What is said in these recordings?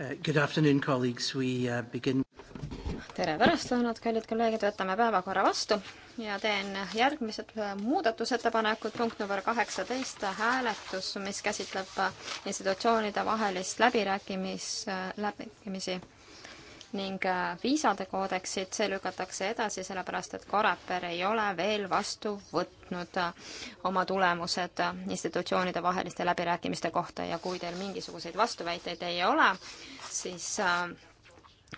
Uh, good afternoon, colleagues. We uh, begin. tere pärastlõunat, kallid kolleegid, võtame päevakorra vastu ja teen järgmised uh, muudatusettepanekud. punkt number kaheksateist, hääletus, mis käsitleb institutsioonide vahelist läbirääkimis, läbirääkimisi ning äh, viisade koodeksit, see lükatakse edasi, sellepärast et Koreper ei ole veel vastu võtnud äh, oma tulemused äh, institutsioonide vaheliste läbirääkimiste kohta ja kui teil mingisuguseid vastuväiteid ei ole, siis äh,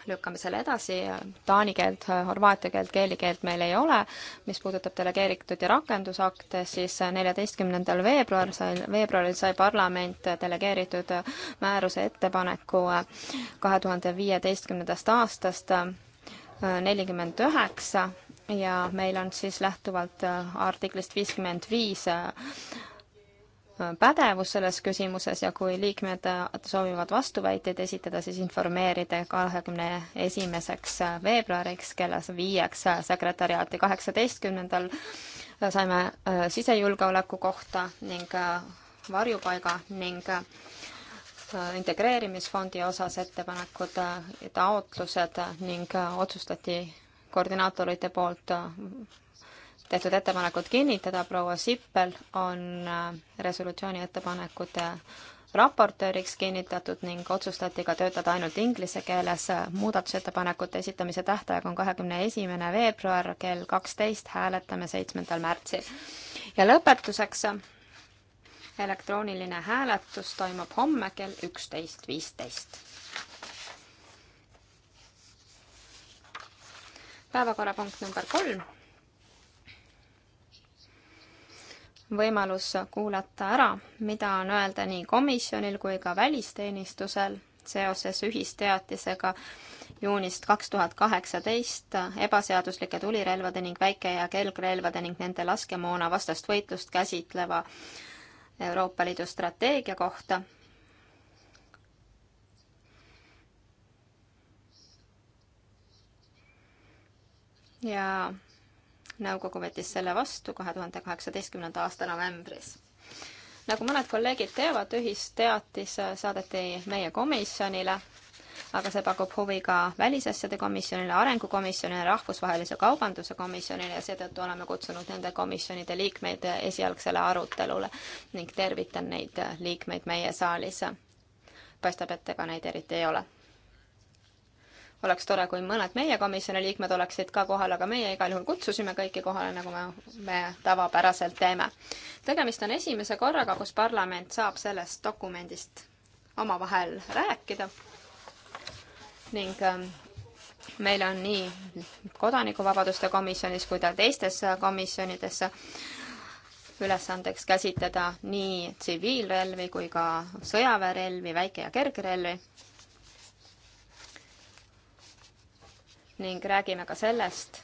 lükkame selle edasi, taani keelt, horvaatia keelt, keeli keelt meil ei ole. mis puudutab delegeeritud ja rakendusakte, siis neljateistkümnendal veebruar sai, veebruaril sai parlament delegeeritud määruse ettepaneku kahe tuhande viieteistkümnendast aastast nelikümmend üheksa ja meil on siis lähtuvalt artiklist viiskümmend viis pädevus selles küsimuses ja kui liikmed soovivad vastuväiteid esitada, siis informeerida kahekümne esimeseks veebruariks kella viieks sekretäriaati kaheksateistkümnendal saime äh, sisejulgeoleku kohta ning äh, varjupaiga ning äh, integreerimisfondi osas ettepanekud, taotlused ning otsustati koordinaatorite poolt tehtud ettepanekut kinnitada, proua Sippel on äh, resolutsiooni ettepanekute raportööriks kinnitatud ning otsustati ka töötada ainult inglise keeles. muudatusettepanekute esitamise tähtaeg on kahekümne esimene veebruar kell kaksteist, hääletame seitsmendal märtsil. ja lõpetuseks elektrooniline hääletus toimub homme kell üksteist viisteist. päevakorrapunkt number kolm võimalus kuulata ära, mida on öelda nii komisjonil kui ka välisteenistusel seoses ühisteatisega juunist kaks tuhat kaheksateist ebaseaduslike tulirelvade ning väike- ja kelgrelvade ning nende laskemoona vastast võitlust käsitleva Euroopa Liidu strateegia kohta ja nõukogu võttis selle vastu kahe tuhande kaheksateistkümnenda aasta novembris. nagu mõned kolleegid teavad, ühisteatis saadeti meie komisjonile, aga see pakub huvi ka Välisasjade komisjonile, Arengukomisjonile, Rahvusvahelise Kaubanduse Komisjonile ja seetõttu oleme kutsunud nende komisjonide liikmeid esialgsele arutelule ning tervitan neid liikmeid meie saalis. paistab, et ega neid eriti ei ole oleks tore, kui mõned meie komisjoni liikmed oleksid ka kohal, aga meie igal juhul kutsusime kõiki kohale, nagu me, me tavapäraselt teeme. tegemist on esimese korraga, kus parlament saab sellest dokumendist omavahel rääkida ning ähm, meil on nii kodanikuvabaduste komisjonis kui ka teistes komisjonides ülesandeks käsitleda nii tsiviilrelvi kui ka sõjaväerelvi, väike- ja kergrelvi ning räägime ka sellest,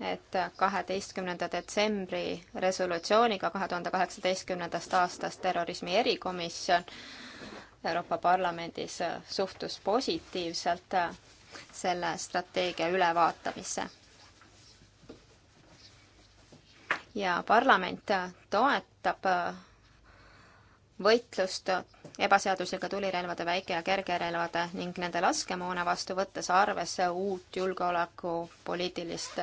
et kaheteistkümnenda detsembri resolutsiooniga kahe tuhande kaheksateistkümnendast aastast terrorismi erikomisjon Euroopa Parlamendis suhtus positiivselt selle strateegia ülevaatamisse. ja parlament toetab võitlust ebaseadusega tulirelvade, väike- ja kergerelvade ning nende laskemoona vastu, võttes arvesse uut julgeolekupoliitilist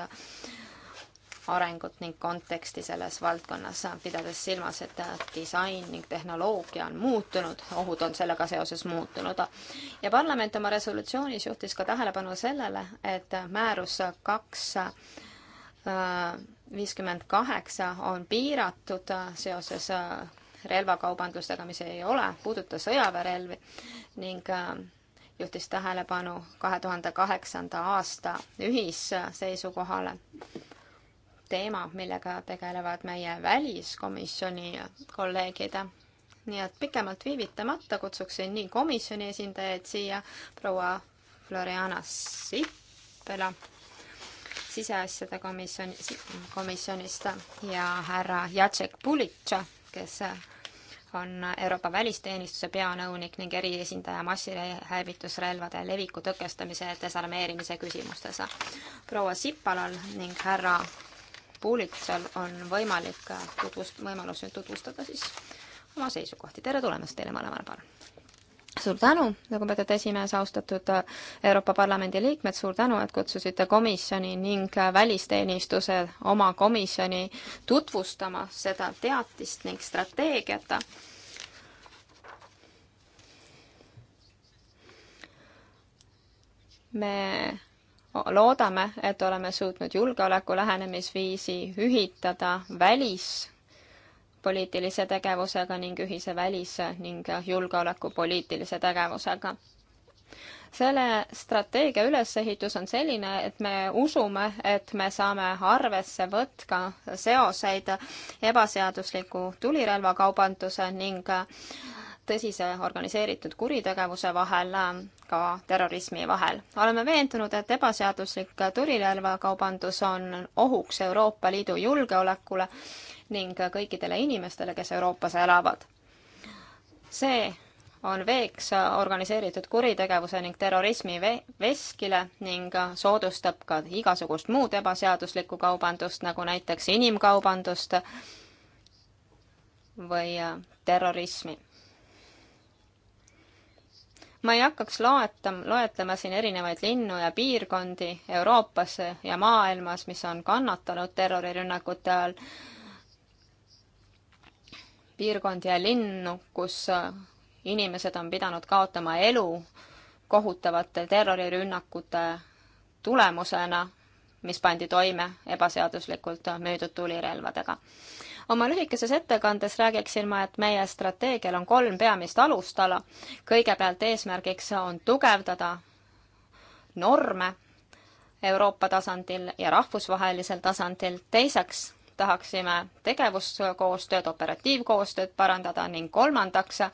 arengut ning konteksti selles valdkonnas, pidades silmas, et disain ning tehnoloogia on muutunud, ohud on sellega seoses muutunud. ja parlament oma resolutsioonis juhtis ka tähelepanu sellele, et määrus kaks äh, viiskümmend kaheksa on piiratud äh, seoses äh, relvakaubandusega, mis ei ole, puuduta sõjaväerelvi ning äh, juhtis tähelepanu kahe tuhande kaheksanda aasta ühisseisukohale. teema, millega tegelevad meie väliskomisjoni kolleegid. nii et pikemalt viivitamata kutsuksin nii komisjoni esindajaid siia, proua Floriana Sippela siseasjade komisjoni, komisjonist ja härra Jacek Pulitša kes on Euroopa välisteenistuse peanõunik ning eriesindaja massihävitusrelvade leviku tõkestamise ja desarmeerimise küsimustes. proua Sipalal ning härra Puulitsal on võimalik tutvust-, võimalus nüüd tutvustada siis oma seisukohti. tere tulemast teile mõlemale, palun! suur tänu, lugupeetud esimees, austatud äh, Euroopa Parlamendi liikmed, suur tänu, et kutsusite komisjoni ning äh, välisteenistuse oma komisjoni tutvustama seda teatist ning strateegiat. me loodame, et oleme suutnud julgeoleku lähenemisviisi ühitada välis poliitilise tegevusega ning ühise välis- ning julgeolekupoliitilise tegevusega. selle strateegia ülesehitus on selline, et me usume, et me saame arvesse võtta seoseid ebaseadusliku tulirelvakaubanduse ning tõsise organiseeritud kuritegevuse vahel, ka terrorismi vahel. oleme veendunud, et ebaseaduslik tulirelvakaubandus on ohuks Euroopa Liidu julgeolekule ning kõikidele inimestele, kes Euroopas elavad. see on veeks organiseeritud kuritegevuse ning terrorismi ve-, veskile ning soodustab ka igasugust muud ebaseaduslikku kaubandust, nagu näiteks inimkaubandust või terrorismi. ma ei hakkaks loetama, loetlema siin erinevaid linnu ja piirkondi Euroopas ja maailmas, mis on kannatanud terrorirünnakute all piirkondi ja linnu, kus äh, inimesed on pidanud kaotama elu kohutavate terrorirünnakute tulemusena, mis pandi toime ebaseaduslikult äh, müüdud tulirelvadega. oma lühikeses ettekandes räägiksin ma, et meie strateegial on kolm peamist alustala. kõigepealt eesmärgiks on tugevdada norme Euroopa tasandil ja rahvusvahelisel tasandil, teiseks tahaksime tegevuskoostööd, operatiivkoostööd parandada ning kolmandaks äh,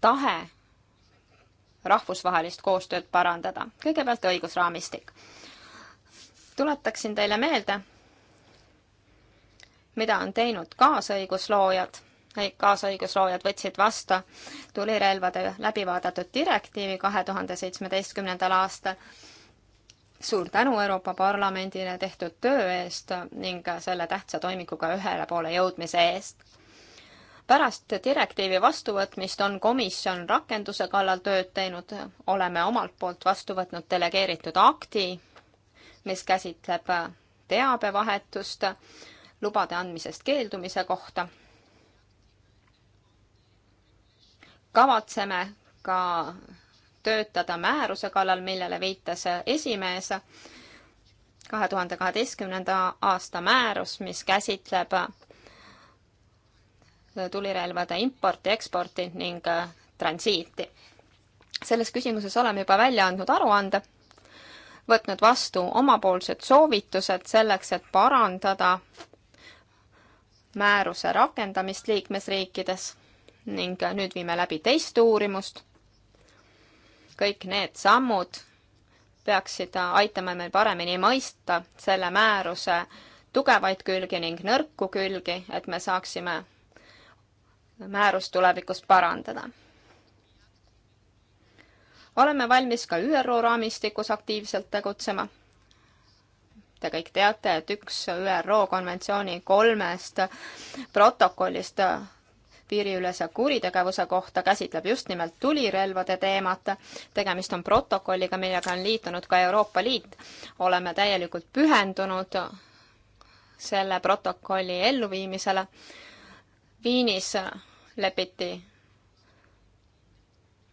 tahe rahvusvahelist koostööd parandada. kõigepealt õigusraamistik. tuletaksin teile meelde, mida on teinud kaasõigusloojad. kaasõigusloojad võtsid vastu tulirelvade läbivaadatud direktiivi kahe tuhande seitsmeteistkümnendal aastal suur tänu Euroopa Parlamendile tehtud töö eest ning selle tähtsa toimikuga ühele poole jõudmise eest. pärast direktiivi vastuvõtmist on komisjon rakenduse kallal tööd teinud, oleme omalt poolt vastu võtnud delegeeritud akti, mis käsitleb teabevahetust lubade andmisest keeldumise kohta. kavatseme ka töötada määruse kallal, millele viitas esimees, kahe tuhande kaheteistkümnenda aasta määrus, mis käsitleb tulirelvade importi, eksporti ning transiiti. selles küsimuses oleme juba välja andnud aruande, võtnud vastu omapoolsed soovitused selleks, et parandada määruse rakendamist liikmesriikides ning nüüd viime läbi teist uurimust kõik need sammud peaksid aitama meil paremini mõista selle määruse tugevaid külgi ning nõrku külgi, et me saaksime määrust tulevikus parandada. oleme valmis ka ÜRO raamistikus aktiivselt tegutsema. Te kõik teate, et üks ÜRO konventsiooni kolmest protokollist piiriülese kuritegevuse kohta käsitleb just nimelt tulirelvade teemat. tegemist on protokolliga, millega on liitunud ka Euroopa Liit. oleme täielikult pühendunud selle protokolli elluviimisele. Viinis lepiti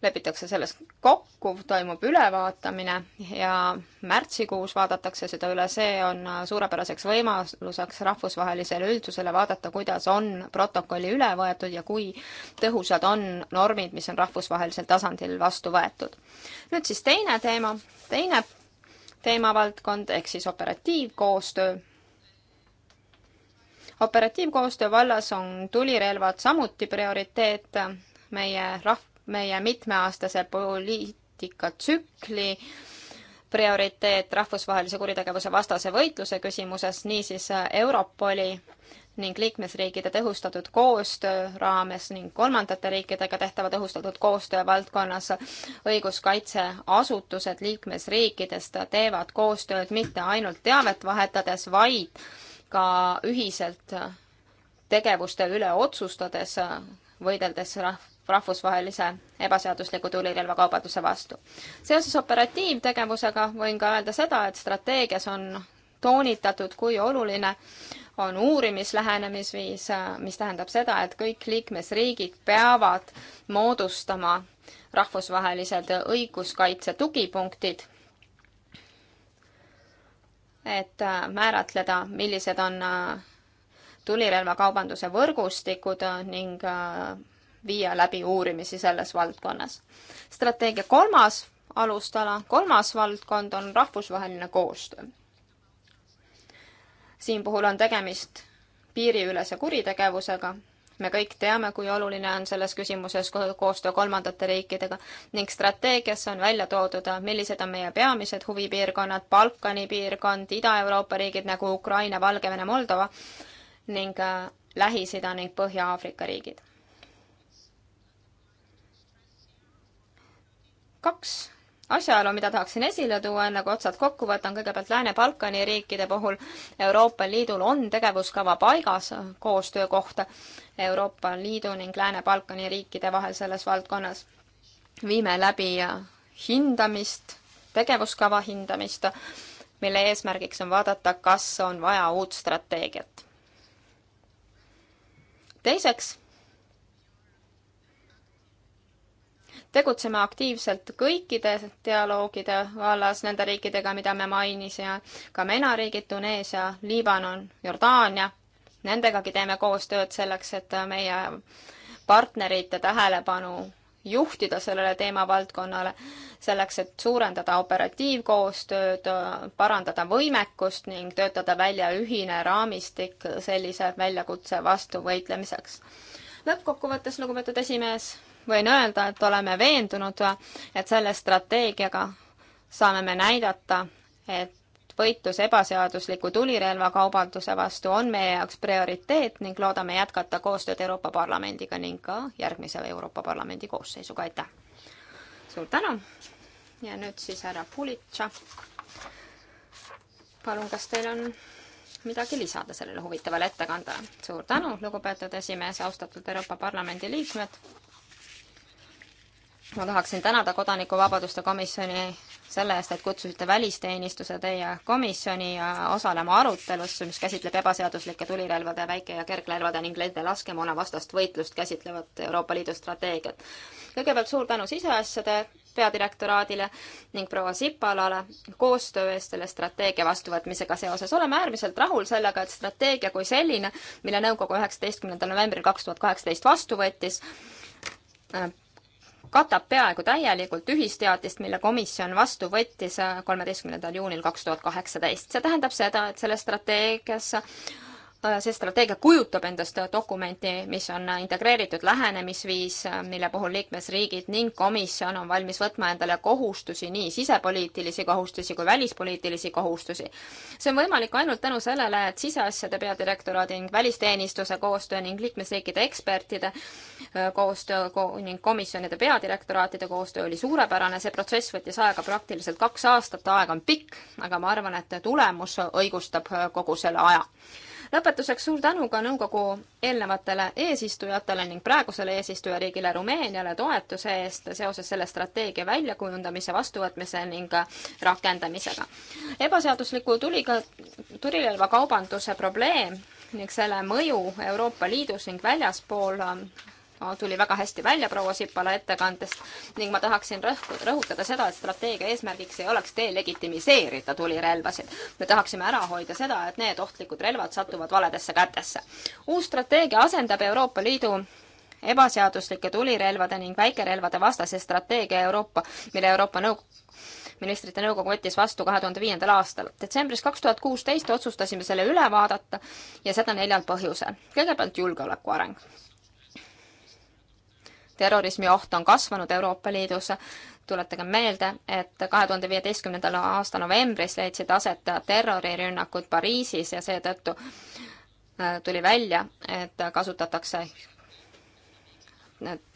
lepitakse selles kokku, toimub ülevaatamine ja märtsikuus vaadatakse seda üle, see on suurepäraseks võimaluseks rahvusvahelisele üldsusele vaadata, kuidas on protokolli üle võetud ja kui tõhusad on normid, mis on rahvusvahelisel tasandil vastu võetud. nüüd siis teine teema, teine teemavaldkond ehk siis operatiivkoostöö. operatiivkoostöö vallas on tulirelvad samuti prioriteet meie rahv-, meie mitmeaastase poliitikatsükli prioriteet rahvusvahelise kuritegevuse vastase võitluse küsimuses, niisiis Europoli ning liikmesriikide tõhustatud koostöö raames ning kolmandate riikidega tehtava tõhustatud koostöö valdkonnas õiguskaitseasutused liikmesriikidest teevad koostööd mitte ainult teavet vahetades, vaid ka ühiselt tegevuste üle otsustades, võideldes rahv-, rahvusvahelise ebaseadusliku tulirelvakaubanduse vastu. seoses operatiivtegevusega võin ka öelda seda, et strateegias on toonitatud, kui oluline on uurimislähenemisviis, mis tähendab seda, et kõik liikmesriigid peavad moodustama rahvusvahelised õiguskaitse tugipunktid, et määratleda, millised on tulirelvakaubanduse võrgustikud ning viia läbi uurimisi selles valdkonnas. strateegia kolmas alustala, kolmas valdkond on rahvusvaheline koostöö. siin puhul on tegemist piiriülese kuritegevusega, me kõik teame, kui oluline on selles küsimuses koostöö kolmandate riikidega ning strateegias on välja toodud, millised on meie peamised huvipiirkonnad, Balkani piirkond, Ida-Euroopa riigid nagu Ukraina, Valgevene, Moldova ning äh, Lähis-Ida ning Põhja-Aafrika riigid. kaks asjaolu, mida tahaksin esile tuua, enne kui otsad kokku võtan, kõigepealt Lääne-Balkani riikide puhul Euroopa Liidul on tegevuskava paigas koostöö kohta Euroopa Liidu ning Lääne-Balkani riikide vahel selles valdkonnas. viime läbi hindamist, tegevuskava hindamist, mille eesmärgiks on vaadata, kas on vaja uut strateegiat. teiseks tegutseme aktiivselt kõikide dialoogide vallas nende riikidega, mida me mainisime, ka MENA riigid, Tuneesia, Liibanon, Jordaania, nendegagi teeme koostööd selleks, et meie partnerite tähelepanu juhtida sellele teemavaldkonnale, selleks et suurendada operatiivkoostööd, parandada võimekust ning töötada välja ühine raamistik sellise väljakutse vastu võitlemiseks. lõppkokkuvõttes, lugupeetud esimees, võin öelda, et oleme veendunud, et selle strateegiaga saame me näidata, et võitlus ebaseadusliku tulirelvakaubanduse vastu on meie jaoks prioriteet ning loodame jätkata koostööd Euroopa Parlamendiga ning ka järgmise Euroopa Parlamendi koosseisuga, aitäh! suur tänu ja nüüd siis härra Pulitša. palun, kas teil on midagi lisada sellele huvitavale ettekandele? suur tänu, lugupeetud esimees, austatud Euroopa Parlamendi liikmed! ma tahaksin tänada Kodanikuvabaduste komisjoni selle eest, et kutsusite välisteenistuse teie komisjoni osalema arutelusse, mis käsitleb ebaseaduslike tulirelvade, väike- ja kergrelvade ning nende laskemoona vastast võitlust käsitlevat Euroopa Liidu strateegiat. kõigepealt suur tänu siseasjade peadirektoraadile ning proua Sipalale koostöö eest selle strateegia vastuvõtmisega seoses. oleme äärmiselt rahul sellega, et strateegia kui selline, mille nõukogu üheksateistkümnendal novembril kaks tuhat kaheksateist vastu võttis, katab peaaegu täielikult ühisteatist, mille komisjon vastu võttis äh, kolmeteistkümnendal juunil kaks tuhat kaheksateist. see tähendab seda, et selles strateegias see strateegia kujutab endast dokumenti, mis on integreeritud lähenemisviis, mille puhul liikmesriigid ning komisjon on valmis võtma endale kohustusi, nii sisepoliitilisi kohustusi kui välispoliitilisi kohustusi. see on võimalik ainult tänu sellele, et siseasjade peadirektoraadi ning välisteenistuse koostöö ning liikmesriikide ekspertide koostöö ning komisjonide peadirektoraatide koostöö oli suurepärane, see protsess võttis aega praktiliselt kaks aastat, aeg on pikk, aga ma arvan, et tulemus õigustab kogu selle aja lõpetuseks suur tänu ka nõukogu eelnevatele eesistujatele ning praegusele eesistujariigile Rumeeniale toetuse eest seoses selle strateegia väljakujundamise, vastuvõtmise ning rakendamisega. ebaseadusliku tuliga, tulirelvakaubanduse probleem ning selle mõju Euroopa Liidus ning väljaspool tuli väga hästi välja proua Sipala ettekandest ning ma tahaksin rõhku, rõhutada seda, et strateegia eesmärgiks ei oleks delegitimiseerida tulirelvasid. me tahaksime ära hoida seda, et need ohtlikud relvad satuvad valedesse kätesse. uus strateegia asendab Euroopa Liidu ebaseaduslike tulirelvade ning väikerelvade vastase strateegia Euroopa, mille Euroopa Nõukogu ministrite nõukogu võttis vastu kahe tuhande viiendal aastal. detsembris kaks tuhat kuusteist otsustasime selle üle vaadata ja seda neljal põhjusel. kõigepealt julgeoleku areng terrorismi oht on kasvanud Euroopa Liidus. tuletage meelde, et kahe tuhande viieteistkümnendal aasta novembris leidsid aset terrorirünnakud Pariisis ja seetõttu äh, tuli välja, et kasutatakse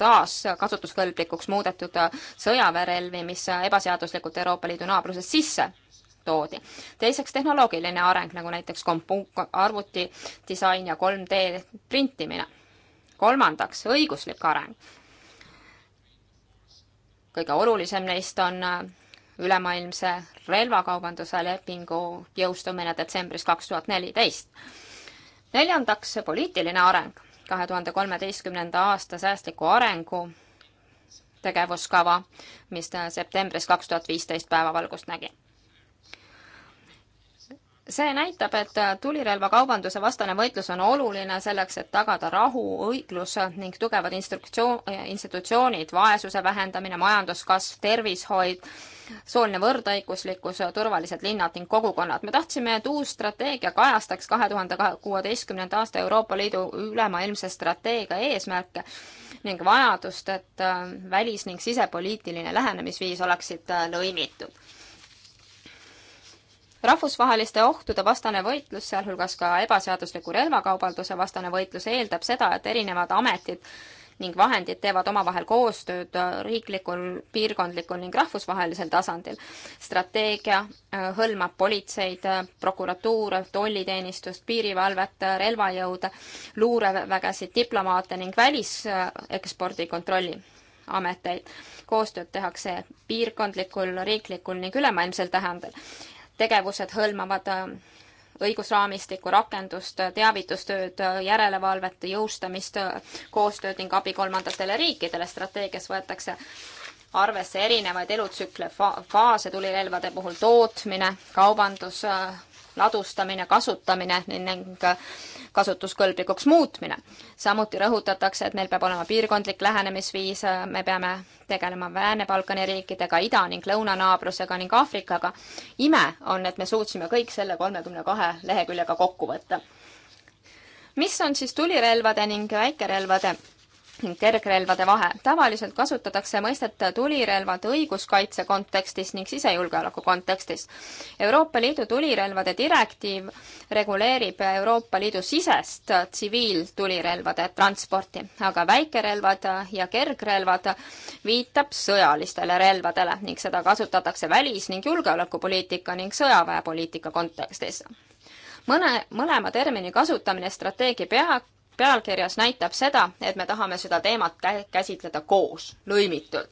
taas kasutuskõlblikuks muudetud sõjaväerelvi, mis ebaseaduslikult Euroopa Liidu naabrusest sisse toodi. teiseks tehnoloogiline areng, nagu näiteks kompu-, arvutidisain ja 3D printimine. kolmandaks õiguslik areng kõige olulisem neist on äh, ülemaailmse relvakaubanduse lepingu jõustumine detsembris kaks tuhat neliteist. neljandaks, poliitiline areng. kahe tuhande kolmeteistkümnenda aasta säästliku arengu tegevuskava, mis äh, septembris kaks tuhat viisteist päevavalgust nägi see näitab, et tulirelvakaubanduse vastane võitlus on oluline selleks, et tagada rahu, õiglus ning tugevad instruktsioon, institutsioonid, vaesuse vähendamine, majanduskasv, tervishoid, sooline võrdõiguslikkus, turvalised linnad ning kogukonnad. me tahtsime, et uus strateegia kajastaks kahe tuhande kuueteistkümnenda aasta Euroopa Liidu ülemaailmse strateegia eesmärke ning vajadust, et äh, välis- ning sisepoliitiline lähenemisviis oleksid äh, lõimitud rahvusvaheliste ohtude vastane võitlus, sealhulgas ka ebaseadusliku relvakaubanduse vastane võitlus, eeldab seda, et erinevad ametid ning vahendid teevad omavahel koostööd riiklikul, piirkondlikul ning rahvusvahelisel tasandil. strateegia äh, hõlmab politseid, äh, prokuratuure, tolliteenistust, piirivalvet, äh, relvajõude, luurevägesid, diplomaate ning välisekspordi kontrolli ameteid. koostööd tehakse piirkondlikul, riiklikul ning ülemaailmsel tähendel tegevused hõlmavad äh, õigusraamistiku rakendust, äh, teavitustööd, äh, järelevalvet, jõustamist, koostööd ning abi kolmandatele riikidele. strateegias võetakse arvesse erinevaid elutsükle fa faase tulirelvade puhul, tootmine, kaubandus, ladustamine, kasutamine ning kasutuskõlblikuks muutmine. samuti rõhutatakse, et meil peab olema piirkondlik lähenemisviis, me peame tegelema Lääne-Balkani riikidega, ida- ning lõunanaabrusega ning Aafrikaga. ime on, et me suutsime kõik selle kolmekümne kahe leheküljega kokku võtta. mis on siis tulirelvade ning väikerelvade kergrelvade vahe. tavaliselt kasutatakse mõistet tulirelvad õiguskaitse kontekstis ning sisejulgeoleku kontekstis. Euroopa Liidu tulirelvade direktiiv reguleerib Euroopa Liidu sisest tsiviiltulirelvade transporti, aga väikerelvad ja kergrelvad viitab sõjalistele relvadele ning seda kasutatakse välis- ning julgeolekupoliitika ning sõjaväepoliitika kontekstis mõne, mõlema termini kasutamine strateegia pea, pealkirjas näitab seda, et me tahame seda teemat käsitleda koos, lõimitult.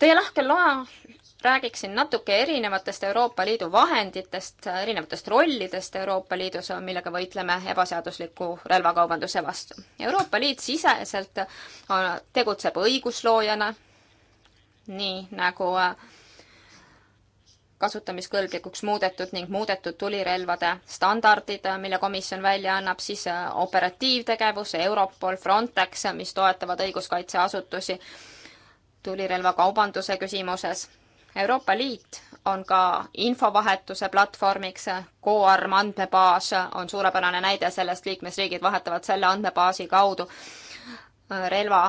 Teie lahkel loal räägiksin natuke erinevatest Euroopa Liidu vahenditest, erinevatest rollidest Euroopa Liidus, millega võitleme ebaseadusliku relvakaubanduse vastu. Euroopa Liit siseselt tegutseb õigusloojana, nii nagu äh, kasutamiskõlblikuks muudetud ning muudetud tulirelvade standardid, mille komisjon välja annab, siis äh, operatiivtegevus, Europol, Frontex, mis toetavad õiguskaitseasutusi tulirelvakaubanduse küsimuses. Euroopa Liit on ka infovahetuse platvormiks, Coarm andmebaas on suurepärane näide sellest, liikmesriigid vahetavad selle andmebaasi kaudu äh, relva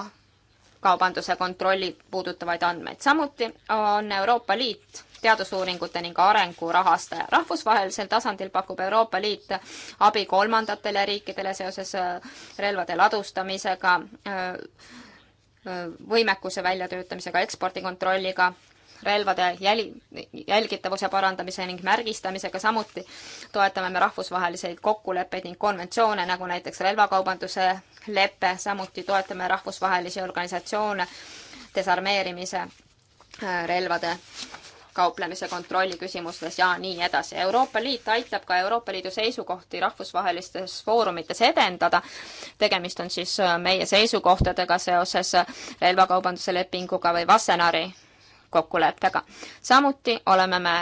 kaubanduse kontrolli puudutavaid andmeid. samuti on Euroopa Liit teadusuuringute ning arengu rahastaja. rahvusvahelisel tasandil pakub Euroopa Liit abi kolmandatele riikidele seoses äh, relvade ladustamisega, äh, äh, võimekuse väljatöötamisega, ekspordikontrolliga, relvade jäli, jälgitavuse parandamise ning märgistamisega, samuti toetame me rahvusvaheliseid kokkuleppeid ning konventsioone, nagu näiteks relvakaubanduse lepe, samuti toetame rahvusvahelisi organisatsioone desarmeerimise relvade kauplemise kontrolli küsimustes ja nii edasi. Euroopa Liit aitab ka Euroopa Liidu seisukohti rahvusvahelistes foorumites edendada. tegemist on siis äh, meie seisukohtadega seoses äh, relvakaubanduse lepinguga või Vassenari kokkuleppega. samuti oleme me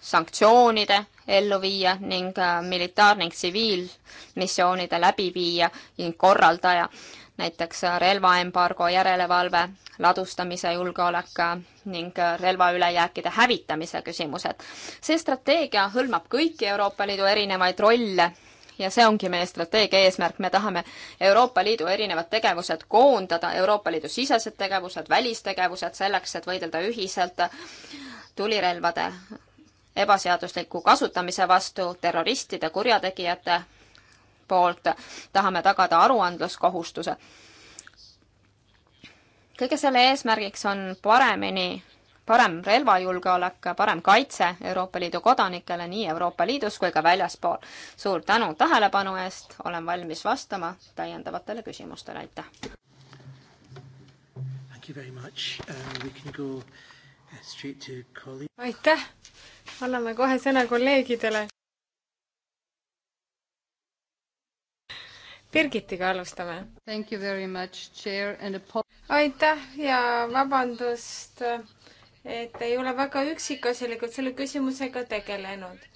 sanktsioonide elluviija ning äh, militaar- ning tsiviilmissioonide läbiviija ning korraldaja näiteks relvaembargo, järelevalve, ladustamise julgeolek ning relvaülejääkide hävitamise küsimused. see strateegia hõlmab kõiki Euroopa Liidu erinevaid rolle ja see ongi meie strateegia eesmärk, me tahame Euroopa Liidu erinevad tegevused koondada, Euroopa Liidu sisesed tegevused, välistegevused, selleks, et võidelda ühiselt tulirelvade ebaseadusliku kasutamise vastu, terroristide, kurjategijate poolt tahame tagada aruandluskohustuse. kõige selle eesmärgiks on paremini parem relvajulgeolek, parem kaitse Euroopa Liidu kodanikele nii Euroopa Liidus kui ka väljaspool. suur tänu tähelepanu eest, olen valmis vastama täiendavatele küsimustele, aitäh! Um, uh, aitäh, anname kohe sõna kolleegidele. Birgitiga alustame. aitäh ja vabandust, et ei ole väga üksikasjalikult selle küsimusega tegelenud.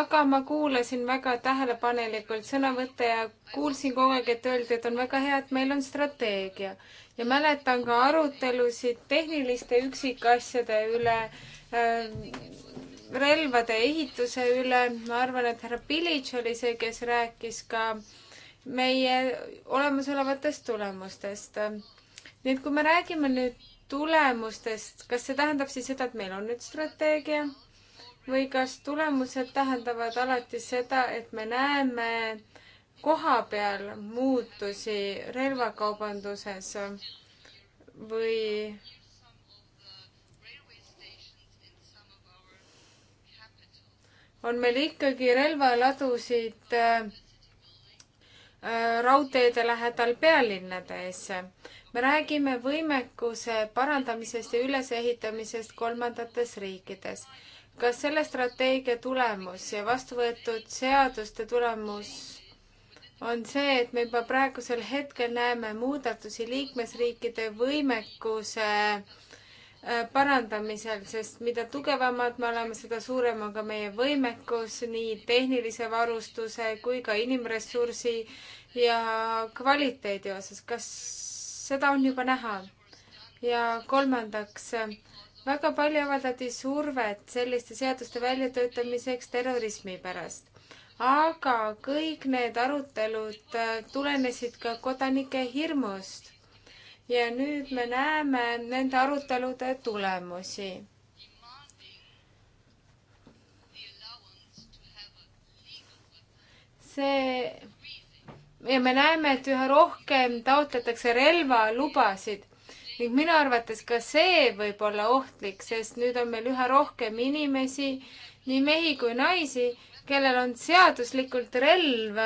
aga ma kuulasin väga tähelepanelikult sõnavõtte ja kuulsin kogu aeg, et öeldi, et on väga hea, et meil on strateegia. ja mäletan ka arutelusid tehniliste üksikasjade üle äh, relvade ehituse üle, ma arvan, et härra Pilic oli see, kes rääkis ka äh, meie olemasolevatest tulemustest. nii et kui me räägime nüüd tulemustest, kas see tähendab siis seda, et meil on nüüd strateegia või kas tulemused tähendavad alati seda, et me näeme koha peal muutusi relvakaubanduses või on meil ikkagi relvaladusid äh, raudteede lähedal pealinnades. me räägime võimekuse parandamisest ja ülesehitamisest kolmandates riikides. kas selle strateegia tulemus ja vastu võetud seaduste tulemus on see, et me juba praegusel hetkel näeme muudatusi liikmesriikide võimekuse äh, Äh, parandamisel, sest mida tugevamad me oleme, seda suurem on ka meie võimekus nii tehnilise varustuse kui ka inimressursi ja kvaliteedi osas. kas seda on juba näha? ja kolmandaks, väga palju avaldati survet selliste seaduste väljatöötamiseks terrorismi pärast. aga kõik need arutelud tulenesid ka kodanike hirmust ja nüüd me näeme nende arutelude tulemusi. see ja me näeme, et üha rohkem taotletakse relvalubasid ning minu arvates ka see võib olla ohtlik, sest nüüd on meil üha rohkem inimesi, nii mehi kui naisi, kellel on seaduslikult relv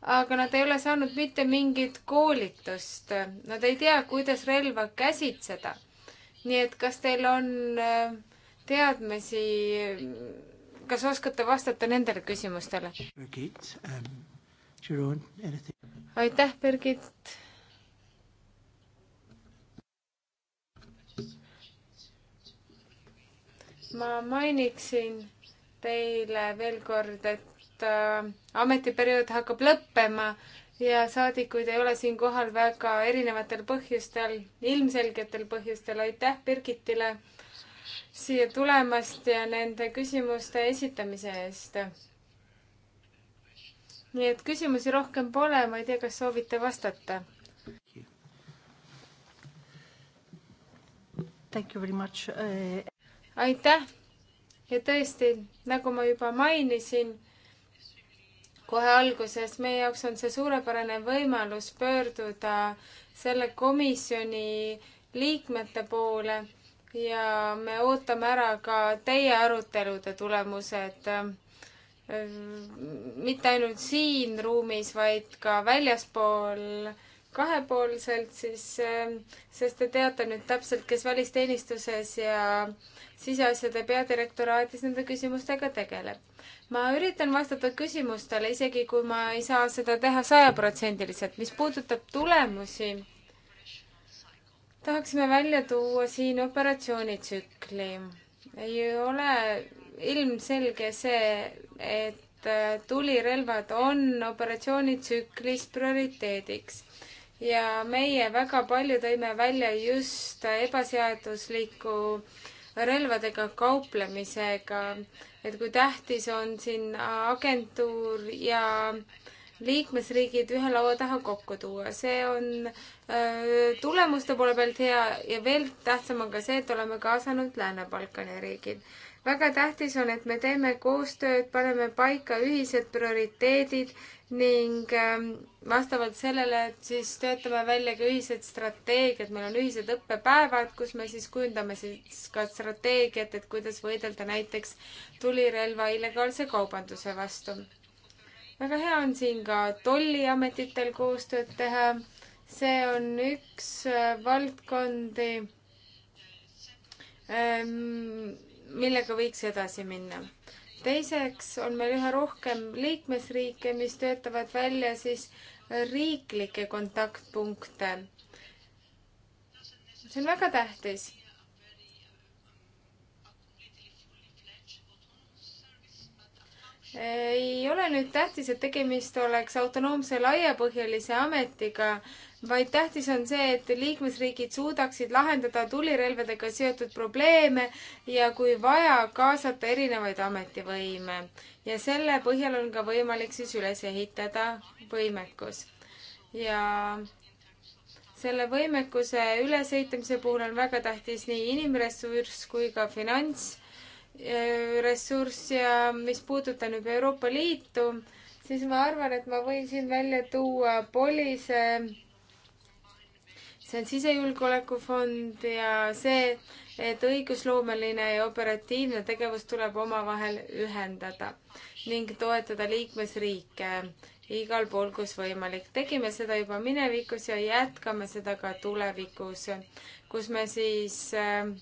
aga nad ei ole saanud mitte mingit koolitust. Nad ei tea, kuidas relva käsitseda. nii et kas teil on äh, teadmisi, kas oskate vastata nendele küsimustele? Um, aitäh, Birgit. ma mainiksin teile veel kord, et Äh, ametiperiood hakkab lõppema ja saadikuid ei ole siinkohal väga erinevatel põhjustel, ilmselgetel põhjustel. aitäh Birgitile siia tulemast ja nende küsimuste esitamise eest. nii et küsimusi rohkem pole, ma ei tea, kas soovite vastata? Eh. aitäh ja tõesti, nagu ma juba mainisin kohe alguses. meie jaoks on see suurepärane võimalus pöörduda selle komisjoni liikmete poole ja me ootame ära ka teie arutelude tulemused. mitte ainult siin ruumis, vaid ka väljaspool kahepoolselt siis, ähm, sest te teate nüüd täpselt, kes välisteenistuses ja siseasjade peadirektoraadis nende küsimustega tegeleb. ma üritan vastata küsimustele, isegi kui ma ei saa seda teha sajaprotsendiliselt. mis puudutab tulemusi, tahaksime välja tuua siin operatsioonitsükli. ei ole ilmselge see, et äh, tulirelvad on operatsioonitsüklis prioriteediks ja meie väga palju tõime välja just ebaseadusliku relvadega kauplemisega, et kui tähtis on siin agentuur ja liikmesriigid ühe laua taha kokku tuua, see on öö, tulemuste poole pealt hea ja veel tähtsam on ka see, et oleme kaasanud Lääne-Balkani riigid. väga tähtis on, et me teeme koostööd, paneme paika ühised prioriteedid ning ähm, vastavalt sellele, et siis töötame välja ka ühised strateegiad, meil on ühised õppepäevad, kus me siis kujundame siis ka strateegiat, et kuidas võidelda näiteks tulirelva illegaalse kaubanduse vastu. väga hea on siin ka tolliametitel koostööd teha. see on üks äh, valdkondi, ähm, millega võiks edasi minna teiseks on meil üha rohkem liikmesriike, mis töötavad välja siis riiklikke kontaktpunkte. see on väga tähtis. ei ole nüüd tähtis, et tegemist oleks autonoomse laiapõhjalise ametiga, vaid tähtis on see, et liikmesriigid suudaksid lahendada tulirelvadega seotud probleeme ja kui vaja, kaasata erinevaid ametivõime. ja selle põhjal on ka võimalik siis üles ehitada võimekus. ja selle võimekuse ülesehitamise puhul on väga tähtis nii inimressurss kui ka finants Eh, ressurss ja mis puudutab nüüd Euroopa Liitu, siis ma arvan, et ma võin siin välja tuua Polise, see on sisejulgeolekufond ja see, et õigusloomeline ja operatiivne tegevus tuleb omavahel ühendada ning toetada liikmesriike igal pool, kus võimalik. tegime seda juba minevikus ja jätkame seda ka tulevikus, kus me siis äh,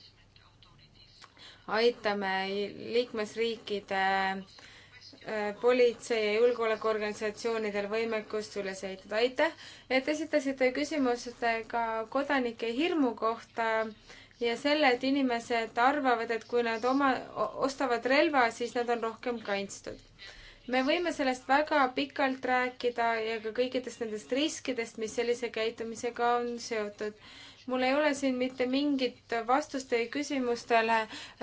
aitame liikmesriikide äh, politsei ja julgeolekuorganisatsioonidel võimekust üles ehitada. aitäh, et esitasite küsimuse ka kodanike hirmu kohta ja selle, et inimesed arvavad, et kui nad oma, ostavad relva, siis nad on rohkem kaitstud. me võime sellest väga pikalt rääkida ja ka kõikidest nendest riskidest, mis sellise käitumisega on seotud mul ei ole siin mitte mingit vastust teie küsimustele.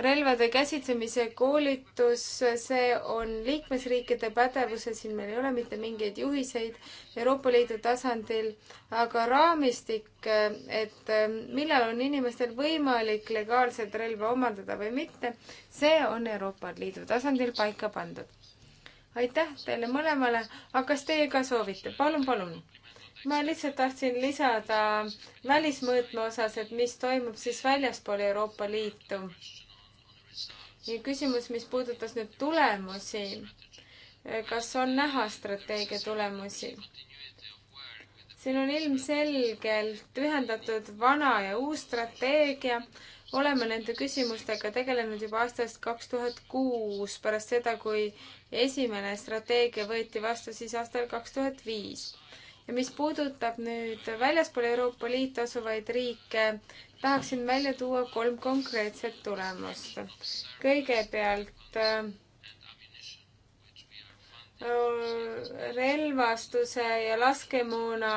relvade käsitsemise koolitus, see on liikmesriikide pädevuses, siin meil ei ole mitte mingeid juhiseid Euroopa Liidu tasandil, aga raamistik, et millal on inimestel võimalik legaalselt relva omandada või mitte, see on Euroopa Liidu tasandil paika pandud aitäh teile mõlemale, aga kas teie ka soovite? palun, palun ma lihtsalt tahtsin lisada välismõõtme osas, et mis toimub siis väljaspool Euroopa Liitu. ja küsimus, mis puudutas nüüd tulemusi. kas on näha strateegia tulemusi? siin on ilmselgelt ühendatud vana ja uus strateegia. oleme nende küsimustega tegelenud juba aastast kaks tuhat kuus, pärast seda, kui esimene strateegia võeti vastu siis aastal kaks tuhat viis ja mis puudutab nüüd väljaspool Euroopa Liitu asuvaid riike, tahaksin välja tuua kolm konkreetset tulemust. kõigepealt äh, relvastuse ja laskemoona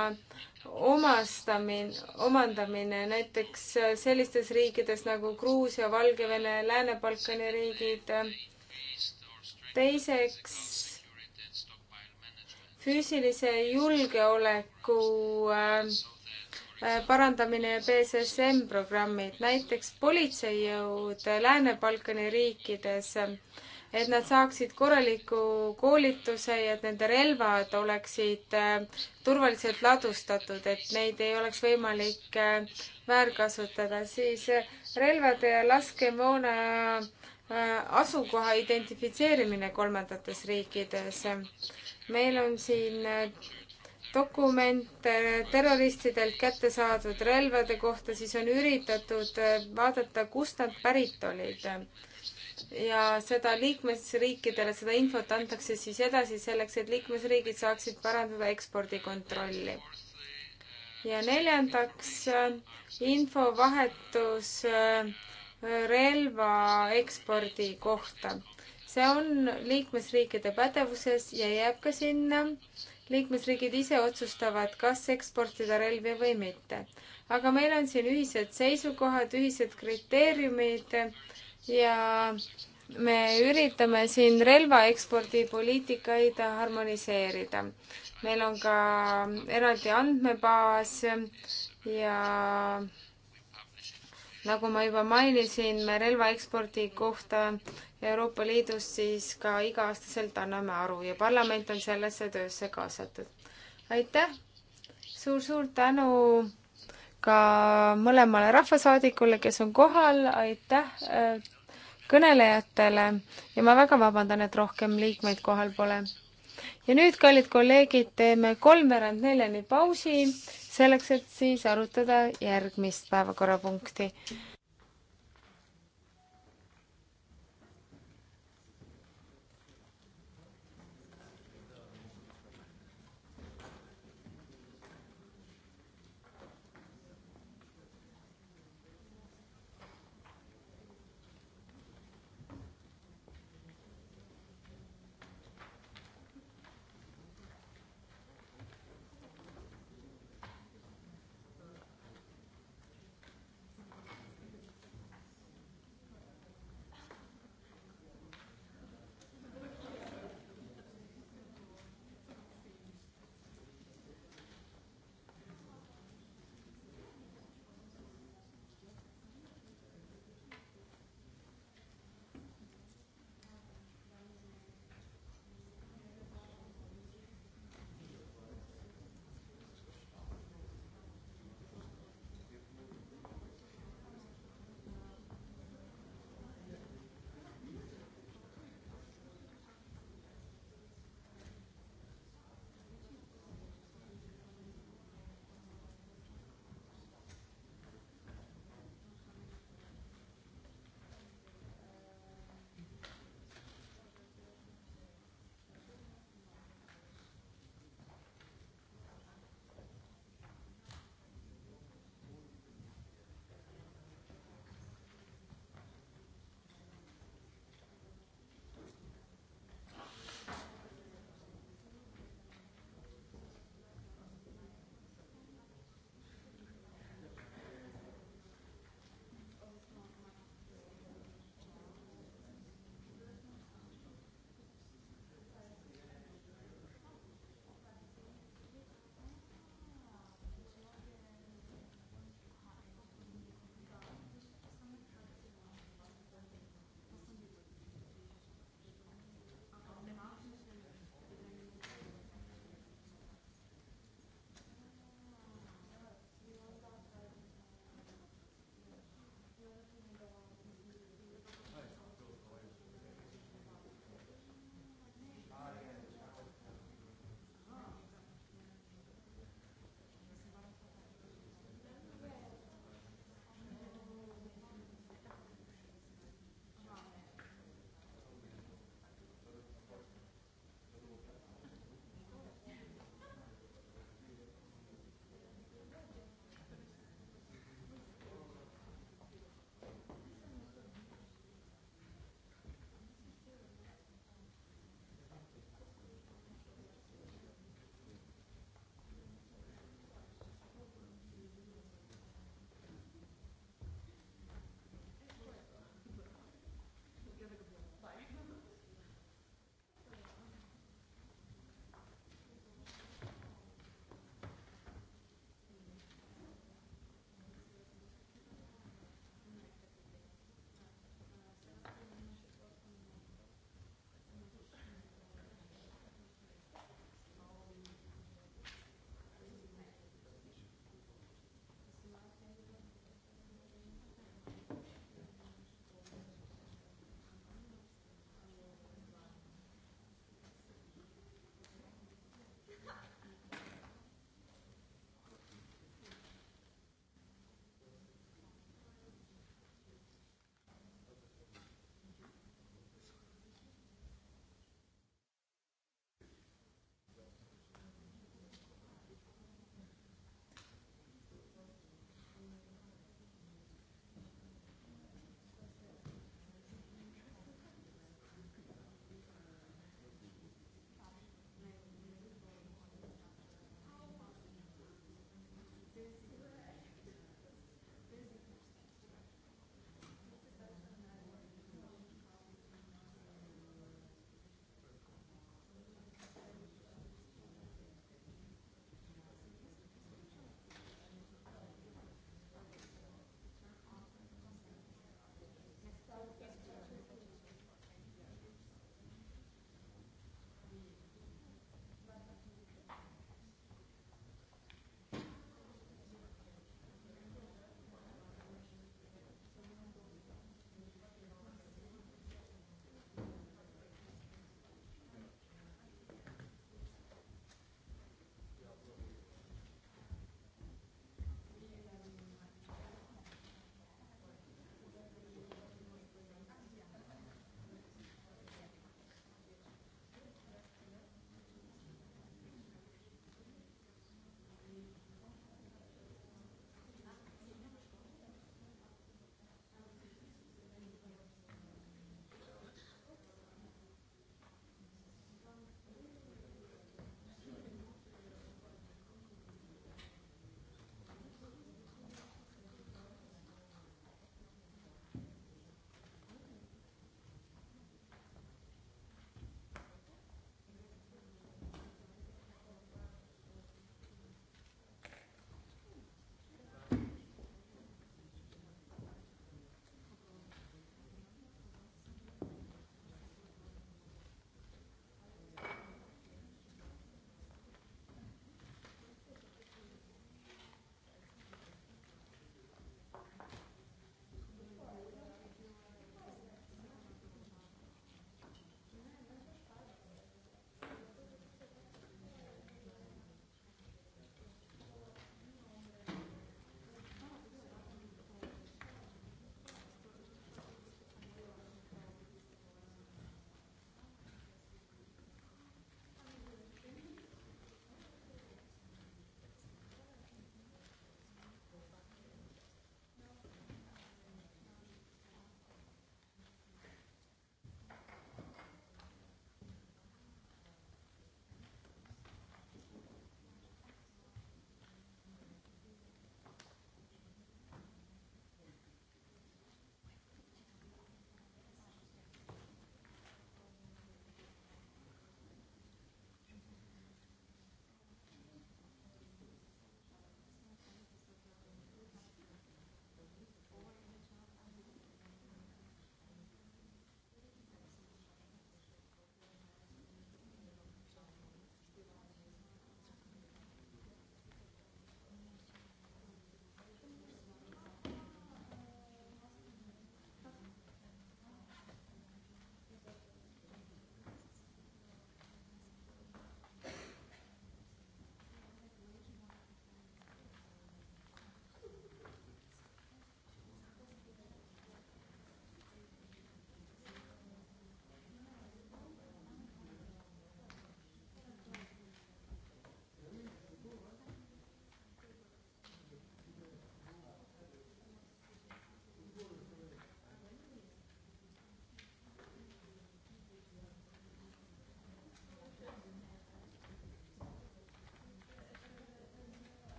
omastamine, omandamine näiteks sellistes riikides nagu Gruusia, Valgevene, Lääne-Balkani riigid. teiseks füüsilise julgeoleku ähm, äh, parandamine ja BSSM programmid, näiteks politseijõud Lääne-Balkani riikides, et nad saaksid korraliku koolituse ja et nende relvad oleksid äh, turvaliselt ladustatud, et neid ei oleks võimalik äh, väärkasutada, siis relvade ja laskemoona asukoha identifitseerimine kolmandates riikides meil on siin äh, dokumente äh, terroristidelt kätte saadud relvade kohta, siis on üritatud äh, vaadata, kust nad pärit olid. ja seda liikmesriikidele, seda infot antakse siis edasi selleks, et liikmesriigid saaksid parandada ekspordikontrolli. ja neljandaks infovahetus relva ekspordi kohta see on liikmesriikide pädevuses ja jääb ka sinna. liikmesriigid ise otsustavad, kas eksportida relvi või mitte. aga meil on siin ühised seisukohad, ühised kriteeriumid ja me üritame siin relvaekspordipoliitikaid harmoniseerida. meil on ka eraldi andmebaas ja nagu ma juba mainisin, me relvaekspordi kohta Euroopa Liidus siis ka iga-aastaselt anname aru ja parlament on sellesse töösse kaasatud. aitäh suur,! suur-suur tänu ka mõlemale rahvasaadikule, kes on kohal, aitäh äh, kõnelejatele ja ma väga vabandan, et rohkem liikmeid kohal pole. ja nüüd, kallid kolleegid, teeme kolmveerand neljani pausi selleks, et siis arutada järgmist päevakorrapunkti.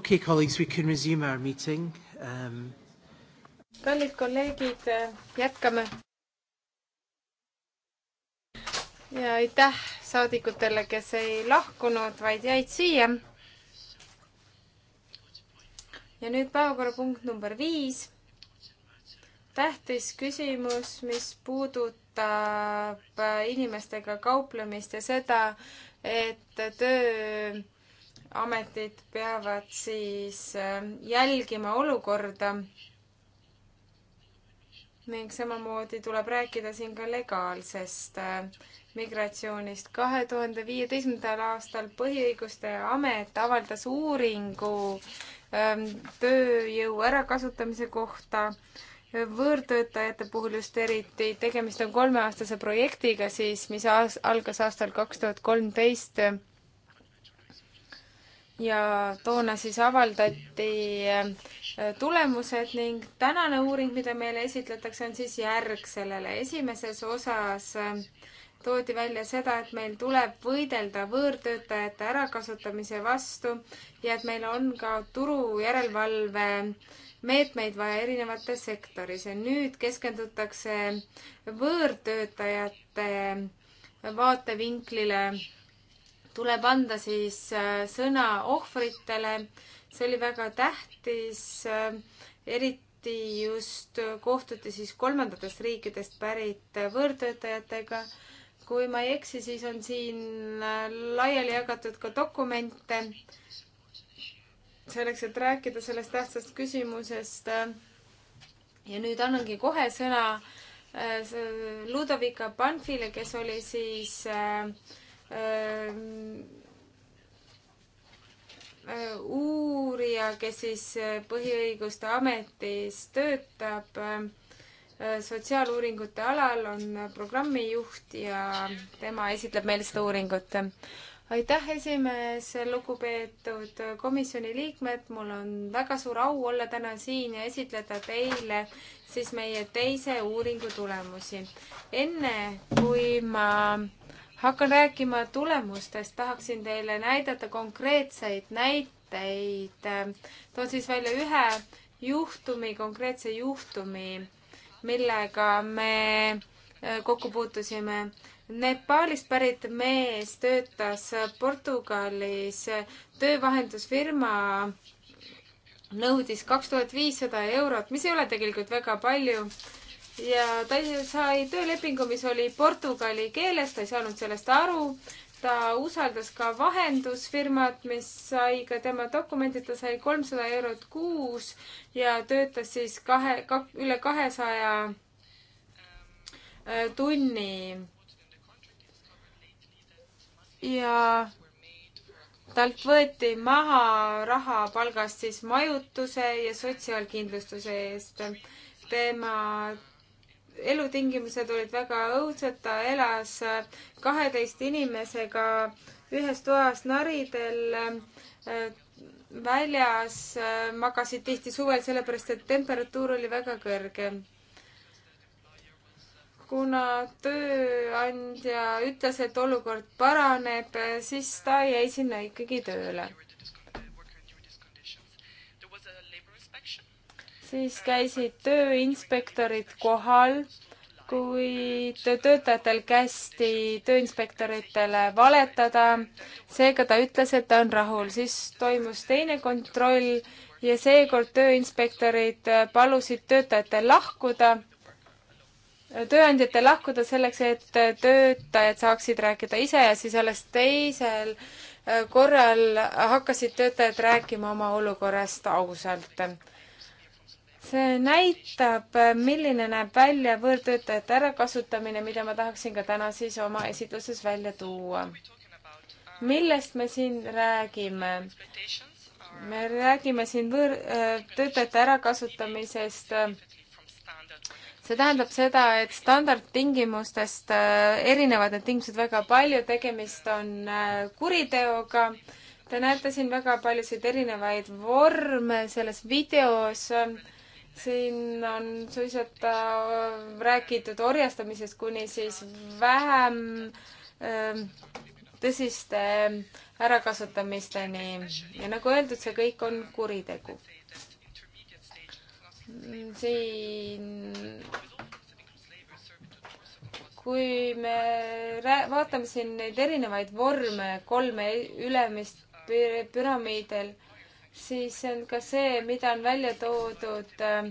Okay, colleagues, we can resume our meeting. Um... kallid kolleegid, jätkame. ja aitäh saadikutele, kes ei lahkunud, vaid jäid siia. ja nüüd päevakorrapunkt number viis. tähtis küsimus, mis puudutab inimestega kauplemist ja seda, et töö ametid peavad siis äh, jälgima olukorda ning samamoodi tuleb rääkida siin ka legaalsest äh, migratsioonist. kahe tuhande viieteistkümnendal aastal Põhiõiguste Amet avaldas uuringu ähm, tööjõu ärakasutamise kohta võõrtöötajate puhul just eriti. tegemist on kolmeaastase projektiga siis, mis algas aastal kaks tuhat kolmteist ja toona siis avaldati äh, tulemused ning tänane uuring, mida meile esitletakse, on siis järg sellele. esimeses osas äh, toodi välja seda, et meil tuleb võidelda võõrtöötajate ärakasutamise vastu ja et meil on ka turu järelevalve meetmeid vaja erinevates sektoris ja nüüd keskendutakse võõrtöötajate vaatevinklile tuleb anda siis äh, sõna ohvritele. see oli väga tähtis, äh, eriti just kohtuti siis kolmandatest riikidest pärit võõrtöötajatega. kui ma ei eksi, siis on siin äh, laiali jagatud ka dokumente selleks, et rääkida sellest tähtsast küsimusest. ja nüüd annangi kohe sõna Ludovika Panfile, kes oli siis äh, Äh, äh, uurija, kes siis äh, Põhiõiguste Ametis töötab sotsiaaluuringute alal, on programmijuht ja tema esitleb meile seda uuringut. aitäh, esimees, lugupeetud komisjoni liikmed, mul on väga suur au olla täna siin ja esitleda teile siis meie teise uuringu tulemusi. enne kui ma hakkan rääkima tulemustest, tahaksin teile näidata konkreetseid näiteid. toon siis välja ühe juhtumi, konkreetse juhtumi, millega me äh, kokku puutusime. Nepaalist pärit mees töötas Portugalis töövahendusfirma, nõudis kaks tuhat viissada eurot, mis ei ole tegelikult väga palju ja ta sai töölepingu, mis oli portugali keeles, ta ei saanud sellest aru. ta usaldas ka vahendusfirmat, mis sai ka tema dokumendid, ta sai kolmsada eurot kuus ja töötas siis kahe ka,, üle kahesaja äh, tunni. ja talt võeti maha raha palgast siis majutuse ja sotsiaalkindlustuse eest tema elutingimused olid väga õudsed, ta elas kaheteist inimesega ühes toas naridel väljas, magasid tihti suvel, sellepärast et temperatuur oli väga kõrge. kuna tööandja ütles, et olukord paraneb, siis ta jäi sinna ikkagi tööle siis käisid tööinspektorid kohal, kuid töötajatel kästi tööinspektoritele valetada, seega ta ütles, et ta on rahul. siis toimus teine kontroll ja seekord tööinspektorid palusid töötajatel lahkuda tööandjatel lahkuda selleks, et töötajad saaksid rääkida ise ja siis alles teisel korral hakkasid töötajad rääkima oma olukorrast ausalt see näitab, milline näeb välja võõrtöötajate ärakasutamine, mida ma tahaksin ka täna siis oma esitluses välja tuua. millest me siin räägime? me räägime siin võõrtöötajate äh, ärakasutamisest see tähendab seda, et standardtingimustest äh, erinevad need tingimused väga palju, tegemist on äh, kuriteoga. Te näete siin väga paljusid erinevaid vorme selles videos siin on suisata räägitud orjastamisest kuni siis vähem ähm, tõsiste ärakasutamisteni ja nagu öeldud, see kõik on kuritegu. siin kui me rää-, vaatame siin neid erinevaid vorme kolme ülemist püramiidel siis on ka see, mida on välja toodud äh,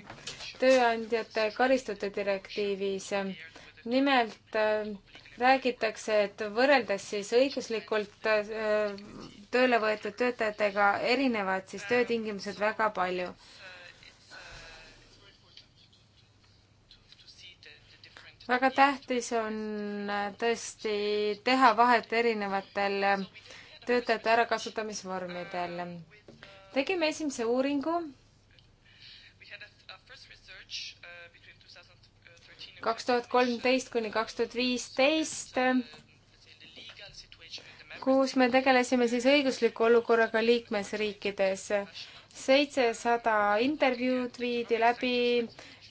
tööandjate karistute direktiivis. nimelt äh, räägitakse, et võrreldes siis õiguslikult äh, tööle võetud töötajatega erinevad siis töötingimused väga palju väga tähtis on tõesti teha vahet erinevatel töötajate ärakasutamisvormidel tegime esimese uuringu kaks tuhat kolmteist kuni kaks tuhat viisteist, kus me tegelesime siis õigusliku olukorraga liikmesriikides. seitsesada intervjuud viidi läbi,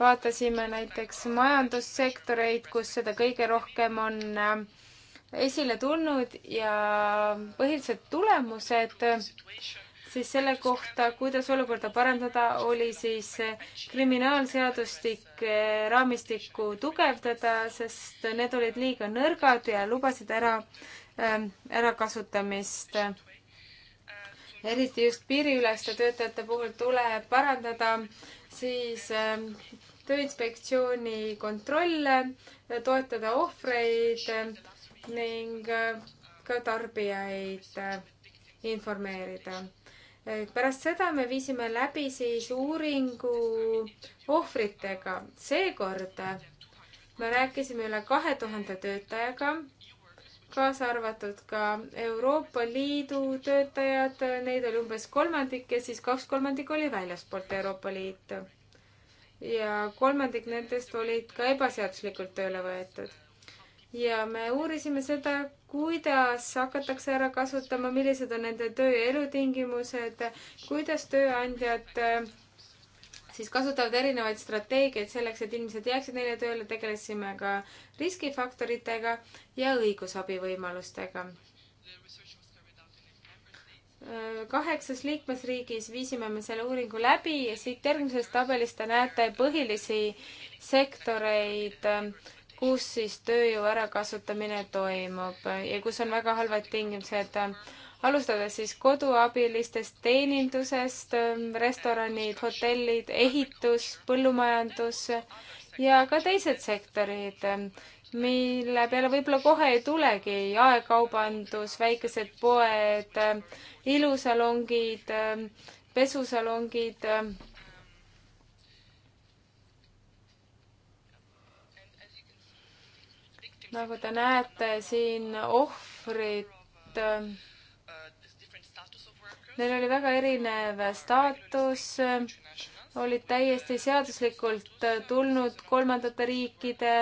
vaatasime näiteks majandussektoreid, kus seda kõige rohkem on äh, esile tulnud ja põhilised tulemused siis selle kohta, kuidas olukorda parandada, oli siis kriminaalseadustik raamistikku tugevdada, sest need olid liiga nõrgad ja lubasid ära, ähm, ärakasutamist. eriti just piiriüleste töötajate puhul tuleb parandada siis ähm, Tööinspektsiooni kontrolle, toetada ohvreid ähm, ning äh, ka tarbijaid äh, informeerida pärast seda me viisime läbi siis uuringu ohvritega. seekord me rääkisime üle kahe tuhande töötajaga, kaasa arvatud ka Euroopa Liidu töötajad, neid oli umbes kolmandik ja siis kaks kolmandikku oli väljastpoolt Euroopa Liitu. ja kolmandik nendest olid ka ebaseaduslikult tööle võetud. ja me uurisime seda, kuidas hakatakse ära kasutama, millised on nende töö ja elutingimused, kuidas tööandjad äh, siis kasutavad erinevaid strateegiaid selleks, et inimesed jääksid neile tööle, tegelesime ka riskifaktoritega ja õigusabivõimalustega. Äh, kaheksas liikmesriigis viisime me selle uuringu läbi ja siit järgmisest tabelist te näete põhilisi sektoreid äh, kus siis tööjõu ärakasutamine toimub ja kus on väga halvad tingimused. alustades siis koduabilistest, teenindusest, restoranid, hotellid, ehitus, põllumajandus ja ka teised sektorid, mille peale võib-olla kohe ei tulegi, jaekaubandus, väikesed poed, ilusalongid, pesusalongid nagu te näete, siin ohvrid, äh, neil oli väga erinev staatus, äh, olid täiesti seaduslikult äh, tulnud kolmandate riikide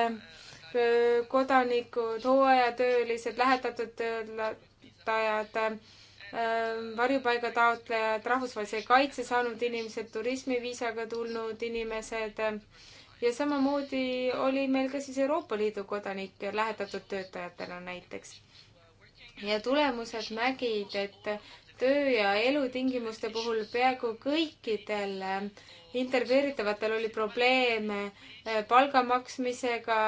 kodanikud, hooajatöölised, lähetatud töötajad, varjupaiga taotlejad, rahvusvahelise kaitse saanud inimesed, turismiviisaga tulnud inimesed ja samamoodi oli meil ka siis Euroopa Liidu kodanikke lähetatud töötajatena näiteks. ja tulemused nägid, et töö ja elutingimuste puhul peaaegu kõikidel intervjueeritavatel oli probleeme eh, palga maksmisega,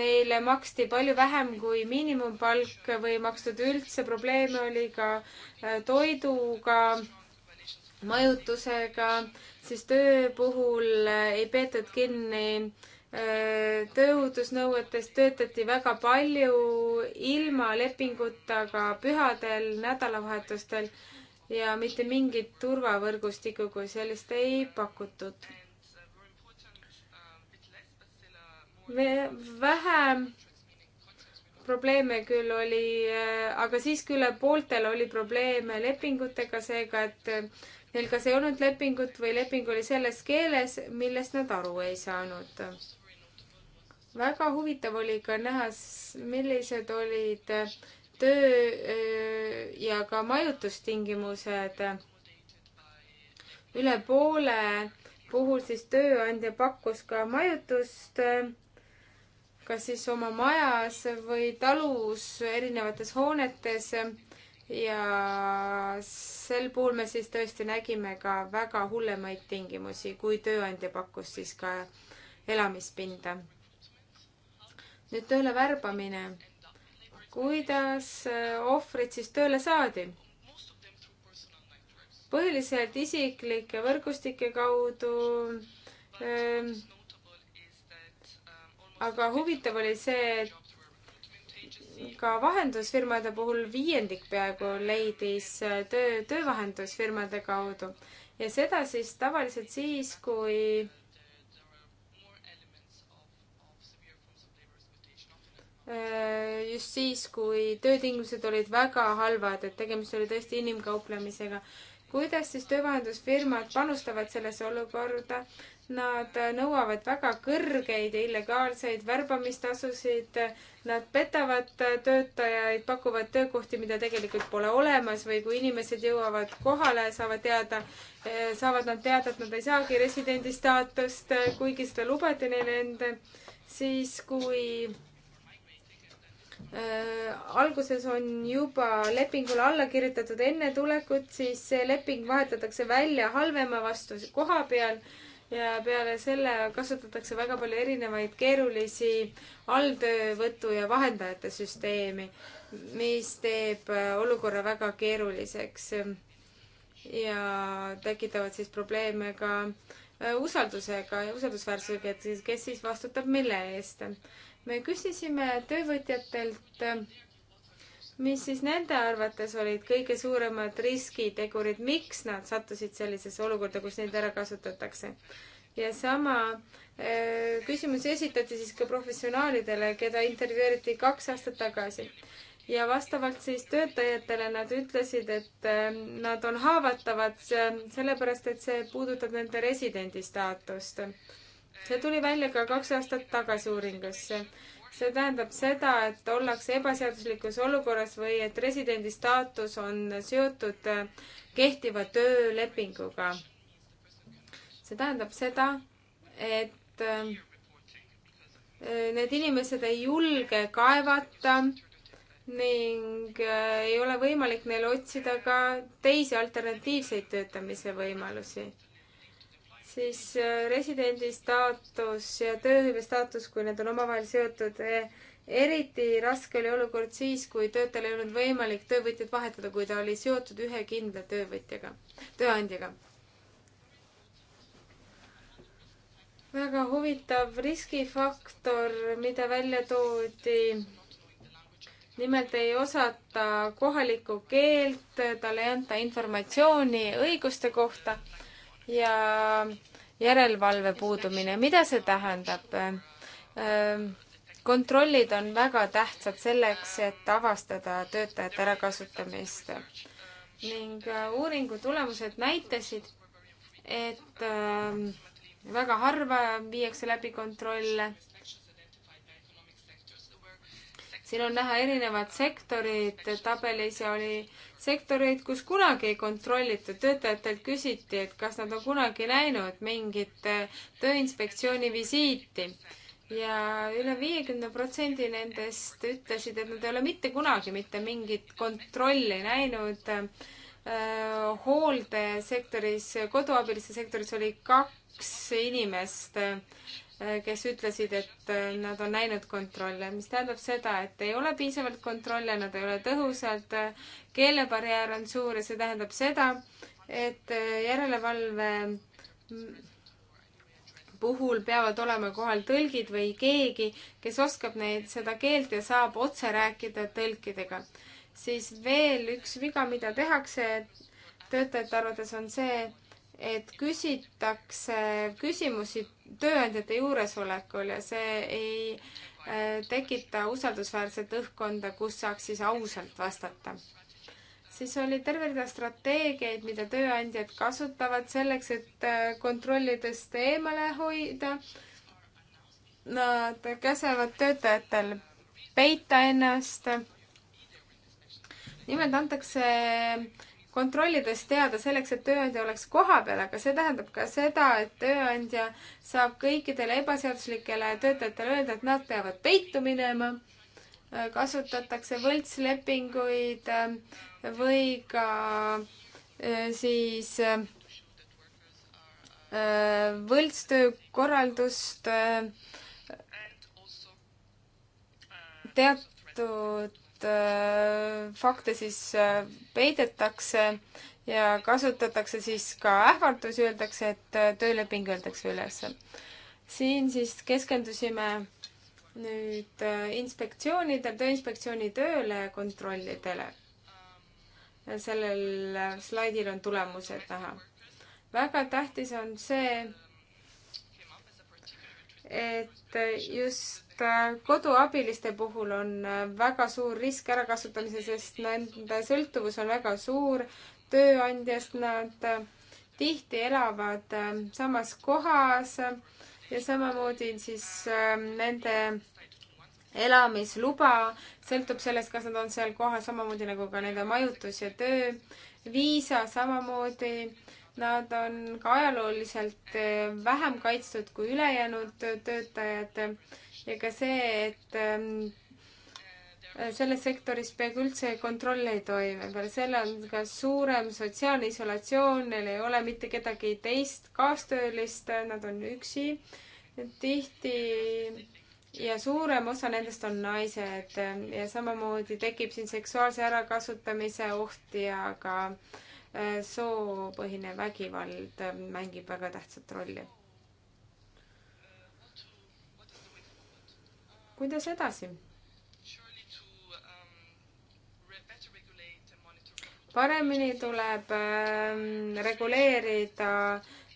neile maksti palju vähem kui miinimumpalk või makstud üldse, probleeme oli ka eh, toiduga, majutusega, siis töö puhul äh, ei peetud kinni äh, tööohutusnõuetest, töötati väga palju ilma lepinguta ka pühadel, nädalavahetustel ja mitte mingit turvavõrgustikku kui sellist ei pakutud. vähem probleeme küll oli, äh, aga siiski üle pooltel oli probleeme lepingutega, seega et Neil kas ei olnud lepingut või leping oli selles keeles, millest nad aru ei saanud. väga huvitav oli ka näha, millised olid töö äh, ja ka majutustingimused. üle poole puhul siis tööandja pakkus ka majutust kas siis oma majas või talus erinevates hoonetes ja sel puhul me siis tõesti nägime ka väga hullemaid tingimusi, kui tööandja pakkus siis ka elamispinda. nüüd tööle värbamine. kuidas äh, ohvrid siis tööle saadi? põhiliselt isiklike võrgustike kaudu ähm, aga huvitav oli see, et ka vahendusfirmade puhul viiendik peaaegu leidis töö töövahendusfirmade kaudu ja seda siis tavaliselt siis, kui äh, just siis, kui töötingimused olid väga halvad, et tegemist oli tõesti inimkauplemisega. kuidas siis töövahendusfirmad panustavad sellesse olukorda? Nad nõuavad väga kõrgeid ja illegaalseid värbamistasusid, nad petavad töötajaid, pakuvad töökohti, mida tegelikult pole olemas või kui inimesed jõuavad kohale, saavad teada, eh, saavad nad teada, et nad ei saagi residendi staatust, kuigi seda lubati neile enda, siis kui äh, alguses on juba lepingule alla kirjutatud enne tulekut, siis see leping vahetatakse välja halvema vastu koha peal äh, ja peale selle kasutatakse väga palju erinevaid keerulisi alltöövõtu ja vahendajate süsteemi, mis teeb äh, olukorra väga keeruliseks ja tekitavad siis probleeme ka äh, usaldusega ja usaldusväärsusega, et siis kes siis vastutab mille eest. me küsisime töövõtjatelt mis siis nende arvates olid kõige suuremad riskitegurid, miks nad sattusid sellisesse olukorda, kus neid ära kasutatakse? ja sama öö, äh, küsimus esitati siis ka professionaalidele, keda intervjueeriti kaks aastat tagasi. ja vastavalt siis töötajatele nad ütlesid, et öö, äh, nad on haavatavad sellepärast, et see puudutab nende residendi staatust. see tuli välja ka kaks aastat tagasi uuringusse see tähendab seda, et ollakse ebaseaduslikus olukorras või et residendi staatus on seotud äh, kehtiva töölepinguga. see tähendab seda, et äh, äh, need inimesed ei julge kaevata ning ei ole võimalik neil otsida ka teisi alternatiivseid töötamise võimalusi siis äh, residendi staatus ja tööhõive staatus, kui need on omavahel seotud. E, eriti raske oli olukord siis, kui töötajal ei olnud võimalik töövõtjat vahetada, kui ta oli seotud ühe kindla töövõtjaga, tööandjaga. väga huvitav riskifaktor, mida välja toodi nimelt ei osata kohalikku keelt, talle ei anta informatsiooni õiguste kohta ja järelevalve puudumine, mida see tähendab? Ehm, kontrollid on väga tähtsad selleks, et avastada töötajate ärakasutamist ning äh, uuringu tulemused näitasid, et ehm, väga harva viiakse läbi kontrolle siin on näha erinevad sektorid, tabelis ja oli sektoreid, kus kunagi ei kontrollitud, töötajatelt küsiti, et kas nad on kunagi näinud mingit äh, Tööinspektsiooni visiiti ja üle viiekümne protsendi nendest ütlesid, et nad ei ole mitte kunagi mitte mingit kontrolli näinud äh,. hooldesektoris, koduabiliste sektoris oli kaks inimest äh, Äh, kes ütlesid, et äh, nad on näinud kontrolle, mis tähendab seda, et ei ole piisavalt kontrolle, nad ei ole tõhusad, keelebarjäär on suur ja see tähendab seda, et äh, järelevalve mm, puhul peavad olema kohal tõlgid või keegi, kes oskab neid, seda keelt ja saab otse rääkida tõlkidega. siis veel üks viga, mida tehakse töötajate arvates, on see, et küsitakse küsimusi tööandjate juuresolekul ja see ei äh, tekita usaldusväärset õhkkonda, kus saaks siis ausalt vastata. siis oli terve rida strateegiaid, mida tööandjad kasutavad selleks, et äh, kontrollidest eemale hoida. Nad käsevad töötajatel peita ennast. nimelt antakse äh, kontrollides teada selleks, et tööandja oleks kohapeal, aga see tähendab ka seda, et tööandja saab kõikidele ebaseaduslikele töötajatele öelda, et nad peavad peitu minema. kasutatakse võltslepinguid äh, või ka äh, siis äh, võltstöö korraldust teatud Äh, fakte siis äh, peidetakse ja kasutatakse siis ka ähvardusi, öeldakse, et äh, tööleping öeldakse üles. siin siis keskendusime nüüd inspektsioonidel, Tööinspektsiooni tööle ja kontrollidele. sellel slaidil on tulemused näha. väga tähtis on see, et just koduabiliste puhul on väga suur risk ärakasutamise, sest nende sõltuvus on väga suur tööandjast, nad tihti elavad ähm, samas kohas ja samamoodi siis ähm, nende elamisluba sõltub sellest, kas nad on seal kohas, samamoodi nagu ka nende majutus ja töö, viisa samamoodi Nad on ka ajalooliselt eh, vähem kaitstud kui ülejäänud eh, töötajad ja ka see, et eh, selles sektoris peaaegu üldse kontroll ei toimi, peale selle on ka suurem sotsiaalne isolatsioon, neil ei ole mitte kedagi teist kaastöölist, nad on üksi. tihti ja suurem osa nendest on naised ja samamoodi tekib siin seksuaalse ärakasutamise oht ja ka äh, Äh, soopõhine vägivald äh, mängib väga tähtsat rolli. kuidas edasi? paremini tuleb ähm, reguleerida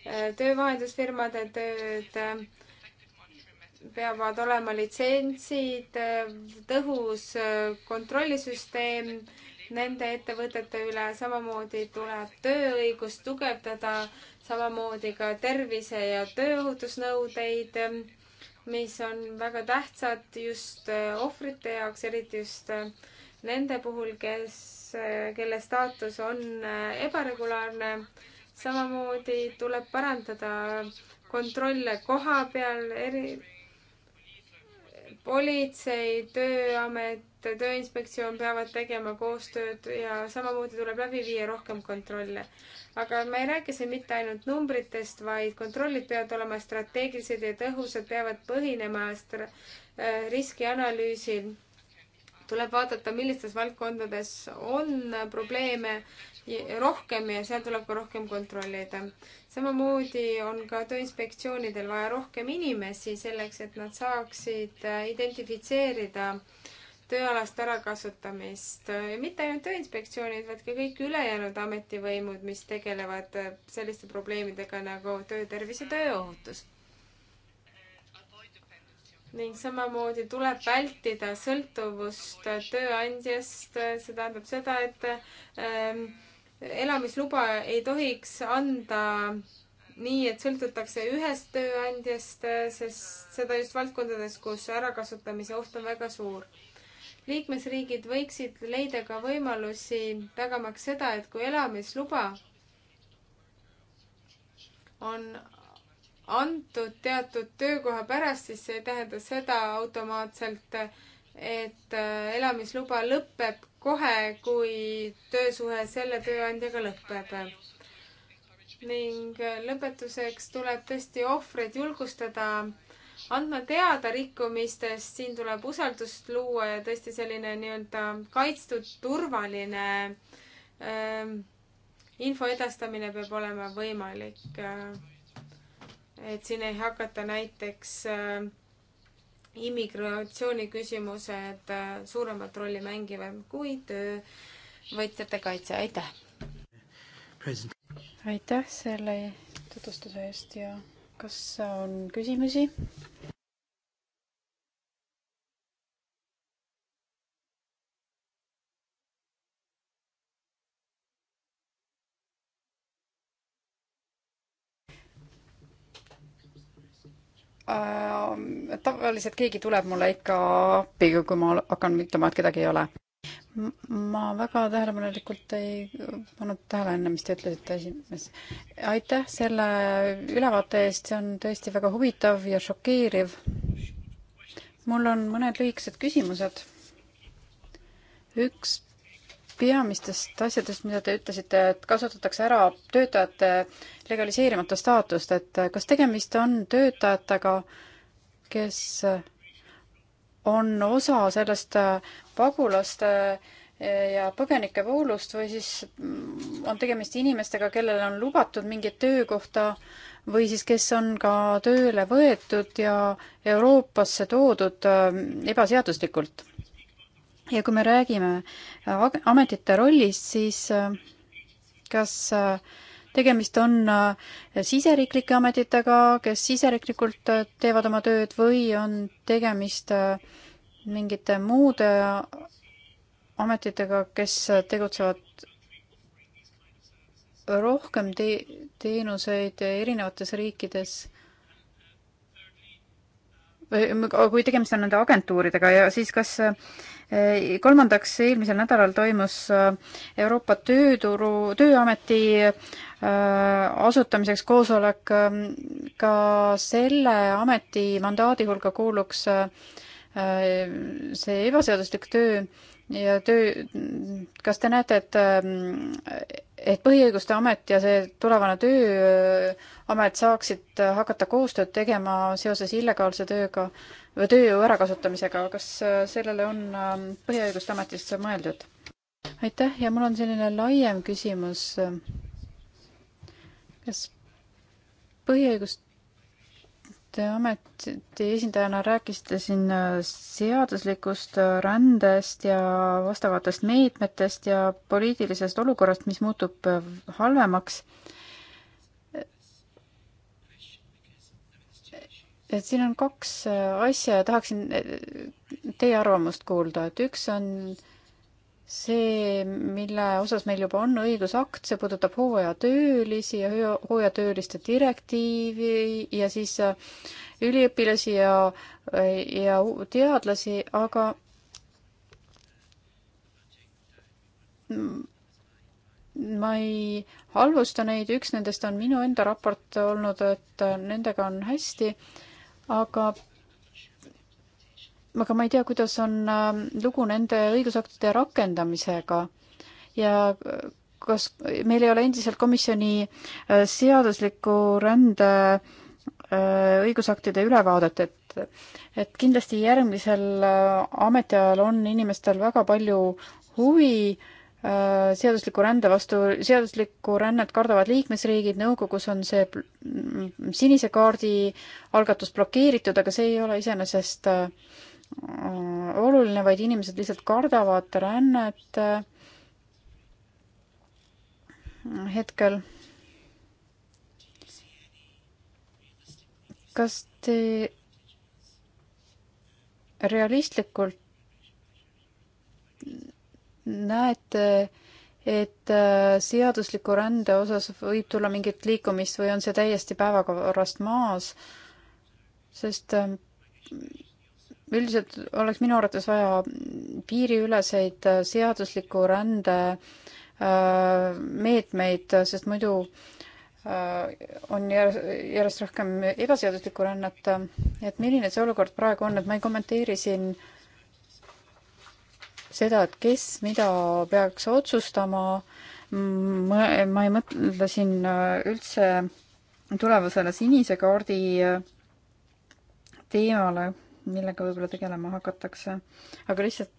äh, töövahendusfirmade tööd, peavad olema litsentsid, tõhus kontrollisüsteem nende ettevõtete üle, samamoodi tuleb tööõigust tugevdada, samamoodi ka tervise ja tööohutusnõudeid, mis on väga tähtsad just äh, ohvrite jaoks, eriti just äh, nende puhul, kes, äh, kelle staatus on ebaregulaarne. samamoodi tuleb parandada kontrolle koha peal, eri, politsei, tööamet, et Tööinspektsioon peavad tegema koostööd ja samamoodi tuleb läbi viia rohkem kontrolle. aga ma ei räägi siin mitte ainult numbritest, vaid kontrollid peavad olema strateegilised ja tõhusad, peavad põhinema äh, riskianalüüsil. tuleb vaadata, millistes valdkondades on probleeme rohkem ja seal tuleb ka rohkem kontrollida. samamoodi on ka Tööinspektsioonidel vaja rohkem inimesi selleks, et nad saaksid äh, identifitseerida äh, tööalast ärakasutamist ja mitte ainult Tööinspektsioonid, vaid ka kõik ülejäänud ametivõimud, mis tegelevad äh, selliste probleemidega nagu töötervis ja tööohutus. ning samamoodi tuleb vältida sõltuvust tööandjast, see tähendab seda, et ähm, elamisluba ei tohiks anda nii, et sõltutakse ühest tööandjast, äh, sest seda just valdkondades, kus ärakasutamise oht on väga suur liikmesriigid võiksid leida ka võimalusi tagamaks seda, et kui elamisluba on antud teatud töökoha pärast, siis see ei tähenda seda automaatselt, et äh, elamisluba lõpeb kohe, kui töösuhe selle tööandjaga lõpeb. ning äh, lõpetuseks tuleb tõesti ohvreid julgustada andma teada rikkumistest, siin tuleb usaldust luua ja tõesti selline nii-öelda kaitstud, turvaline ähm, info edastamine peab olema võimalik äh,. et siin ei hakata näiteks äh, immigratsiooniküsimused äh, suuremat rolli mängima kui töövõtjate kaitse, aitäh! aitäh selle tutvustuse eest ja kas on küsimusi? Äh, tavaliselt keegi tuleb mulle ikka appi, kui ma hakkan ütlema, et kedagi ei ole ma väga tähelepanelikult ei pannud tähele enne, mis te ütlesite esimees. aitäh selle ülevaate eest, see on tõesti väga huvitav ja šokeeriv. mul on mõned lühikesed küsimused. üks peamistest asjadest, mida te ütlesite, et kasutatakse ära töötajate legaliseerimata staatust, et kas tegemist on töötajatega, kes on osa sellest äh, pagulaste äh, ja põgenike voolust või siis mm, on tegemist inimestega, kellele on lubatud mingit töökohta või siis kes on ka tööle võetud ja Euroopasse toodud äh, ebaseaduslikult. ja kui me räägime ametite rollist, siis kas äh, tegemist on äh, siseriiklike ametitega, kes siseriiklikult äh, teevad oma tööd või on tegemist äh, mingite muude ametitega, kes tegutsevad rohkem te-, teenuseid erinevates riikides või kui tegemist on nende agentuuridega ja siis kas Äh, kolmandaks, eelmisel nädalal toimus äh, Euroopa Tööturu, Tööameti äh, asutamiseks koosolek. Ähm, ka selle ameti mandaadi hulka kuuluks see ebaseaduslik töö ja töö, kas te näete, et, ähm, et Põhiõiguste Amet ja see tulevane töö amet saaksid hakata koostööd tegema seoses illegaalse tööga või tööjõu ärakasutamisega, kas äh, sellele on ähm, Põhiõiguste Ametis mõeldud? aitäh ja mul on selline laiem küsimus. kas Põhiõiguste Ameti esindajana rääkisite siin äh, seaduslikust äh, rändest ja vastavatest meetmetest ja poliitilisest olukorrast, mis muutub halvemaks et siin on kaks äh, asja ja tahaksin äh, teie arvamust kuulda, et üks on see, mille osas meil juba on õigusakt, see puudutab hooajatöölisi ja hooajatööliste direktiivi ja siis äh, üliõpilasi ja, ja teadlasi, aga ma ei halvusta neid, üks nendest on minu enda raport olnud, et nendega on hästi aga aga ma ei tea, kuidas on ähm, lugu nende õigusaktide rakendamisega ja äh, kas meil ei ole endiselt komisjoni äh, seadusliku rände äh, õigusaktide ülevaadet, et et kindlasti järgmisel ametiajal on inimestel väga palju huvi äh, Äh, seadusliku rände vastu, seaduslikku rännet kardavad liikmesriigid, nõukogus on see sinise kaardi algatus blokeeritud, aga see ei ole iseenesest äh, oluline, vaid inimesed lihtsalt kardavad rännet äh, hetkel. kas te realistlikult näete, et äh, seadusliku rände osas võib tulla mingit liikumist või on see täiesti päevakorrast maas, sest äh, üldiselt oleks minu arvates vaja piiriüleseid äh, seadusliku rände meetmeid, sest muidu on järjest rohkem ebaseaduslikku rännet, et milline see olukord praegu on, et ma ei kommenteeri siin äh, seda, et kes mida peaks otsustama, ma, ma ei mõtle siin äh, üldse tulevasele sinise kaardi äh, teemale, millega võib-olla tegelema hakatakse, aga lihtsalt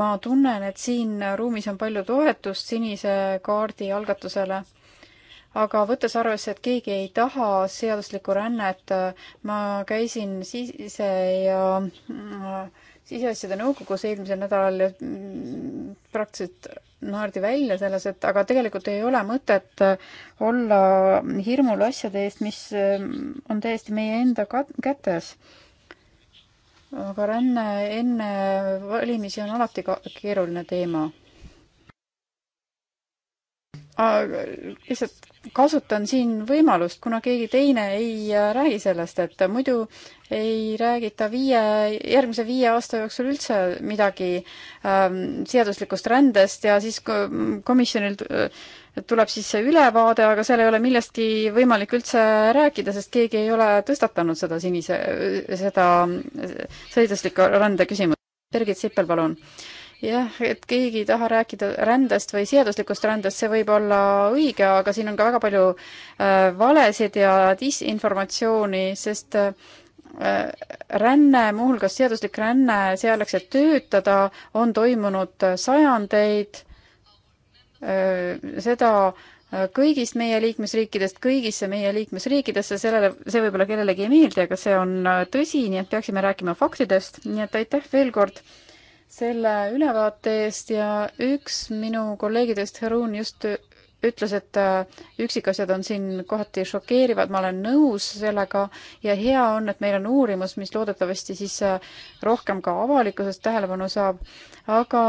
ma tunnen, et siin ruumis on palju toetust sinise kaardi algatusele aga võttes arvesse, et keegi ei taha seaduslikku rännet, äh, ma käisin sise ja mm, siseasjade nõukogus eelmisel nädalal ja mm, praktiliselt naerdi välja selles, et aga tegelikult ei ole mõtet äh, olla hirmul asjade eest, mis äh, on täiesti meie enda kätes. aga ränne enne valimisi on alati ka keeruline teema lihtsalt kasutan siin võimalust, kuna keegi teine ei äh, räägi sellest, et muidu ei räägita viie, järgmise viie aasta jooksul üldse midagi ähm, seaduslikust rändest ja siis komisjonil äh, tuleb siis see ülevaade, aga seal ei ole millestki võimalik üldse rääkida, sest keegi ei ole tõstatanud seda sinise, äh, seda sõidusliku rände küsimust. Birgit Sippel, palun jah, et keegi ei taha rääkida rändest või seaduslikust rändest, see võib olla õige, aga siin on ka väga palju äh, valesid ja disinformatsiooni, sest äh, ränne, muuhulgas seaduslik ränne selleks, et töötada, on toimunud sajandeid äh,, seda äh, kõigist meie liikmesriikidest kõigisse meie liikmesriikidesse, sellele, see võib-olla kellelegi ei meeldi, aga see on äh, tõsi, nii et peaksime rääkima faktidest, nii et aitäh veel kord äh, selle ülevaate eest ja üks minu kolleegidest, Herun, just ütles, et äh, üksikasjad on siin kohati šokeerivad, ma olen nõus sellega ja hea on, et meil on uurimus, mis loodetavasti siis äh, rohkem ka avalikkusest tähelepanu saab. aga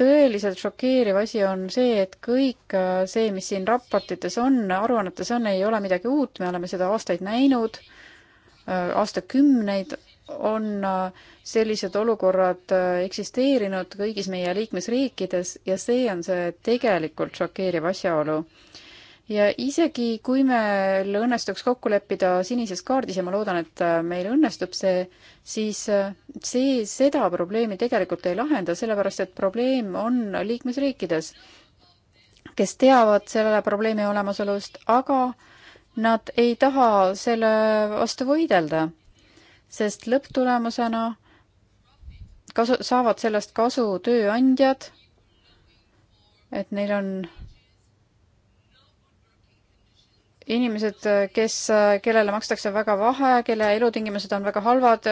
tõeliselt šokeeriv asi on see, et kõik äh, see, mis siin raportites on, aruannetes on, ei ole midagi uut, me oleme seda aastaid näinud, aastakümneid on äh, sellised olukorrad äh, eksisteerinud kõigis meie liikmesriikides ja see on see tegelikult šokeeriv asjaolu. ja isegi, kui meil õnnestuks kokku leppida sinises kaardis ja ma loodan, et äh, meil õnnestub see, siis see, seda probleemi tegelikult ei lahenda, sellepärast et probleem on liikmesriikides, kes teavad selle probleemi olemasolust, aga nad ei taha selle vastu võidelda sest lõpptulemusena kasu, saavad sellest kasu tööandjad, et neil on inimesed, kes, kellele makstakse väga vahe, kelle elutingimused on väga halvad,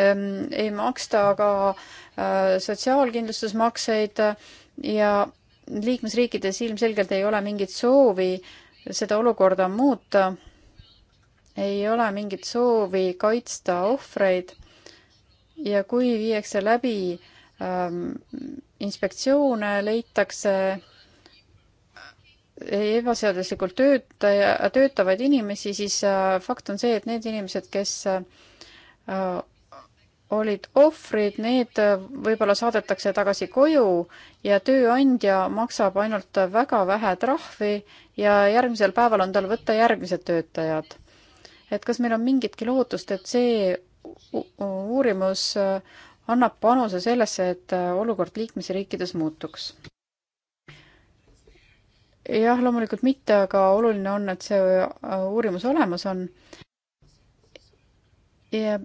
ehm, ei maksta ka äh, sotsiaalkindlustusmakseid ja liikmesriikides ilmselgelt ei ole mingit soovi seda olukorda muuta ei ole mingit soovi kaitsta ohvreid ja kui viiakse läbi ähm, inspektsioone, leitakse äh, ebaseaduslikult töötaja, töötavaid inimesi, siis äh, fakt on see, et need inimesed, kes äh, olid ohvrid, need äh, võib-olla saadetakse tagasi koju ja tööandja maksab ainult väga vähe trahvi ja järgmisel päeval on tal võtta järgmised töötajad et kas meil on mingitki lootust, et see uurimus äh, annab panuse sellesse, et äh, olukord liikmesriikides muutuks? jah, loomulikult mitte, aga oluline on, et see äh, uurimus olemas on. ja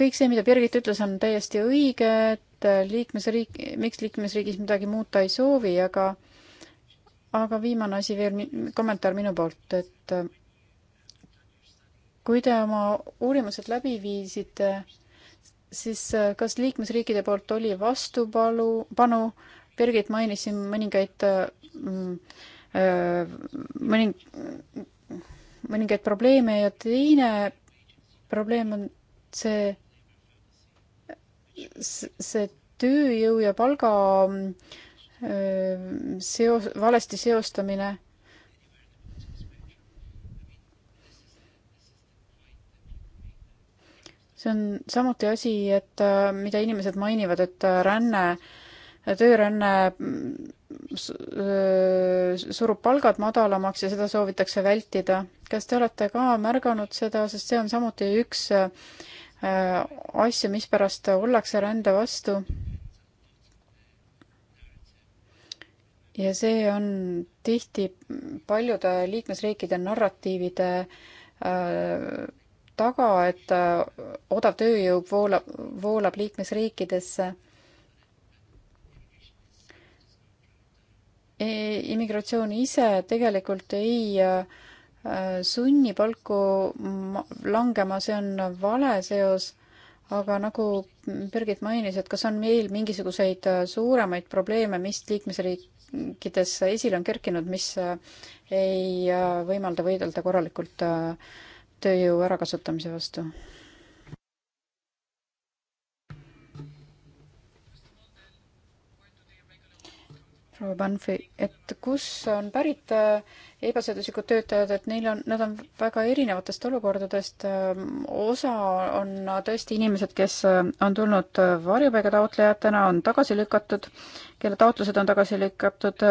kõik see, mida Birgit ütles, on täiesti õige, et liikmesriik, miks liikmesriigis midagi muuta ei soovi, aga aga viimane asi veel, kommentaar minu poolt, et kui te oma uurimused läbi viisite, siis äh, kas liikmesriikide poolt oli vastupalu, panu, Birgit mainis siin mõningaid, äh, mm, äh, mõning-, mõningaid probleeme ja teine probleem on see, see tööjõu ja palga mm, seos, valesti seostamine see on samuti asi, et äh, mida inimesed mainivad, et äh, ränne, tööränne mm, äh, surub palgad madalamaks ja seda soovitakse vältida. kas te olete ka märganud seda, sest see on samuti üks asju, mispärast ollakse rände vastu? ja see on tihti paljude liikmesriikide narratiivide äh, taga, et äh, odav tööjõud voolab, voolab liikmesriikidesse. E, immigratsioon ise tegelikult ei äh, sunni palku langema, see on vale seos, aga nagu Birgit mainis, et kas on meil mingisuguseid äh, suuremaid probleeme, mis liikmesriikides esile on kerkinud, mis ei võimalda võidelda korralikult äh, tööjõu ärakasutamise vastu? proua Banfi, et kus on pärit äh, ebaseaduslikud töötajad, et neil on, nad on väga erinevatest olukordadest. Ähm, osa on tõesti inimesed, kes äh, on tulnud äh, varjupaiga taotlejatena, on tagasi lükatud, kelle taotlused on tagasi lükatud,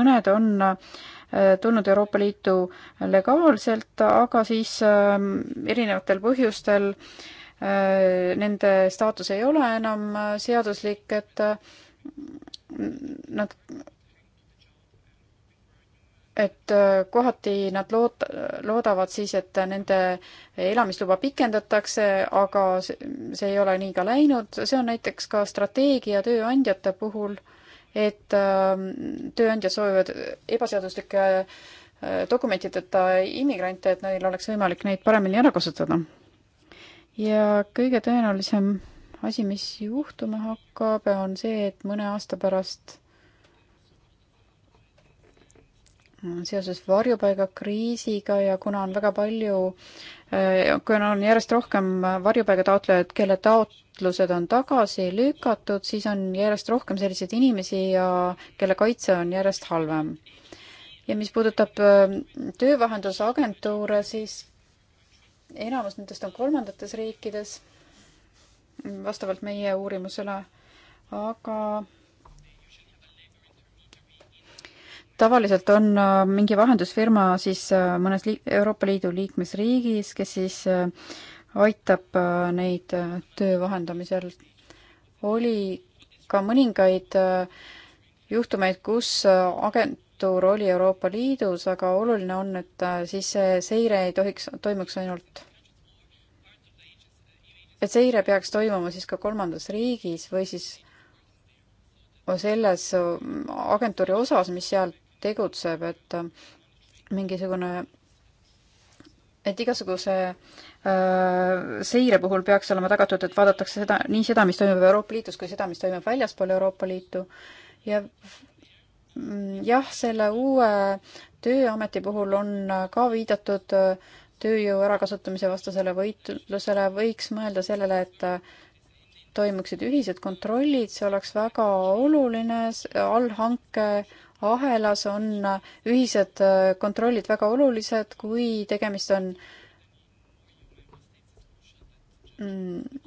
mõned on äh, Äh, tulnud Euroopa Liitu legaalselt, aga siis ähm, erinevatel põhjustel äh, nende staatus ei ole enam äh, seaduslik, et nad et kohati nad loot-, loodavad siis, et nende elamisluba pikendatakse, aga see ei ole nii ka läinud, see on näiteks ka strateegia tööandjate puhul äh, et ähm, tööandjad soovivad ebaseaduslike äh, dokumentideta immigrante, et neil oleks võimalik neid paremini ära kasutada. ja kõige tõenäolisem asi, mis juhtuma hakkab, on see, et mõne aasta pärast seoses varjupaigakriisiga ja kuna on väga palju Äh, kui on järjest rohkem äh, varjupaigataotlejaid, kelle taotlused on tagasi lükatud, siis on järjest rohkem selliseid inimesi ja kelle kaitse on järjest halvem. ja mis puudutab äh, töövahendusagentuure, siis enamus nendest on kolmandates riikides, mm, vastavalt meie uurimusele, aga tavaliselt on äh, mingi vahendusfirma siis äh, mõnes li Euroopa Liidu liikmesriigis, kes siis äh, aitab neid töö vahendamisel. oli ka mõningaid juhtumeid, kus agentuur oli Euroopa Liidus, aga oluline on, et siis see seire ei tohiks, toimuks ainult et seire peaks toimuma siis ka kolmandas riigis või siis selles agentuuri osas, mis seal tegutseb, et äh, mingisugune, et igasuguse äh, seire puhul peaks olema tagatud, et vaadatakse seda, nii seda, mis toimub Euroopa Liidus, kui seda, mis toimub väljaspool Euroopa Liitu ja mm, jah, selle uue tööameti puhul on ka viidatud äh, tööjõu ärakasutamise vastasele võitlusele, võiks mõelda sellele, et äh, toimuksid ühised kontrollid, see oleks väga oluline allhanke ahelas on ühised äh, kontrollid väga olulised, kui tegemist on mm,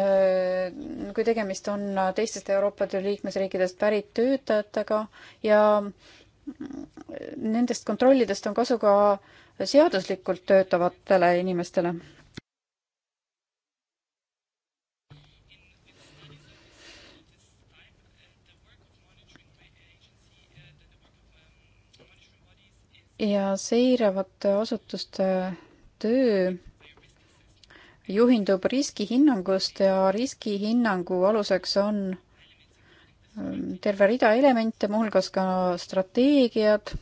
äh, kui tegemist on teistest Euroopa Liidu liikmesriikidest pärit töötajatega ja mm, nendest kontrollidest on kasu ka seaduslikult töötavatele inimestele. ja seiravate asutuste töö juhindub riskihinnangust ja riskihinnangu aluseks on ähm, terve rida elemente, muuhulgas ka strateegiad,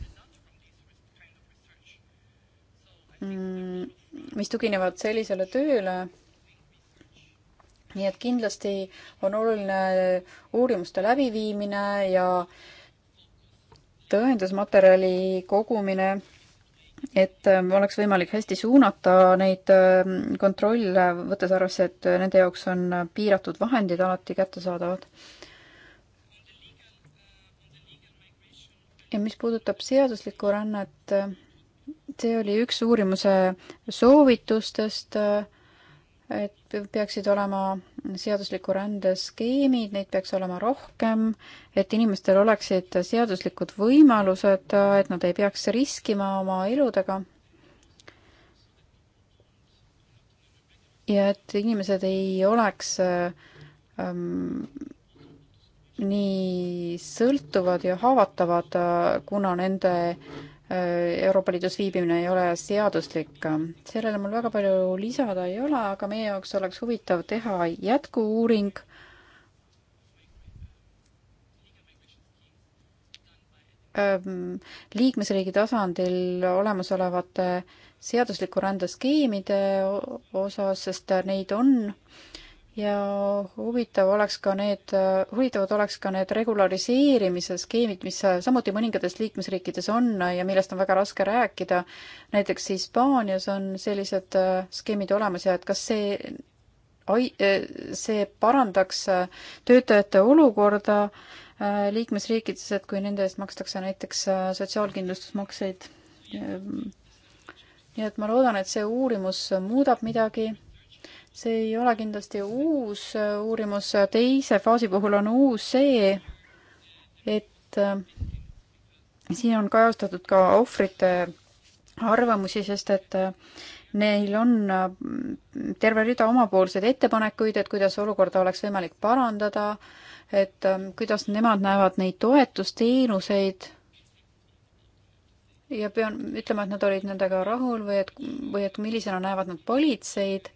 mm, mis tuginevad sellisele tööle. nii et kindlasti on oluline uurimuste läbiviimine ja äh, tõendusmaterjali kogumine, et ähm, oleks võimalik hästi suunata neid ähm, kontrolle, võttes arvesse, et nende jaoks on piiratud vahendid alati kättesaadavad. ja mis puudutab seaduslikku rännet, see oli üks uurimuse soovitustest äh, et peaksid olema seadusliku rände skeemid, neid peaks olema rohkem, et inimestel oleksid seaduslikud võimalused, et nad ei peaks riskima oma eludega. ja et inimesed ei oleks ähm, nii sõltuvad ja haavatavad, äh, kuna nende äh, Äh, Euroopa Liidus viibimine ei ole seaduslik. sellele mul väga palju lisada ei ole, aga meie jaoks oleks huvitav teha jätku-uuring äh, liikmesriigi tasandil olemasolevate seadusliku rände skeemide osas, sest neid on ja huvitav oleks ka need, huvitavad oleks ka need regulariseerimise skeemid, mis samuti mõningates liikmesriikides on ja millest on väga raske rääkida. näiteks Hispaanias on sellised äh, skeemid olemas ja et kas see ai-, äh, see parandaks äh, töötajate olukorda liikmesriikides, et kui nende eest makstakse näiteks sotsiaalkindlustusmakseid. nii et ma loodan, et see uurimus muudab midagi see ei ole kindlasti uus äh, uurimus, teise faasi puhul on uus see, et äh, siin on kajastatud ka ohvrite arvamusi, sest et äh, neil on terve rida omapoolseid ettepanekuid, et kuidas olukorda oleks võimalik parandada, et kuidas nemad näevad neid toetusteenuseid ja pean ütlema, et nad olid nendega rahul või et, või et millisena näevad nad politseid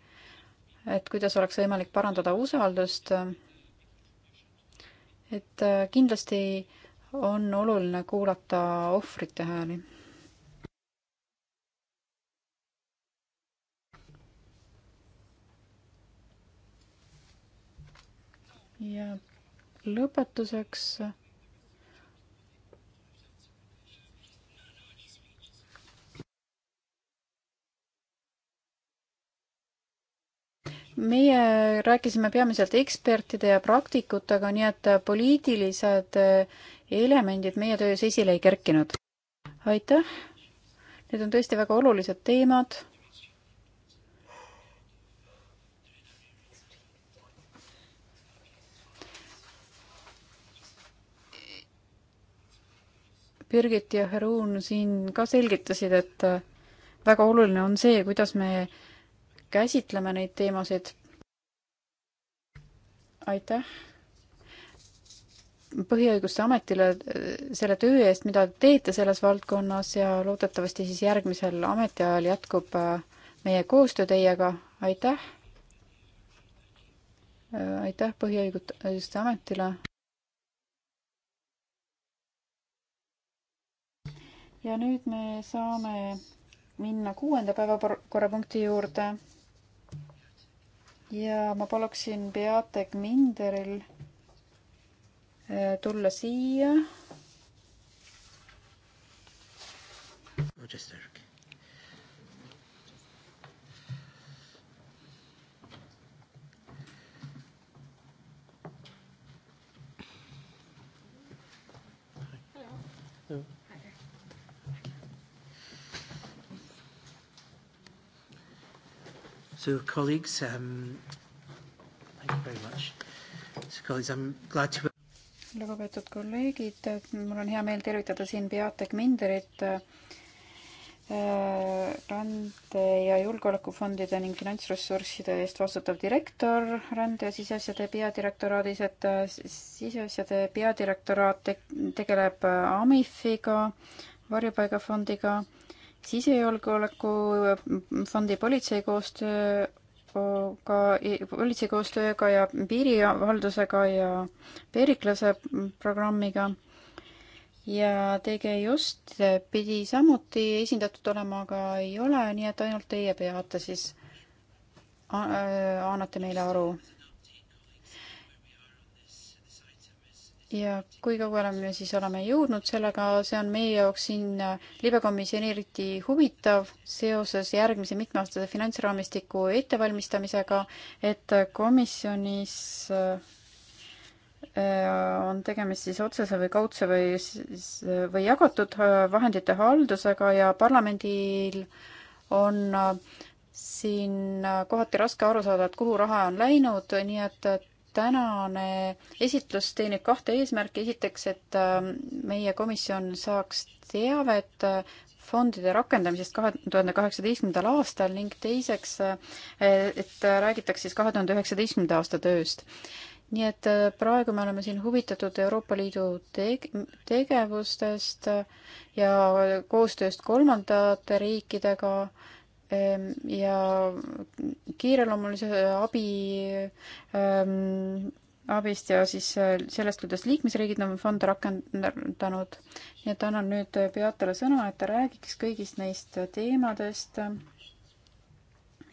et kuidas oleks võimalik parandada usaldust. et äh, kindlasti on oluline kuulata ohvrite hääli. ja lõpetuseks meie rääkisime peamiselt ekspertide ja praktikutega, nii et poliitilised eh, elemendid meie töös esile ei kerkinud. aitäh! Need on tõesti väga olulised teemad. Birgit ja Heruun siin ka selgitasid, et väga oluline on see, kuidas me käsitleme neid teemasid. aitäh Põhiõiguste Ametile äh, selle töö eest, mida te teete selles valdkonnas ja loodetavasti siis järgmisel ametiajal jätkub äh, meie koostöö teiega, aitäh! Äh, aitäh Põhiõiguste Ametile! ja nüüd me saame minna kuuenda päevakorrapunkti juurde ja ma paluksin Beate Gminderil äh, tulla siia. Rochester So, colleagues, um, thank you very much. So, colleagues, I'm glad to lugupeetud kolleegid, mul on hea meel tervitada siin Beate Gminderit äh, rände ja julgeolekufondide ning finantsressursside eest vastutav direktor rände ja siseasjade peadirektoraadis, et äh, siseasjade peadirektoraat tegeleb äh, AMIF-iga, varjupaigafondiga äh,, sisejulgeoleku fondi politsei koostöö ka politsei koostööga ja piirihaldusega ja Periklase programmiga ja TG Just pidi samuti esindatud olema, aga ei ole, nii et ainult teie peate siis, annate meile aru ja kui kaugele me siis oleme jõudnud sellega, see on meie jaoks siin äh, libekomisjoni eriti huvitav seoses järgmise mitmeaastase finantsraamistiku ettevalmistamisega, et komisjonis äh, on tegemist siis otsese või kaudse või, äh, või jagatud vahendite haldusega ja parlamendil on siin kohati raske aru saada, et kuhu raha on läinud, nii et, et tänane esitlus teenib kahte eesmärki, esiteks, et ähm, meie komisjon saaks teavet äh, fondide rakendamisest kahe tuhande kaheksateistkümnendal aastal ning teiseks, äh, et äh, räägitakse siis kahe tuhande üheksateistkümnenda aasta tööst. nii et praegu me oleme siin huvitatud Euroopa Liidu teg-, tegevustest ja koostööst kolmandate riikidega äh, Ehm, ja kiireloomulise abi ehm, abist ja siis äh, sellest, kuidas liikmesriigid on fonde rakendanud. nii et annan nüüd Beatale sõna, et ta räägiks kõigist neist teemadest.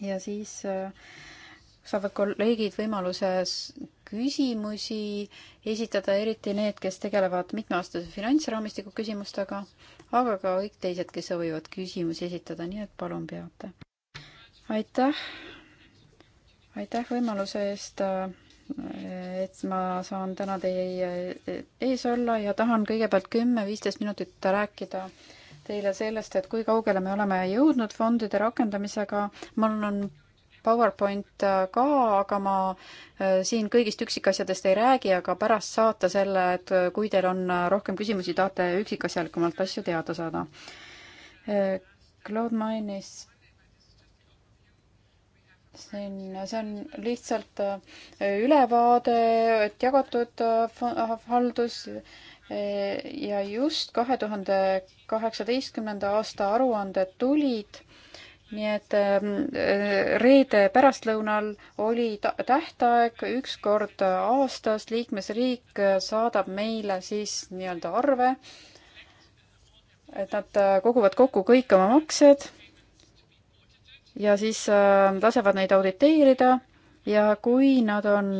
ja siis äh, saavad kolleegid võimaluse küsimusi esitada, eriti need, kes tegelevad mitmeaastase finantsraamistiku küsimustega aga ka kõik teised, kes soovivad küsimusi esitada, nii et palun peate. aitäh, aitäh võimaluse eest, äh, et ma saan täna teie äh, ees olla ja tahan kõigepealt kümme-viisteist minutit rääkida teile sellest, et kui kaugele me oleme jõudnud fondide rakendamisega. mul on PowerPoint äh, ka, aga ma äh, siin kõigist üksikasjadest ei räägi, aga pärast saata selle, et äh, kui teil on rohkem küsimusi, tahate üksikasjalikumalt asju teada saada. Claude mainis siin, see on lihtsalt ülevaade, et jagatud haldus ja just kahe tuhande kaheksateistkümnenda aasta aruanded tulid nii et ähm, äh, reede pärastlõunal oli tähtaeg üks kord aastas, liikmesriik saadab meile siis nii-öelda arve, et nad äh, koguvad kokku kõik oma maksed ja siis lasevad äh, neid auditeerida ja kui nad on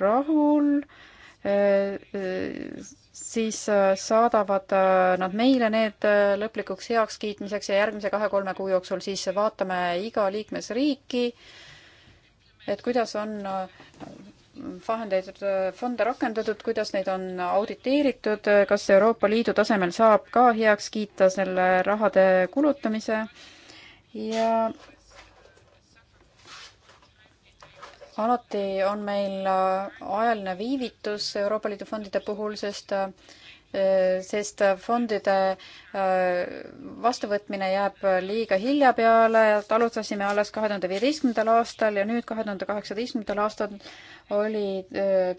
rahul, siis äh, saadavad äh, nad meile need äh, lõplikuks heakskiitmiseks ja järgmise kahe-kolme kuu jooksul siis vaatame iga liikmesriiki, et kuidas on vahendeid, fonde rakendatud, kuidas neid on auditeeritud, kas Euroopa Liidu tasemel saab ka heaks kiita selle rahade kulutamise ja alati on meil äh, ajaline viivitus Euroopa Liidu fondide puhul, sest äh, sest fondide äh, vastuvõtmine jääb liiga hilja peale, et alustasime alles kahe tuhande viieteistkümnendal aastal ja nüüd kahe tuhande kaheksateistkümnendal aastal oli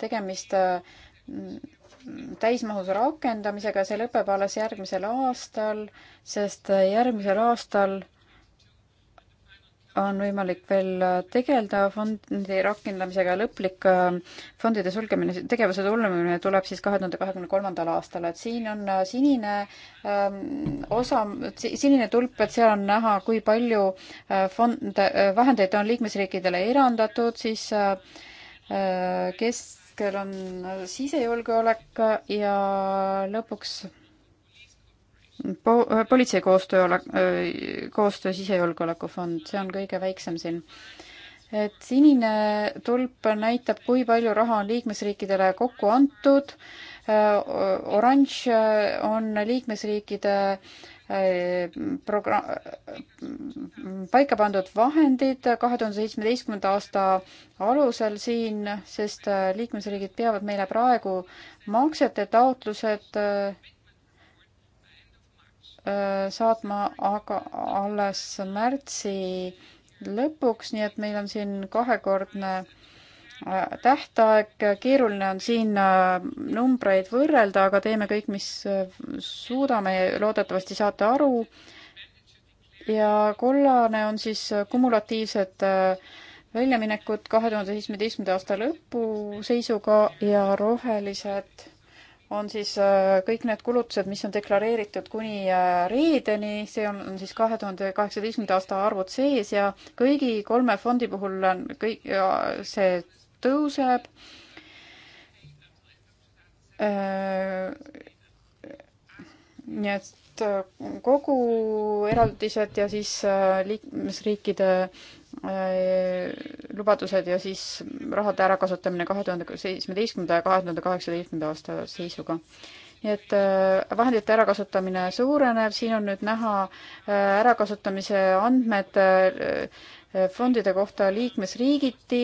tegemist täismahus rakendamisega, see lõpeb alles järgmisel aastal, sest järgmisel aastal on võimalik veel äh, tegeleda fondi rakendamisega ja lõplik äh, fondide sulgemine, tegevuse tulemine tuleb siis kahe tuhande kahekümne kolmandal aastal, et siin on äh, sinine ähm, osa, sinine tulp, et seal on näha, kui palju fonde, vahendeid on liikmesriikidele erandatud, siis keskel on sisejulgeolek ja lõpuks po-, äh, politsei koostöö ole-, äh, koostöö sisejulgeolekufond, see on kõige väiksem siin. et sinine tulp näitab, kui palju raha on liikmesriikidele kokku antud, äh, oranž on liikmesriikide progra-, paika pandud vahendid kahe tuhande seitsmeteistkümnenda aasta alusel siin, sest liikmesriigid peavad meile praegu maksete taotlused Äh, saatma aga alles märtsi lõpuks, nii et meil on siin kahekordne äh, tähtaeg, keeruline on siin äh, numbreid võrrelda, aga teeme kõik, mis suudame, loodetavasti saate aru. ja kollane on siis kumulatiivsed väljaminekud kahe tuhande seitsmeteistkümnenda aasta lõpu seisuga ja rohelised on siis äh, kõik need kulutused, mis on deklareeritud kuni äh, reedeni, see on siis kahe tuhande kaheksateistkümnenda aasta arvud sees ja kõigi kolme fondi puhul on kõik, see tõuseb. Äh, nii et kogu eraldised ja siis liikmesriikide Äh, lubadused ja siis rahade ärakasutamine kahe tuhande seitsmeteistkümnenda ja kahe tuhande kaheksateistkümnenda aasta seisuga. nii et äh, vahendite ärakasutamine suureneb, siin on nüüd näha äh, ärakasutamise andmed fondide kohta liikmesriigiti.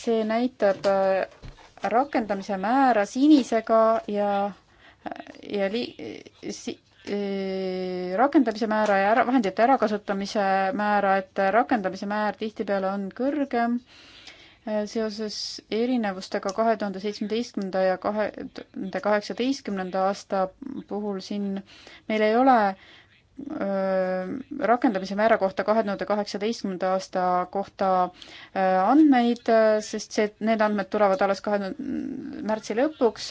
see näitab rakendamise määra sinisega ja ja li-, si-, rakendamise määra ja ära, vahendite ärakasutamise määra, et rakendamise määr tihtipeale on kõrgem äh, seoses erinevustega kahe tuhande seitsmeteistkümnenda ja kahe tuhande kaheksateistkümnenda aasta puhul siin meil ei ole rakendamise määra kohta kahe tuhande kaheksateistkümnenda aasta kohta andmeid, sest see, need andmed tulevad alles kahe märtsi lõpuks.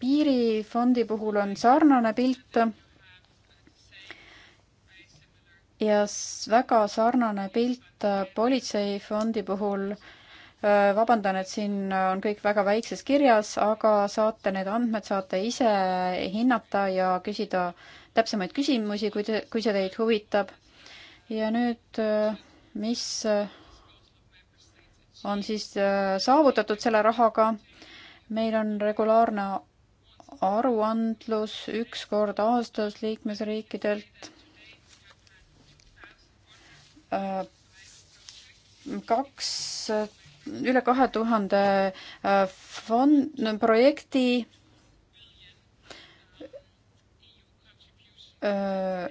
piirifondi puhul on sarnane pilt. ja väga sarnane pilt politseifondi puhul Äh, vabandan, et siin on kõik väga väikses kirjas, aga saate need andmed, saate ise hinnata ja küsida täpsemaid küsimusi, kui te, kui see teid huvitab. ja nüüd, äh, mis äh, on siis saavutatud selle rahaga? meil on regulaarne aruandlus üks kord aastas liikmesriikidelt kaks üle kahe tuhande äh, fond, projekti äh,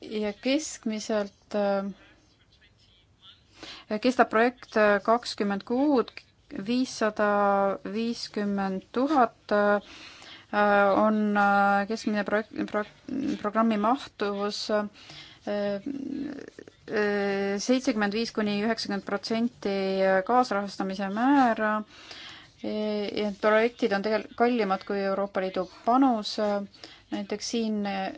ja keskmiselt äh, kestab projekt kakskümmend kuud, viissada viiskümmend tuhat on keskmine projekt pro,, programmi mahtuvus seitsekümmend viis kuni üheksakümmend protsenti kaasrahastamise määra. et projektid on tegelikult kallimad kui Euroopa Liidu panus. näiteks siin e,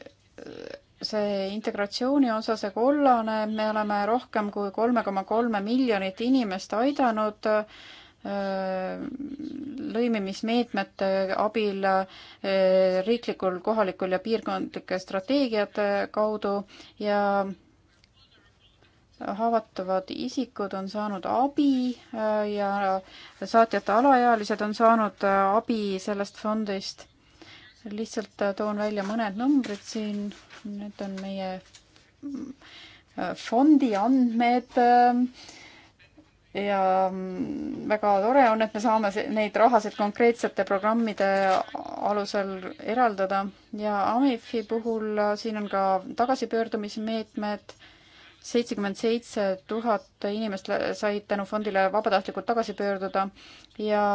see integratsiooni osa, see kollane, me oleme rohkem kui kolme koma kolme miljonit inimest aidanud e, lõimimismeetmete abil e, riiklikul, kohalikul ja piirkondlike strateegiate kaudu ja haavatavad isikud on saanud abi äh, ja saatjate alaealised on saanud äh, abi sellest fondist. lihtsalt äh, toon välja mõned numbrid siin, need on meie fondi andmed ja mm, väga tore on, et me saame neid rahasid konkreetsete programmide alusel eraldada ja AMIF-i puhul siin on ka tagasipöördumismeetmed seitsekümmend seitse tuhat inimest said tänu fondile vabatahtlikult tagasi pöörduda ja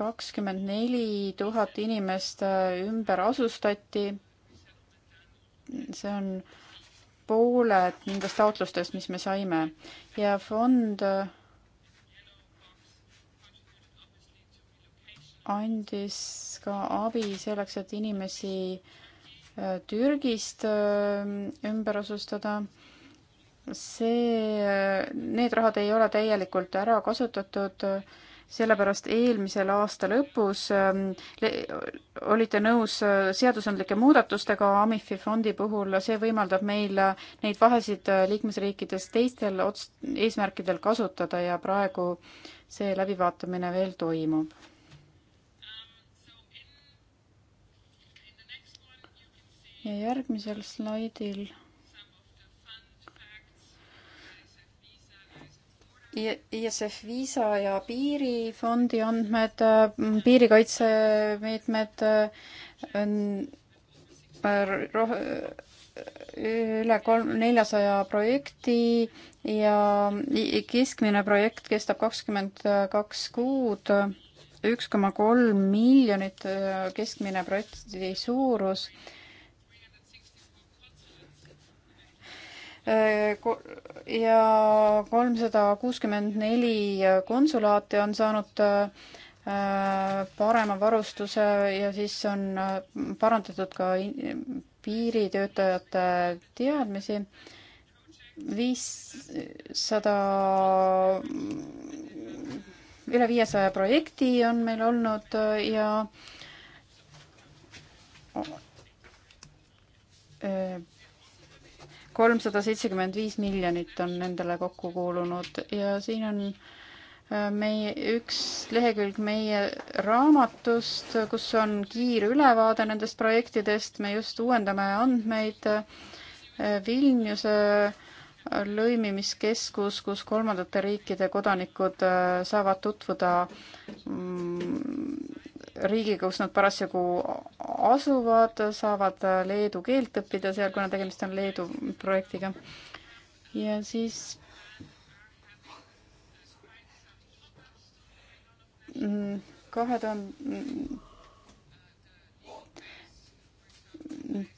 kakskümmend neli tuhat inimest äh, ümber asustati. see on pooled nendest taotlustest, mis me saime ja fond äh, andis ka abi selleks, et inimesi äh, Türgist ümber asustada see, need rahad ei ole täielikult ära kasutatud, sellepärast eelmisel aasta lõpus ähm, olite nõus äh, seadusandlike muudatustega Amifi fondi puhul, see võimaldab meil äh, neid vahesid äh, liikmesriikides teistel ots-, eesmärkidel kasutada ja praegu see läbivaatamine veel toimub ja järgmisel slaidil ISF viisa ja piirifondi andmed, mm, piirikaitsemeetmed, äh, äh, äh, üle kolm, neljasaja projekti ja keskmine projekt kestab kakskümmend kaks kuud, üks koma kolm miljonit keskmine projekti suurus Äh, ja kolmsada kuuskümmend neli konsulaati on saanud äh, parema varustuse ja siis on äh, parandatud ka piiritöötajate teadmisi. viissada, üle viiesaja projekti on meil olnud ja kolmsada seitsekümmend viis miljonit on nendele kokku kuulunud ja siin on äh, meie, üks lehekülg meie raamatust, kus on kiirülevaade nendest projektidest, me just uuendame andmeid äh, Vilniuse äh, lõimimiskeskus, kus kolmandate riikide kodanikud saavad tutvuda mm, riigi, kus nad parasjagu asuvad, saavad leedu keelt õppida seal, kuna tegemist on Leedu projektiga. ja siis kahe tuhande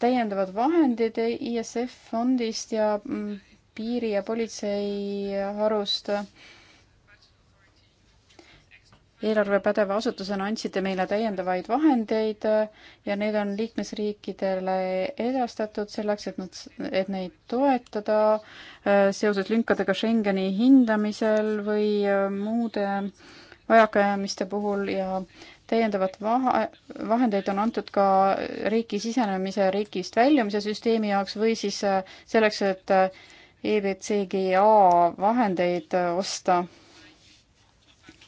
täiendavad vahendid ISF fondist ja piiri- ja politseiharust eelarvepädeva asutusena andsite meile täiendavaid vahendeid äh, ja need on liikmesriikidele edastatud selleks, et nad, et neid toetada äh, seoses lünkadega Schengeni hindamisel või äh, muude vajakajäämiste puhul ja täiendavat vahe, vahendeid on antud ka riiki sisenemise ja riigist väljumise süsteemi jaoks või siis selleks, et EBCGA vahendeid osta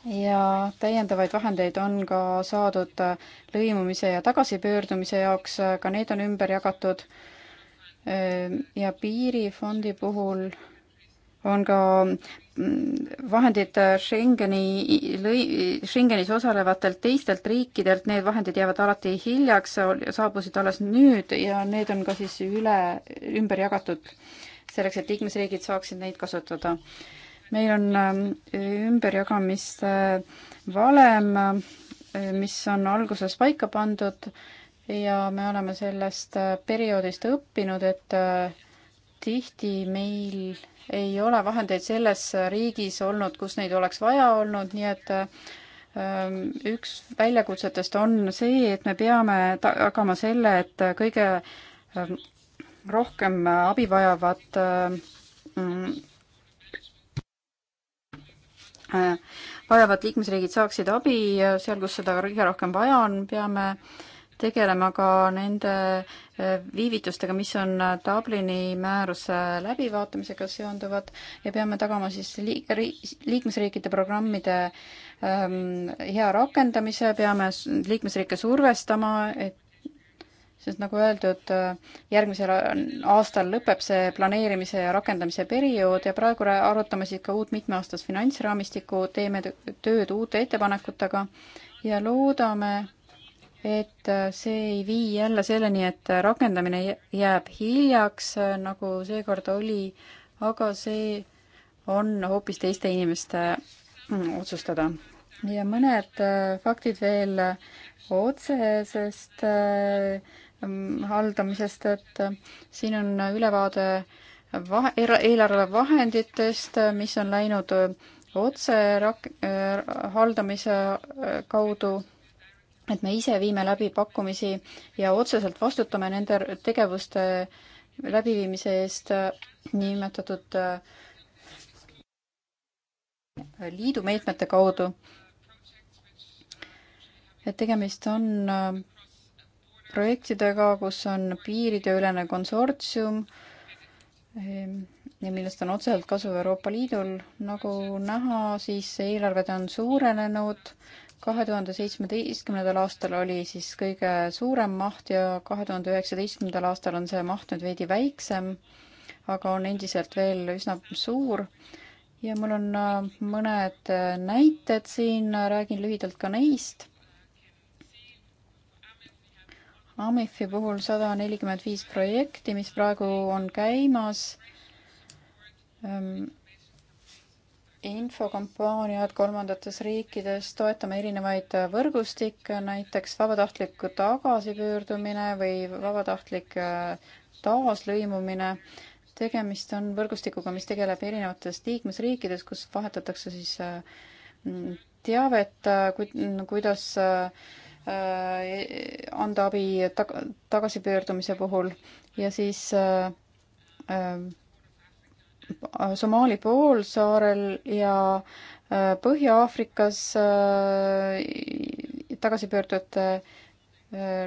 ja täiendavaid vahendeid on ka saadud lõimumise ja tagasipöördumise jaoks, ka need on ümber jagatud. ja piirifondi puhul on ka mm, vahendid Schengeni, Schengenis osalevatelt teistelt riikidelt, need vahendid jäävad alati hiljaks, saabusid alles nüüd ja need on ka siis üle, ümber jagatud selleks, et liikmesriigid saaksid neid kasutada meil on ähm, ümberjagamiste äh, valem, äh, mis on alguses paika pandud ja me oleme sellest äh, perioodist õppinud, et tihti meil ei ole vahendeid selles riigis olnud, kus neid oleks vaja olnud, nii et ähm, üks väljakutsetest on see, et me peame tagama selle, et kõige ähm, rohkem abi vajavad mm, Äh, vajavad liikmesriigid saaksid abi seal, kus seda kõige rohkem vaja on, peame tegelema ka nende äh, viivitustega, mis on äh, Dublini määruse läbivaatamisega seonduvad ja peame tagama siis liik-, liikmesriikide programmide ähm, hea rakendamise, peame liikmesriike survestama, et sest nagu öeldud, järgmisel aastal lõpeb see planeerimise ja rakendamise periood ja praegu arutame siis ka uut mitmeaastast finantsraamistikku, teeme tööd uute ettepanekutega ja loodame, et see ei vii jälle selleni, et rakendamine jääb hiljaks, nagu seekord oli, aga see on hoopis teiste inimeste mm, otsustada. ja mõned äh, faktid veel otsesest äh, Ähm, haldamisest, et äh, siin on ülevaade vahe, eelarvevahenditest, äh, mis on läinud äh, otse rak-, haldamise kaudu, et me ise viime läbi pakkumisi ja otseselt vastutame nende tegevuste läbiviimise eest niinimetatud liidumeetmete kaudu. et tegemist on projektidega, kus on piirideülene konsortsium ehm, ja millest on otseselt kasu Euroopa Liidul. nagu näha, siis eelarved on suurenenud. kahe tuhande seitsmeteistkümnendal aastal oli siis kõige suurem maht ja kahe tuhande üheksateistkümnendal aastal on see maht nüüd veidi väiksem, aga on endiselt veel üsna suur. ja mul on äh, mõned äh, näited siin, räägin lühidalt ka neist Amifi puhul sada nelikümmend viis projekti, mis praegu on käimas. Ehm, infokampaaniad kolmandates riikides, toetame erinevaid võrgustikke, näiteks vabatahtlik tagasipöördumine või vabatahtlik äh, taaslõimumine tegemist on võrgustikuga, mis tegeleb erinevates liikmesriikides, kus vahetatakse siis äh, mm, teavet, äh, kuidas Äh, anda abi tag tagasipöördumise puhul ja siis äh, äh, Somaali poolsaarel ja Põhja-Aafrikas tagasipöördujate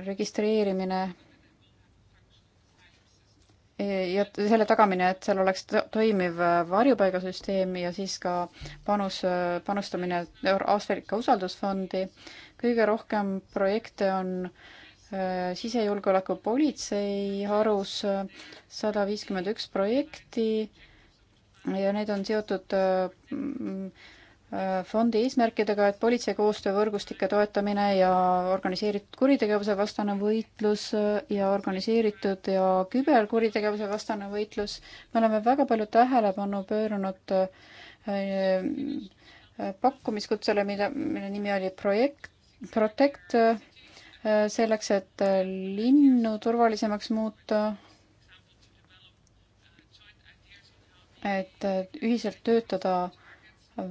registreerimine ja selle tagamine, et seal oleks toimiv varjupaigasüsteem ja siis ka panus, panustamine Aafrika usaldusfondi kõige rohkem projekte on äh, sisejulgeoleku politsei harus äh, sada viiskümmend üks projekti ja need on seotud äh, mm, fondi eesmärkidega, et politsei koostöövõrgustike toetamine ja organiseeritud kuritegevuse vastane võitlus ja organiseeritud ja küberkuritegevuse vastane võitlus. me oleme väga palju tähelepanu pööranud pakkumiskutsele, mida, mille nimi oli projekt, Protect äh, selleks, et linnu turvalisemaks muuta. et ühiselt töötada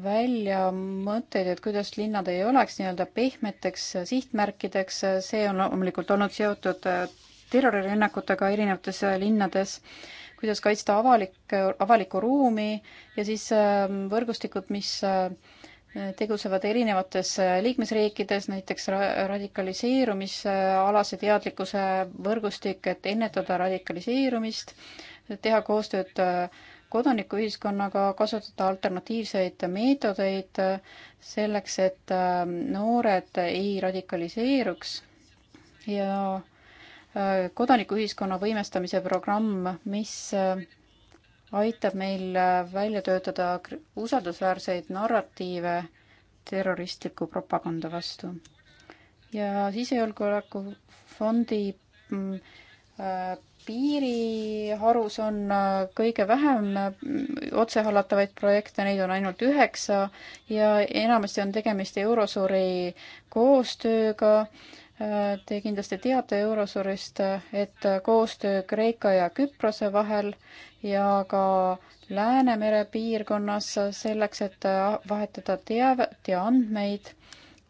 välja mõtteid, et kuidas linnad ei oleks nii-öelda pehmeteks sihtmärkideks, see on loomulikult olnud seotud äh, terrorirünnakutega erinevates äh, linnades, kuidas kaitsta avalik, avalikku ruumi ja siis võrgustikud, mis tegutsevad erinevates äh, liikmesriikides, näiteks radikaliseerumisalase teadlikkuse võrgustik, et ennetada radikaliseerumist, teha koostööd äh, kodanikuühiskonnaga, kasutada alternatiivseid meetodeid äh, selleks, et noored ei radikaliseeruks ja kodanikuühiskonna võimestamise programm, mis aitab meil äh, välja töötada usaldusväärseid narratiive terroristliku propaganda vastu. ja sisejulgeolekufondi mm, äh, piiriharus on äh, kõige vähem otsehallatavaid projekte, neid on ainult üheksa ja enamasti on tegemist Eurosuri koostööga äh, Te kindlasti teate Eurosurist, et koostöö Kreeka ja Küprose vahel ja ka Läänemere piirkonnas selleks, et vahetada teavet ja andmeid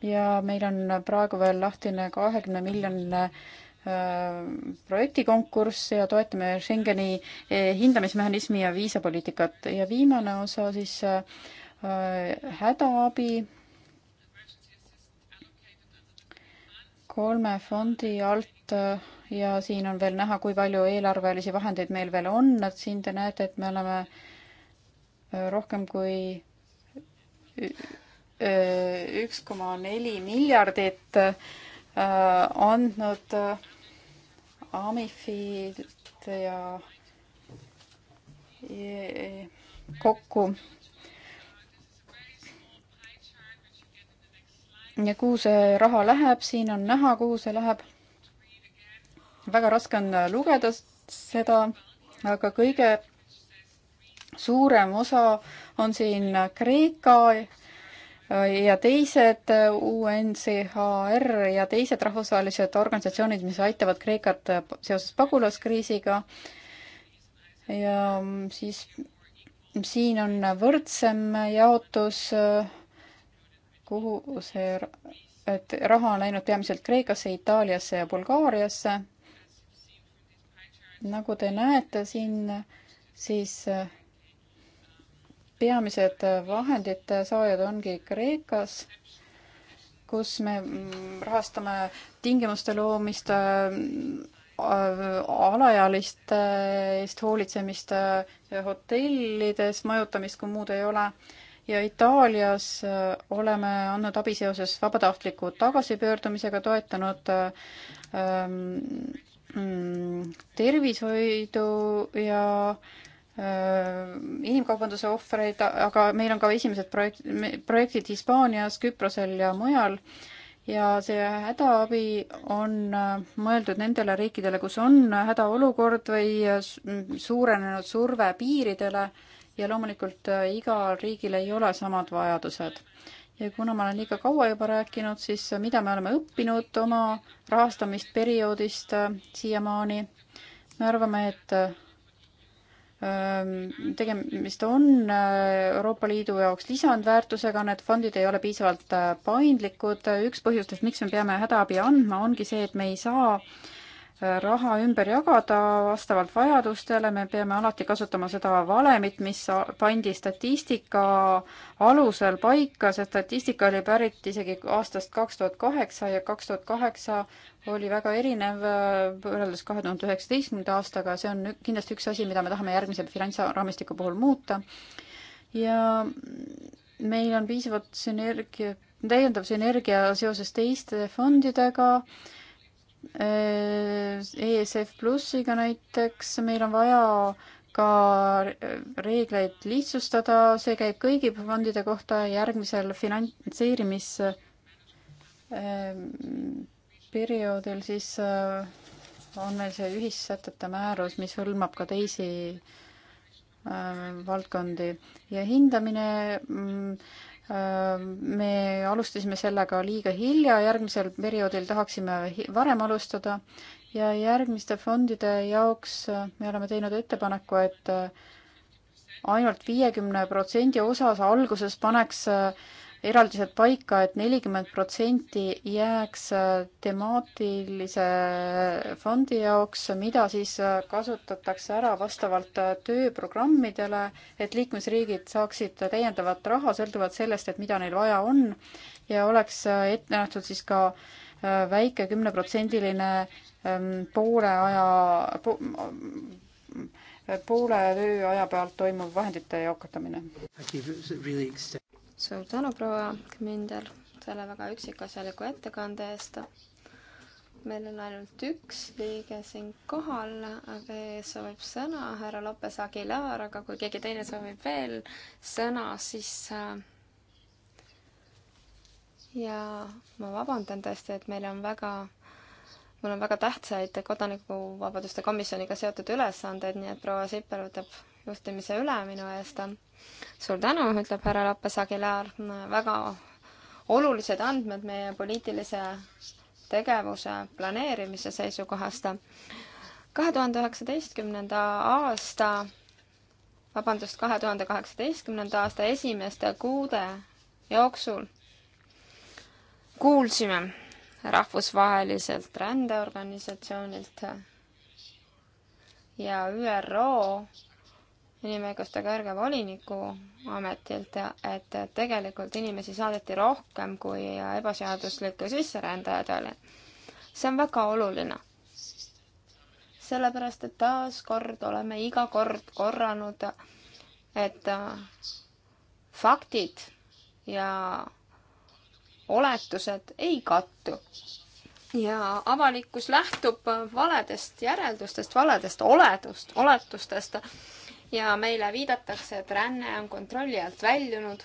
ja meil on praegu veel lahtine kahekümne miljoniline äh, projektikonkurss ja toetame Schengeni äh, hindamismehhanismi ja viisapoliitikat ja viimane osa siis äh, hädaabi äh, kolme fondi alt äh, ja siin on veel näha, kui palju eelarvelisi vahendeid meil veel on, et siin te näete, et me oleme äh, rohkem kui äh, üks koma neli miljardit andnud Amifilt ja kokku ja kuhu see raha läheb, siin on näha, kuhu see läheb. väga raske on lugeda seda, aga kõige suurem osa on siin Kreeka ja teised UNCHR ja teised rahvusvahelised organisatsioonid, mis aitavad Kreekat seoses pagulaskriisiga. ja siis siin on võrdsem jaotus kuhu see, et raha on läinud peamiselt Kreekasse, Itaaliasse ja Bulgaariasse. nagu te näete siin, siis peamised vahendite saajad ongi Kreekas, kus me rahastame tingimuste loomist, äh, alaealiste eest hoolitsemist äh, hotellides, majutamist, kui muud ei ole ja Itaalias äh, oleme andnud abi seoses vabatahtliku tagasipöördumisega, toetanud äh, ähm, mm, tervishoidu ja äh, inimkaubanduse ohvreid, aga meil on ka esimesed projekt, projektid Hispaanias, Küprosel ja mujal ja see hädaabi on mõeldud nendele riikidele, kus on hädaolukord või suurenenud surve piiridele äh, ja loomulikult äh, igal riigil ei ole samad vajadused. ja kuna ma olen liiga kaua juba rääkinud, siis äh, mida me oleme õppinud oma rahastamisperioodist äh, siiamaani? me arvame, et ähm, tegemist on Euroopa Liidu jaoks lisandväärtusega, need fondid ei ole piisavalt paindlikud, üks põhjustest, miks me peame hädaabi andma, ongi see, et me ei saa äh, raha ümber jagada vastavalt vajadustele, me peame alati kasutama seda valemit, mis pandi statistika alusel paika, see statistika oli pärit isegi aastast kaks tuhat kaheksa ja kaks tuhat kaheksa oli väga erinev äh, võrreldes kahe tuhande üheksateistkümnenda aastaga, see on kindlasti üks asi, mida me tahame järgmise finantsraamistiku puhul muuta. ja meil on piisavalt sünergia, täiendav sünergia seoses teiste fondidega, Äh, ESF Plussiga näiteks, meil on vaja ka reegleid lihtsustada, see käib kõigi fondide kohta järgmisel finantseerimisperioodil, äh, siis äh, on meil see ühissätete määrus, mis hõlmab ka teisi valdkondi ja hindamine mm, Äh, me alustasime sellega liiga hilja, järgmisel perioodil tahaksime varem alustada ja järgmiste fondide jaoks äh, me oleme teinud ettepaneku, et äh, ainult viiekümne protsendi osas alguses paneks eraldised paika et, et nelikümmend protsenti jääks äh, temaatilise äh, fondi jaoks, mida siis äh, kasutatakse ära vastavalt tööprogrammidele, et liikmesriigid saaksid täiendavat raha sõltuvalt sellest, et mida neil vaja on ja oleks ette nähtud siis ka väike kümneprotsendiline ähm, poole aja po, poole tööaja pealt toimuv vahendite jaokatamine suur tänu, proua Kminder, selle väga üksikasjaliku ettekande eest. meil on ainult üks liige siin kohal, kes soovib sõna, härra Lopes Aguilar, aga kui keegi teine soovib veel sõna, siis äh, ja ma vabandan tõesti, et meil on väga mul on väga tähtsaid kodanikuvabaduste komisjoniga seotud ülesandeid, nii et proua Sipper võtab juhtimise üle minu eest. suur tänu, ütleb härra Lappes Aguilar, väga olulised andmed meie poliitilise tegevuse planeerimise seisukohast. kahe tuhande üheksateistkümnenda aasta, vabandust, kahe tuhande kaheksateistkümnenda aasta esimeste kuude jooksul kuulsime rahvusvaheliselt rändeorganisatsioonilt ja ÜRO inimõigustega kõrge voliniku ametilt, et tegelikult inimesi saadeti rohkem, kui ebaseaduslikke sisserändajaid oli. see on väga oluline. sellepärast, et taaskord oleme iga kord korranud, et faktid ja oletused ei kattu. ja avalikkus lähtub valedest järeldustest, valedest oledust, oletustest ja meile viidatakse, et ränne on kontrolli alt väljunud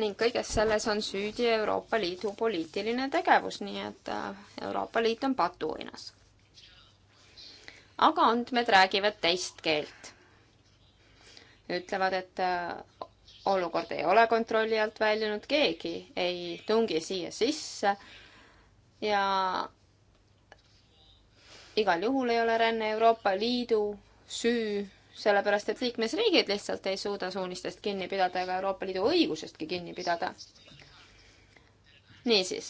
ning kõiges selles on süüdi Euroopa Liidu poliitiline tegevus, nii et äh, Euroopa Liit on patuoinas. aga andmed räägivad teist keelt. ütlevad, et äh, olukord ei ole kontrolli alt väljunud, keegi ei tungi siia sisse ja igal juhul ei ole ränne Euroopa Liidu süü sellepärast, et liikmesriigid lihtsalt ei suuda suunistest kinni pidada ega Euroopa Liidu õigusestki kinni pidada. niisiis,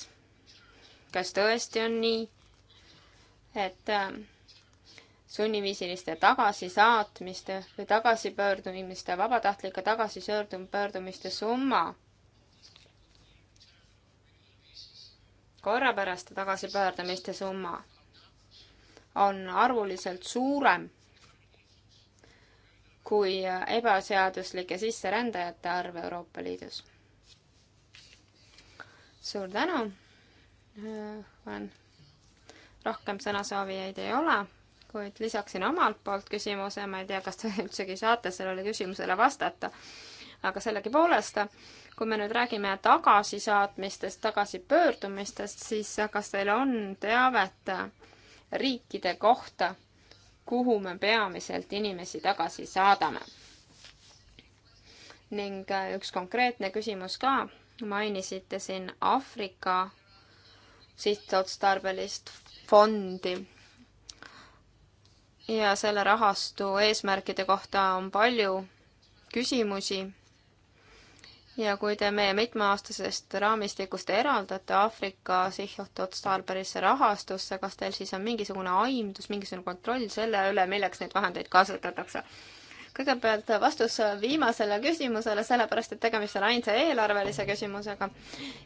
kas tõesti on nii, et ähm, sunniviisiliste tagasisaatmiste või tagasipöördumiste, vabatahtlike tagasipöördumiste summa korrapäraste tagasipöördumiste summa on arvuliselt suurem kui ebaseaduslike sisserändajate arv Euroopa Liidus. suur tänu, Juhan. rohkem sõnasoovijaid ei ole, kuid lisaksin omalt poolt küsimuse, ma ei tea, kas te üldsegi saate sellele küsimusele vastata, aga sellegipoolest, kui me nüüd räägime tagasisaatmistest, tagasipöördumistest, siis kas teil on teavet riikide kohta, kuhu me peamiselt inimesi tagasi saadame. ning äh, üks konkreetne küsimus ka, mainisite siin Aafrika sihtotstarbelist fondi. ja selle rahastu eesmärkide kohta on palju küsimusi ja kui te meie mitmeaastasest raamistikust eraldate Aafrika sihtotstarbelisse rahastusse, kas teil siis on mingisugune aimdus, mingisugune kontroll selle üle, milleks neid vahendeid kasutatakse? kõigepealt vastus viimasele küsimusele, sellepärast et tegemist on ainsa eelarvelise küsimusega.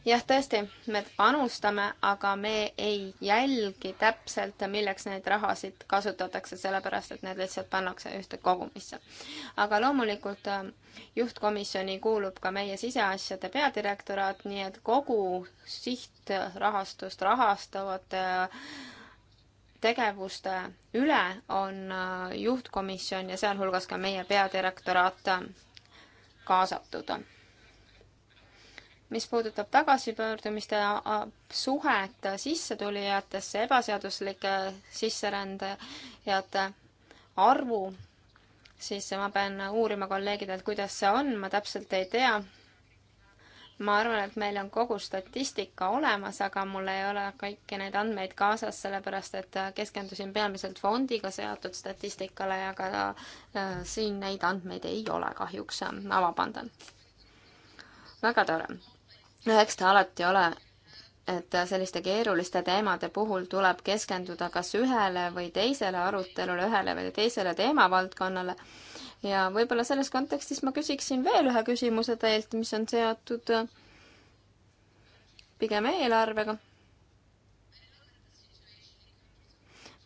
jah, tõesti, me panustame, aga me ei jälgi täpselt, milleks neid rahasid kasutatakse, sellepärast et need lihtsalt pannakse ühte kogumisse. aga loomulikult äh, juhtkomisjoni kuulub ka meie siseasjade peadirektoraat, nii et kogu sihtrahastust rahastavate äh, tegevuste üle on äh, juhtkomisjon ja sealhulgas ka meie peadirektoraat äh, kaasatud. mis puudutab tagasipöördumiste äh, suhet sissetulijatesse, ebaseaduslike sisserändajate arvu, siis ma pean uurima kolleegidelt, kuidas see on, ma täpselt ei tea ma arvan, et meil on kogu statistika olemas, aga mul ei ole kõiki neid andmeid kaasas, sellepärast et äh, keskendusin peamiselt fondiga seotud statistikale, aga äh, siin neid andmeid ei ole kahjuks, äh, ma vabandan. väga tore. no eks ta alati ole, et selliste keeruliste teemade puhul tuleb keskenduda kas ühele või teisele arutelule, ühele või teisele teemavaldkonnale ja võib-olla selles kontekstis ma küsiksin veel ühe küsimuse teilt, mis on seotud äh, pigem eelarvega.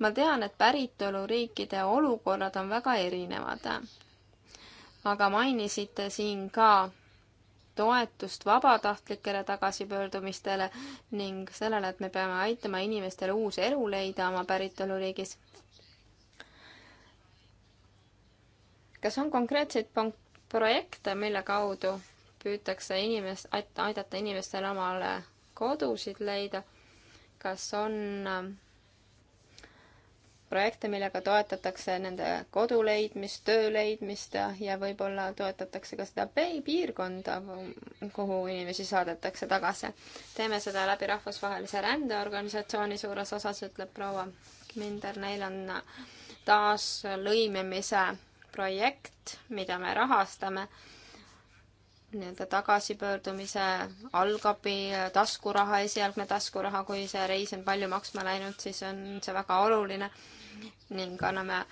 ma tean, et päritoluriikide olukorrad on väga erinevad. aga mainisite siin ka toetust vabatahtlikele tagasipöördumistele ning sellele, et me peame aitama inimestel uus elu leida oma päritoluriigis kas on konkreetseid projekte, mille kaudu püütakse inimest, aidata inimestel omale kodusid leida? kas on ähm, projekte, millega toetatakse nende kodu leidmist, töö leidmist ja, ja võib-olla toetatakse ka seda piirkonda, kuhu inimesi saadetakse tagasi. teeme seda läbi Rahvusvahelise Rändeorganisatsiooni suures osas, ütleb proua Minder, neil on taaslõimimise projekt, mida me rahastame, nii-öelda tagasipöördumise algabi, äh, taskuraha, esialgne taskuraha, kui see reis on palju maksma läinud, siis on see väga oluline ning anname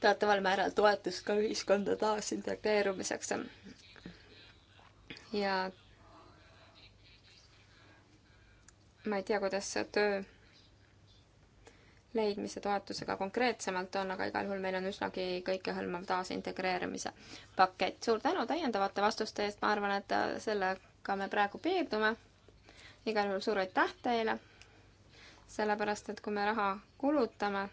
teataval määral toetust ka ühiskonda taasintegreerumiseks. ja ma ei tea, kuidas see töö leidmise toetusega konkreetsemalt on, aga igal juhul meil on üsnagi kõikehõlmav taasintegreerimise pakett. suur tänu täiendavate vastuste eest, ma arvan, et äh, sellega me praegu piirdume. igal juhul suur aitäh teile, sellepärast et kui me raha kulutame,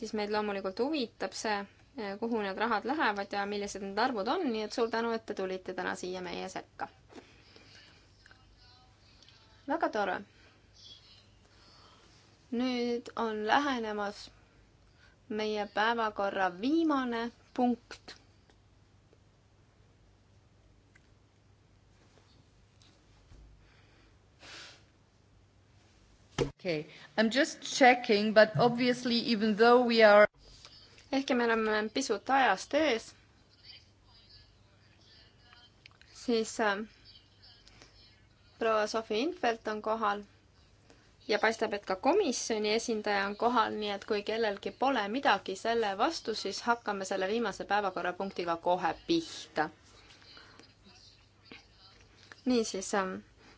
siis meid loomulikult huvitab see, äh, kuhu need rahad lähevad ja millised need arvud on, nii et suur tänu, et te tulite täna siia meie sekka. väga tore nüüd on lähenemas meie päevakorra viimane punkt. Okay, I am just checking, but obviously even though we are ehkki me oleme pisut ajast ees, siis äh, proua Sofi Infeld on kohal ja paistab, et ka komisjoni esindaja on kohal, nii et kui kellelgi pole midagi selle vastu, siis hakkame selle viimase päevakorrapunktiga kohe pihta. niisiis, ähm,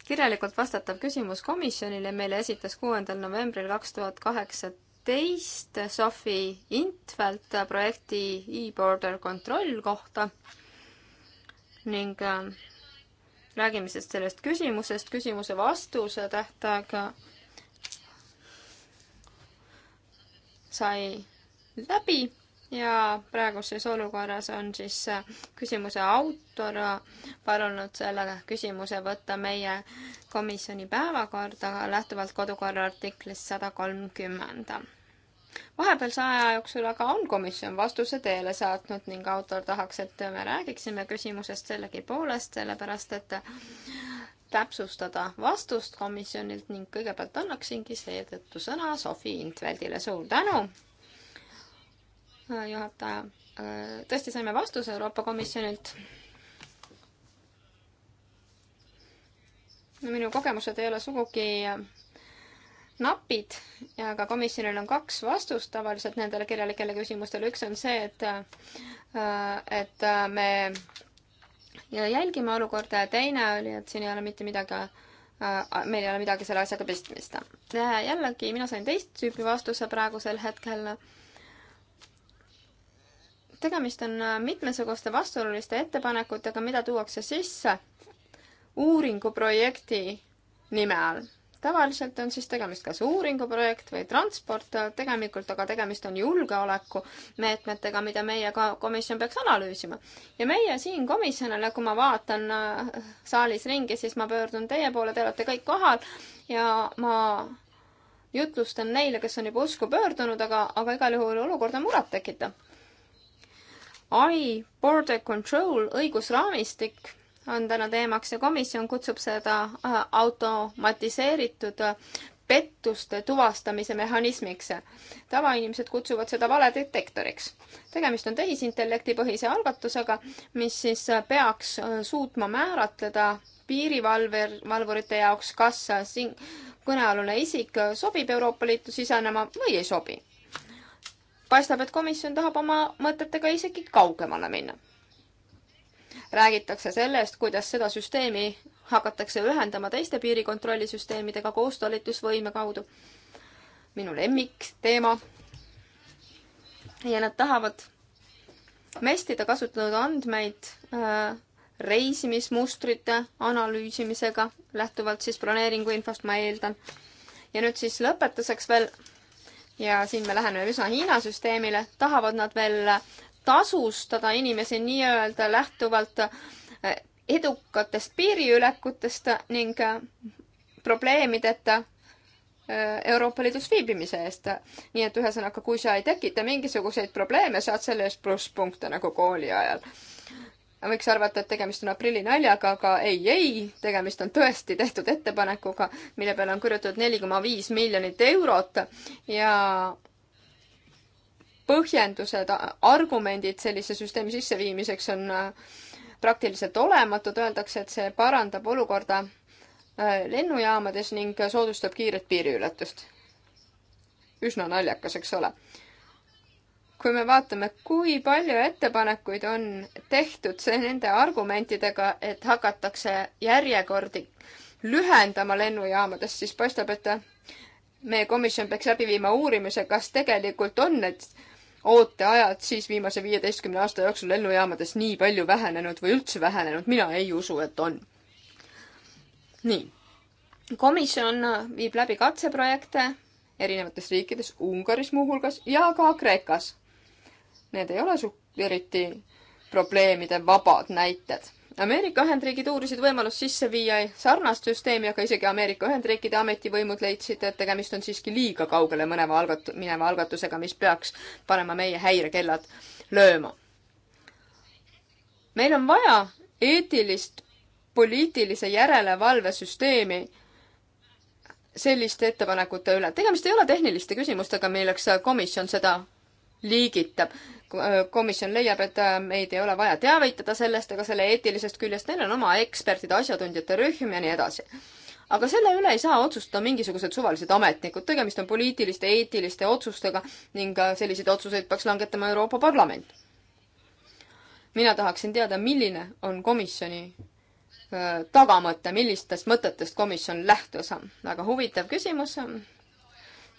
kirjalikult vastatav küsimus komisjonile meile esitas kuuendal novembril kaks tuhat kaheksateist Sofi Intvelt projekti e-border kontroll kohta ning ähm, räägime siis sellest küsimusest, küsimuse vastuse tähtaeg sai läbi ja praeguses olukorras on siis äh, küsimuse autor äh, palunud selle küsimuse võtta meie komisjoni päevakorda lähtuvalt kodukorra artiklist sada kolmkümmend. vahepealse aja jooksul aga on komisjon vastuse teele saatnud ning autor tahaks, et me räägiksime küsimusest sellegipoolest, sellepärast et täpsustada vastust komisjonilt ning kõigepealt annaksingi seetõttu sõna Sofi Intveldile. suur tänu, juhataja. tõesti saime vastuse Euroopa Komisjonilt. minu kogemused ei ole sugugi napid ja ka komisjonil on kaks vastust tavaliselt nendele kirjalikele küsimustele. üks on see, et, et me ja jälgime olukorda ja teine oli, et siin ei ole mitte midagi äh, äh, meil ei ole midagi selle asjaga pistmist. Äh, jällegi, mina sain teist tüüpi vastuse praegusel hetkel. tegemist on mitmesuguste vastuoluliste ettepanekutega, mida tuuakse sisse uuringuprojekti nime all tavaliselt on siis tegemist kas uuringuprojekt või transport, tegelikult aga tegemist on julgeolekumeetmetega, mida meie ka komisjon peaks analüüsima. ja meie siin komisjonile, kui ma vaatan äh, saalis ringi, siis ma pöördun teie poole, te olete kõik kohal ja ma jutlustan neile, kes on juba usku pöördunud, aga, aga igal juhul olukord on murettekitav. I, border control, õigusraamistik on täna teemaks ja komisjon kutsub seda äh, automatiseeritud pettuste tuvastamise mehhanismiks. tavainimesed kutsuvad seda valedetektoriks. tegemist on tehisintellektipõhise algatusega, mis siis äh, peaks äh, suutma määratleda piirivalver, valvurite jaoks, kas siin kõnealune isik sobib Euroopa Liitu sisenema või ei sobi. paistab, et komisjon tahab oma mõtetega isegi kaugemale minna räägitakse sellest, kuidas seda süsteemi hakatakse ühendama teiste piirikontrollisüsteemidega koostalitusvõime kaudu. minu lemmikteema. ja nad tahavad mestida kasutatud andmeid äh, reisimismustrite analüüsimisega, lähtuvalt siis broneeringu infost, ma eeldan. ja nüüd siis lõpetuseks veel ja siin me läheneme üsna Hiina süsteemile, tahavad nad veel tasustada inimesi nii-öelda lähtuvalt eh, edukatest piiriülekutest ning eh, probleemideta eh, Euroopa Liidus viibimise eest. nii et ühesõnaga, kui sa ei tekita mingisuguseid probleeme, saad selle eest plusspunkte nagu kooli ajal. võiks arvata, et tegemist on aprillinaljaga, aga ei, ei, tegemist on tõesti tehtud ettepanekuga, mille peale on kirjutatud neli koma viis miljonit eurot ja põhjendused, argumendid sellise süsteemi sisseviimiseks on äh, praktiliselt olematud, öeldakse, et see parandab olukorda äh, lennujaamades ning soodustab kiiret piiriületust. üsna naljakas, eks ole kui me vaatame, kui palju ettepanekuid on tehtud see nende argumentidega, et hakatakse järjekordi lühendama lennujaamades, siis paistab, et äh, meie komisjon peaks läbi viima uurimise, kas tegelikult on need ooteajad siis viimase viieteistkümne aasta jooksul lennujaamades nii palju vähenenud või üldse vähenenud, mina ei usu, et on. nii. komisjon äh, viib läbi katseprojekte erinevates riikides, Ungaris muuhulgas ja ka Kreekas. Need ei ole eriti probleemide vabad näited Ameerika Ühendriigid uurisid võimalust sisse viia sarnast süsteemi, aga isegi Ameerika Ühendriikide ametivõimud leidsid, et tegemist on siiski liiga kaugele mõneva algat-, mineva algatusega, mis peaks panema meie häirekellad lööma. meil on vaja eetilist poliitilise järelevalve süsteemi selliste ettepanekute üle. tegemist ei ole tehniliste küsimustega, milleks komisjon seda liigitab komisjon leiab, et äh, meid ei ole vaja teavitada sellest ega selle eetilisest küljest, neil on oma ekspertide, asjatundjate rühm ja nii edasi. aga selle üle ei saa otsustada mingisugused suvalised ametnikud, tegemist on poliitiliste, eetiliste otsustega ning äh, selliseid otsuseid peaks langetama Euroopa Parlament. mina tahaksin teada, milline on komisjoni äh, tagamõte, millistest mõtetest komisjon lähtus. väga huvitav küsimus.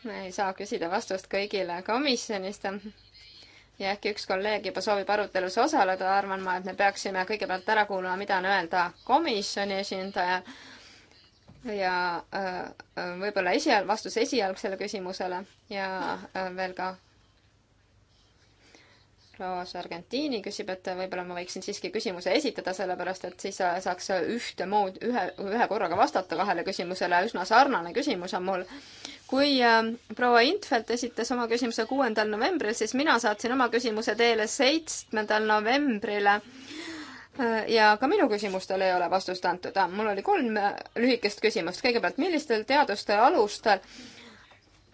me ei saa küsida vastust kõigile komisjonist ja äkki üks kolleeg juba soovib arutelus osaleda, arvan ma, et me peaksime kõigepealt ära kuulama, mida on öelda komisjoni esindajal ja äh, äh, võib-olla esial-, vastus esialgsele küsimusele ja äh, veel ka proua Sargentini küsib, et võib-olla ma võiksin siiski küsimuse esitada, sellepärast et siis äh, saaks ühtemoodi, ühe, ühe korraga vastata kahele küsimusele, üsna sarnane küsimus on mul. kui äh, proua Intfeld esitas oma küsimuse kuuendal novembril, siis mina saatsin oma küsimuse teile seitsmendal novembril äh, ja ka minu küsimustele ei ole vastust antud. Ah, mul oli kolm äh, lühikest küsimust. kõigepealt, millistel teaduste alustel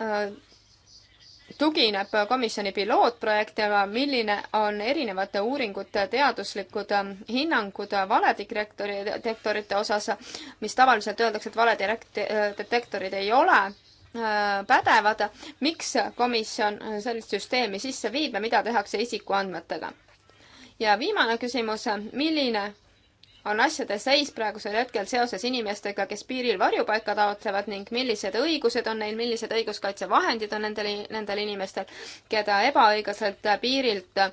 äh, tugineb komisjoni pilootprojekt ja milline on erinevate uuringute teaduslikud ähm, hinnangud valedirektori, detektorite osas, mis tavaliselt öeldakse, et valedekt-, detektorid ei ole äh, pädevad, miks komisjon sellist süsteemi sisse viib ja mida tehakse isikuandmetega? ja viimane küsimus, milline on asjade seis praegusel hetkel seoses inimestega, kes piiril varjupaika taotlevad ning millised õigused on neil, millised õiguskaitsevahendid on nendel, nendel inimestel, keda ebaõiglaselt piirilt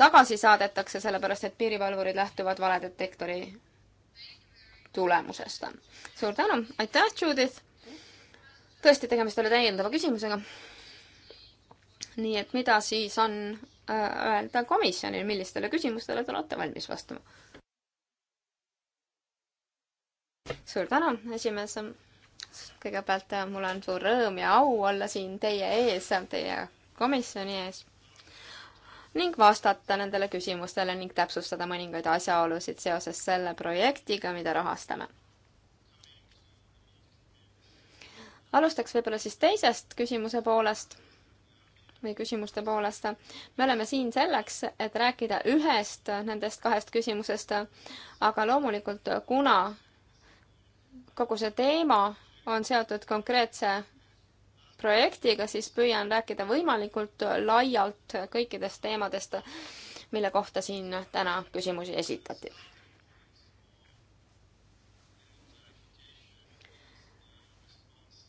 tagasi saadetakse, sellepärast et piirivalvurid lähtuvad valedetektori tulemusest. suur tänu, aitäh, Judith! tõesti, tegemist oli täiendava küsimusega. nii et mida siis on äh, öelda komisjonil, millistele küsimustele te olete valmis vastama? suur tänu, esimees. kõigepealt äh, mul on suur rõõm ja au olla siin teie ees, teie komisjoni ees ning vastata nendele küsimustele ning täpsustada mõningaid asjaolusid seoses selle projektiga, mida rahastame. alustaks võib-olla siis teisest küsimuse poolest või küsimuste poolest. me oleme siin selleks, et rääkida ühest nendest kahest küsimusest, aga loomulikult kuna kogu see teema on seotud konkreetse projektiga, siis püüan rääkida võimalikult laialt kõikidest teemadest, mille kohta siin täna küsimusi esitati.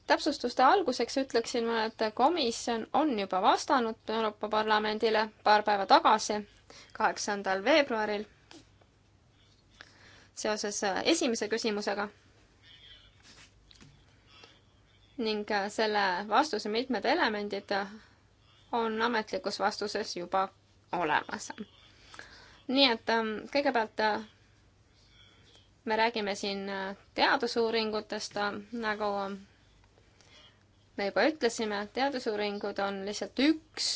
täpsustuste alguseks ütleksin ma, et komisjon on juba vastanud Euroopa Parlamendile paar päeva tagasi, kaheksandal veebruaril, seoses esimese küsimusega ning äh, selle vastuse mitmed elemendid on ametlikus vastuses juba olemas. nii et ähm, kõigepealt äh, me räägime siin äh, teadusuuringutest, nagu ähm, me juba ütlesime, teadusuuringud on lihtsalt üks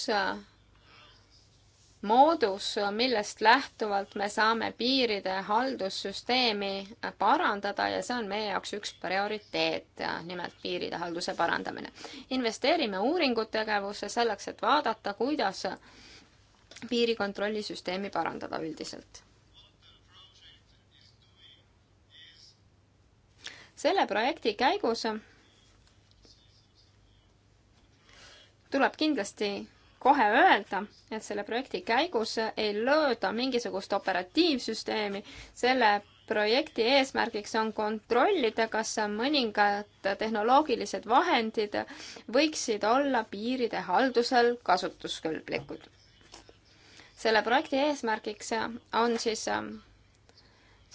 moodus, millest lähtuvalt me saame piiride haldussüsteemi parandada ja see on meie jaoks üks prioriteet, nimelt piiride halduse parandamine. investeerime uuringutegevusse selleks, et vaadata, kuidas piirikontrollisüsteemi parandada üldiselt. selle projekti käigus tuleb kindlasti kohe öelda, et selle projekti käigus ei lööda mingisugust operatiivsüsteemi, selle projekti eesmärgiks on kontrollida, kas mõningad tehnoloogilised vahendid võiksid olla piiride haldusel kasutuskõlblikud. selle projekti eesmärgiks on siis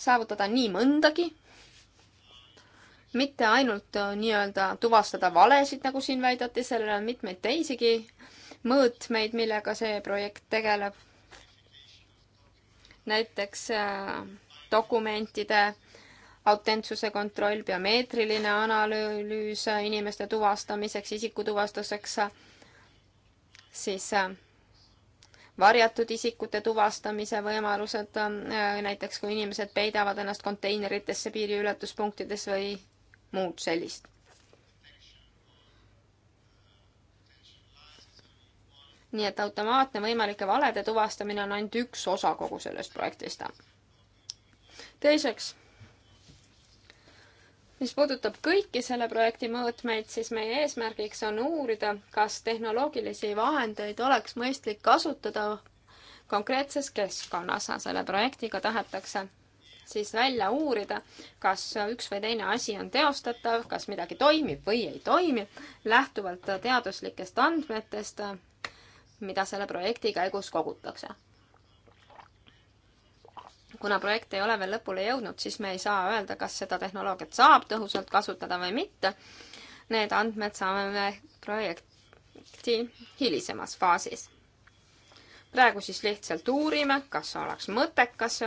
saavutada nii mõndagi, mitte ainult nii-öelda tuvastada valesid, nagu siin väideti, sellel on mitmeid teisigi mõõtmeid, millega see projekt tegeleb. näiteks äh, dokumentide autentsuse kontroll, biomeetriline analüüs äh, inimeste tuvastamiseks, isikutuvastuseks, äh, siis varjatud isikute tuvastamise võimalused, näiteks kui inimesed peidavad ennast konteineritesse, piiriületuspunktides või muud sellist nii et automaatne võimalike valede tuvastamine on ainult üks osa kogu sellest projektist. teiseks, mis puudutab kõiki selle projekti mõõtmeid, siis meie eesmärgiks on uurida, kas tehnoloogilisi vahendeid oleks mõistlik kasutada konkreetses keskkonnas. selle projektiga tahetakse siis välja uurida, kas üks või teine asi on teostatav, kas midagi toimib või ei toimi, lähtuvalt teaduslikest andmetest mida selle projekti käigus kogutakse. kuna projekt ei ole veel lõpule jõudnud, siis me ei saa öelda, kas seda tehnoloogiat saab tõhusalt kasutada või mitte. Need andmed saame me projekti hilisemas faasis. praegu siis lihtsalt uurime, kas oleks mõttekas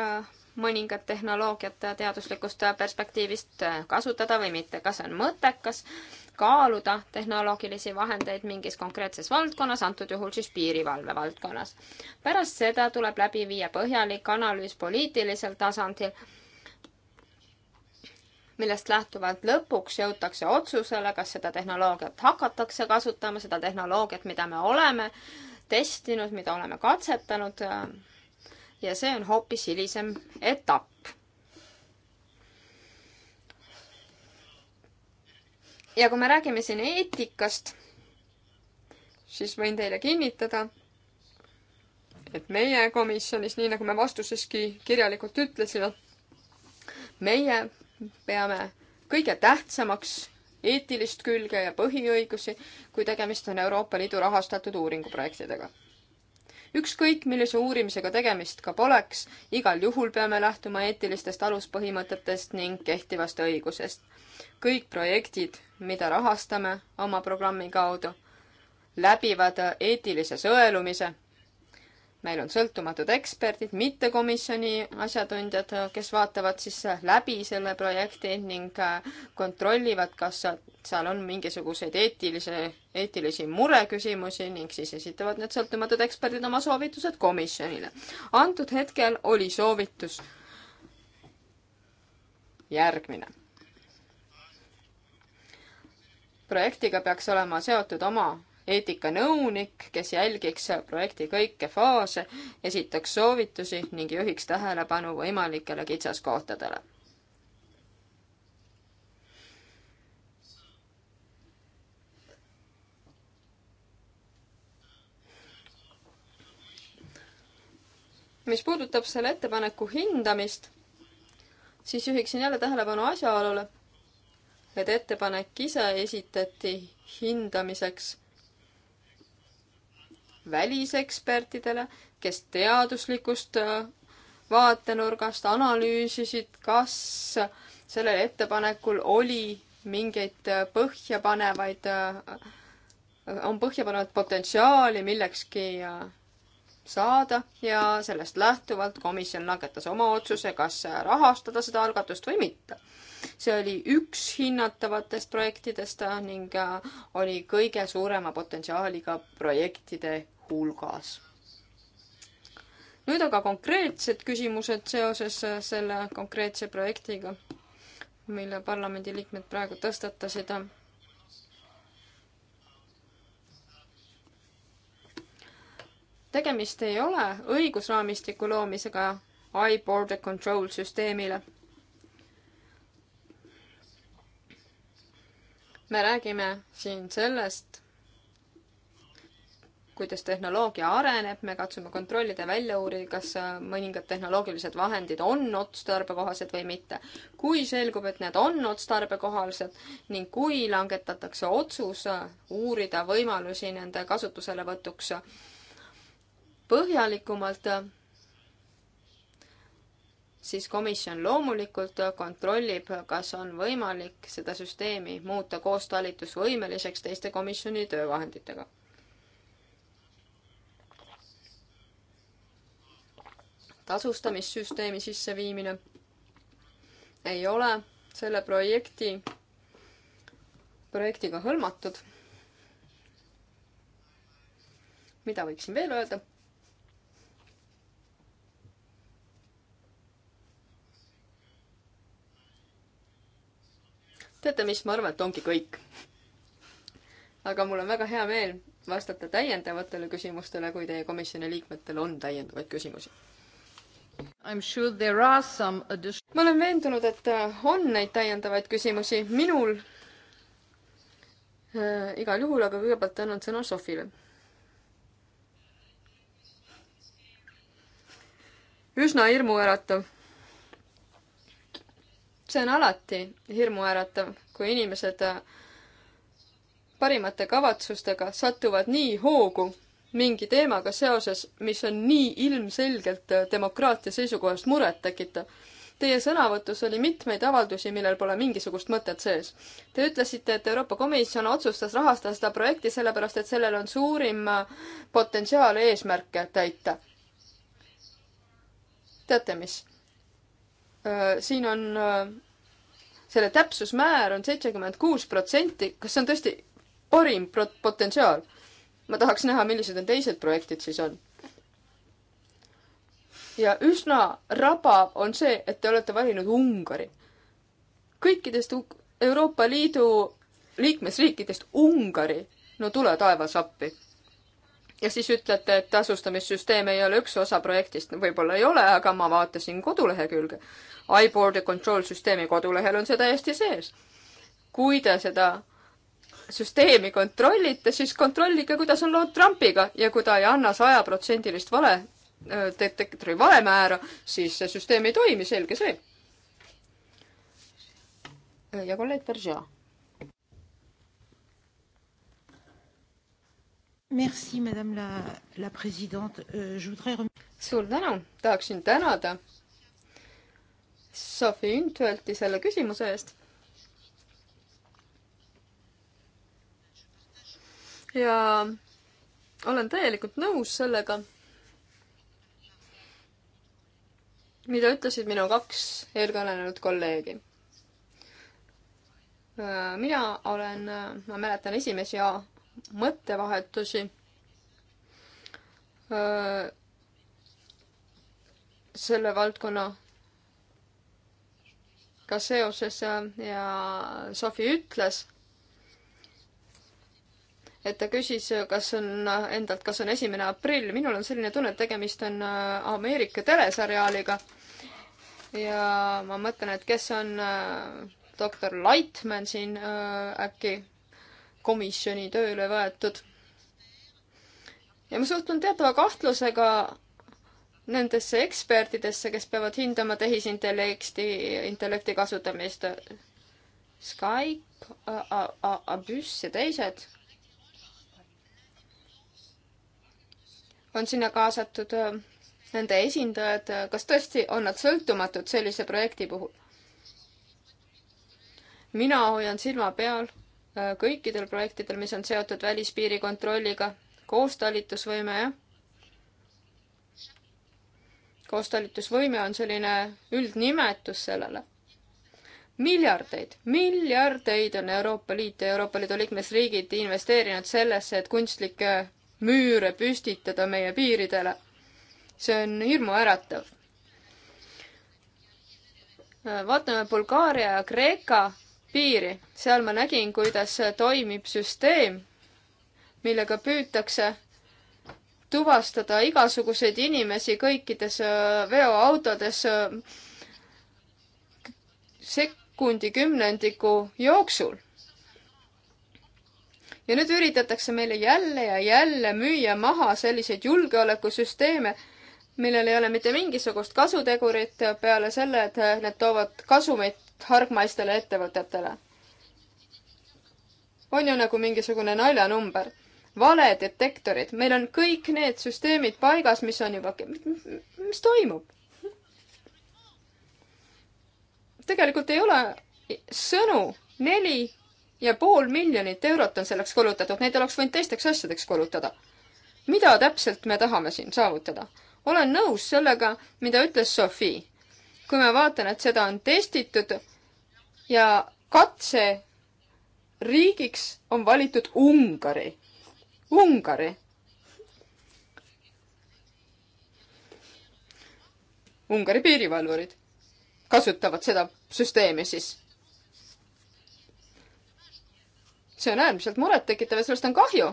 mõningat tehnoloogiat teaduslikust perspektiivist kasutada või mitte, kas on mõttekas kaaluda tehnoloogilisi vahendeid mingis konkreetses valdkonnas, antud juhul siis piirivalve valdkonnas. pärast seda tuleb läbi viia põhjalik analüüs poliitilisel tasandil, millest lähtuvalt lõpuks jõutakse otsusele, kas seda tehnoloogiat hakatakse kasutama, seda tehnoloogiat, mida me oleme testinud, mida oleme katsetanud ja see on hoopis hilisem etapp. ja kui me räägime siin eetikast, siis võin teile kinnitada, et meie komisjonis, nii nagu me vastuseski kirjalikult ütlesime, meie peame kõige tähtsamaks eetilist külge ja põhiõigusi, kui tegemist on Euroopa Liidu rahastatud uuringuprojektidega ükskõik, millise uurimisega tegemist ka poleks, igal juhul peame lähtuma eetilistest aluspõhimõtetest ning kehtivast õigusest. kõik projektid, mida rahastame oma programmi kaudu, läbivad eetilise sõelumise meil on sõltumatud eksperdid, mitte komisjoni asjatundjad, kes vaatavad siis läbi selle projekti ning äh, kontrollivad, kas seal on mingisuguseid eetilise, eetilisi mureküsimusi ning siis esitavad need sõltumatud eksperdid oma soovitused komisjonile. antud hetkel oli soovitus järgmine projektiga peaks olema seotud oma eetikanõunik, kes jälgiks projekti kõiki faase, esitaks soovitusi ning juhiks tähelepanu võimalikele kitsaskohtadele. mis puudutab selle ettepaneku hindamist, siis juhiksin jälle tähelepanu asjaolule, et ettepanek ise esitati hindamiseks välisekspertidele, kes teaduslikust äh, vaatenurgast analüüsisid, kas sellel ettepanekul oli mingeid äh, põhjapanevaid, äh, on põhjapanevat potentsiaali millekski saada ja sellest lähtuvalt komisjon langetas oma otsuse, kas rahastada seda algatust või mitte. see oli üks hinnatavatest projektidest ning äh, oli kõige suurema potentsiaaliga projektide hulgas. nüüd aga konkreetsed küsimused seoses äh, selle konkreetse projektiga, mille parlamendiliikmed praegu tõstatasid tegemist ei ole õigusraamistiku loomisega iBorder Control süsteemile. me räägime siin sellest, kuidas tehnoloogia areneb, me katsume kontrollida ja välja uurida, kas mõningad tehnoloogilised vahendid on otstarbekohased või mitte. kui selgub, et need on otstarbekohased ning kui langetatakse otsus uurida võimalusi nende kasutuselevõtuks põhjalikumalt, siis komisjon loomulikult kontrollib, kas on võimalik seda süsteemi muuta koostalitusvõimeliseks teiste komisjoni töövahenditega. tasustamissüsteemi sisseviimine ei ole selle projekti, projektiga hõlmatud. mida võiksin veel öelda? teate mis, ma arvan, et ongi kõik. aga mul on väga hea meel vastata täiendavatele küsimustele, kui teie komisjoni liikmetel on täiendavaid küsimusi. Sure ma olen veendunud, et äh, on neid täiendavaid küsimusi minul äh, igal juhul, aga kõigepealt annan sõna Sofile. üsna hirmuäratav see on alati hirmuäratav, kui inimesed äh, parimate kavatsustega satuvad nii hoogu mingi teemaga seoses, mis on nii ilmselgelt äh, demokraatia seisukohast murettekitav. Teie sõnavõtus oli mitmeid avaldusi, millel pole mingisugust mõtet sees. Te ütlesite, et Euroopa Komisjon otsustas rahastada seda projekti sellepärast, et sellel on suurim äh, potentsiaal eesmärke täita. teate mis? Äh, siin on, äh, selle täpsusmäär on seitsekümmend kuus protsenti, kas see on tõesti parim pro-, potentsiaal? ma tahaks näha, millised on teised projektid siis on. ja üsna rabav on see, et te olete valinud Ungari. kõikidest Euroopa Liidu liikmesriikidest Ungari, no tule taevas appi ja siis ütlete, et tasustamissüsteem ei ole üks osa projektist, võib-olla ei ole, aga ma vaatasin kodulehekülge. iBoard control süsteemi kodulehel on see täiesti sees. kui te seda süsteemi kontrollite, siis kontrollige, kuidas on lood Trumpiga ja kui ta ei anna sajaprotsendilist vale äh, detektori valemäära, siis see süsteem ei toimi, selge see. ja kolleeg Beržea Merci, madame la, la présidente. Euh, je voudrais rem... suur tänu, tahaksin tänada Sofi Üntvelti selle küsimuse eest. ja olen täielikult nõus sellega, mida ütlesid minu kaks eelkõnelenud kolleegi äh, mina olen, äh, ma mäletan esimesi mõttevahetusi. selle valdkonnaga seoses ja Sofi ütles, et ta küsis, kas on endalt, kas on esimene aprill. minul on selline tunne, et tegemist on Ameerika teleseriaaliga. ja ma mõtlen, et kes on doktor Lightman siin äkki komisjoni tööle võetud. ja ma suhtun teatava kahtlusega nendesse ekspertidesse, kes peavad hindama tehisintellekti, intellekti kasutamist. Skype, Abüss ja teised on sinna kaasatud äh, nende esindajad, äh, kas tõesti on nad sõltumatud sellise projekti puhul? mina hoian silma peal Äh, kõikidel projektidel, mis on seotud välispiiri kontrolliga, koostalitusvõime, jah. koostalitusvõime on selline üldnimetus sellele. miljardeid, miljardeid on Euroopa Liit ja Euroopa Liidu liikmesriigid investeerinud sellesse, et kunstlikke müüre püstitada meie piiridele. see on hirmuäratav. Äh, vaatame Bulgaaria ja Kreeka piiri. seal ma nägin, kuidas toimib süsteem, millega püütakse tuvastada igasuguseid inimesi kõikides äh, veoautodes äh, sekundi kümnendiku jooksul. ja nüüd üritatakse meile jälle ja jälle müüa maha selliseid julgeolekusüsteeme, millel ei ole mitte mingisugust kasutegurit peale selle, et äh, need toovad kasumeid hargmaistele ettevõtetele. on ju nagu mingisugune naljanumber. valedetektorid, meil on kõik need süsteemid paigas, mis on juba, mis toimub? tegelikult ei ole sõnu, neli ja pool miljonit eurot on selleks kulutatud, neid oleks võinud teisteks asjadeks kulutada. mida täpselt me tahame siin saavutada? olen nõus sellega, mida ütles Sophie. kui ma vaatan, et seda on testitud ja katse riigiks on valitud Ungari. Ungari. Ungari piirivalvurid kasutavad seda süsteemi siis. see on äärmiselt murettekitav ja sellest on kahju.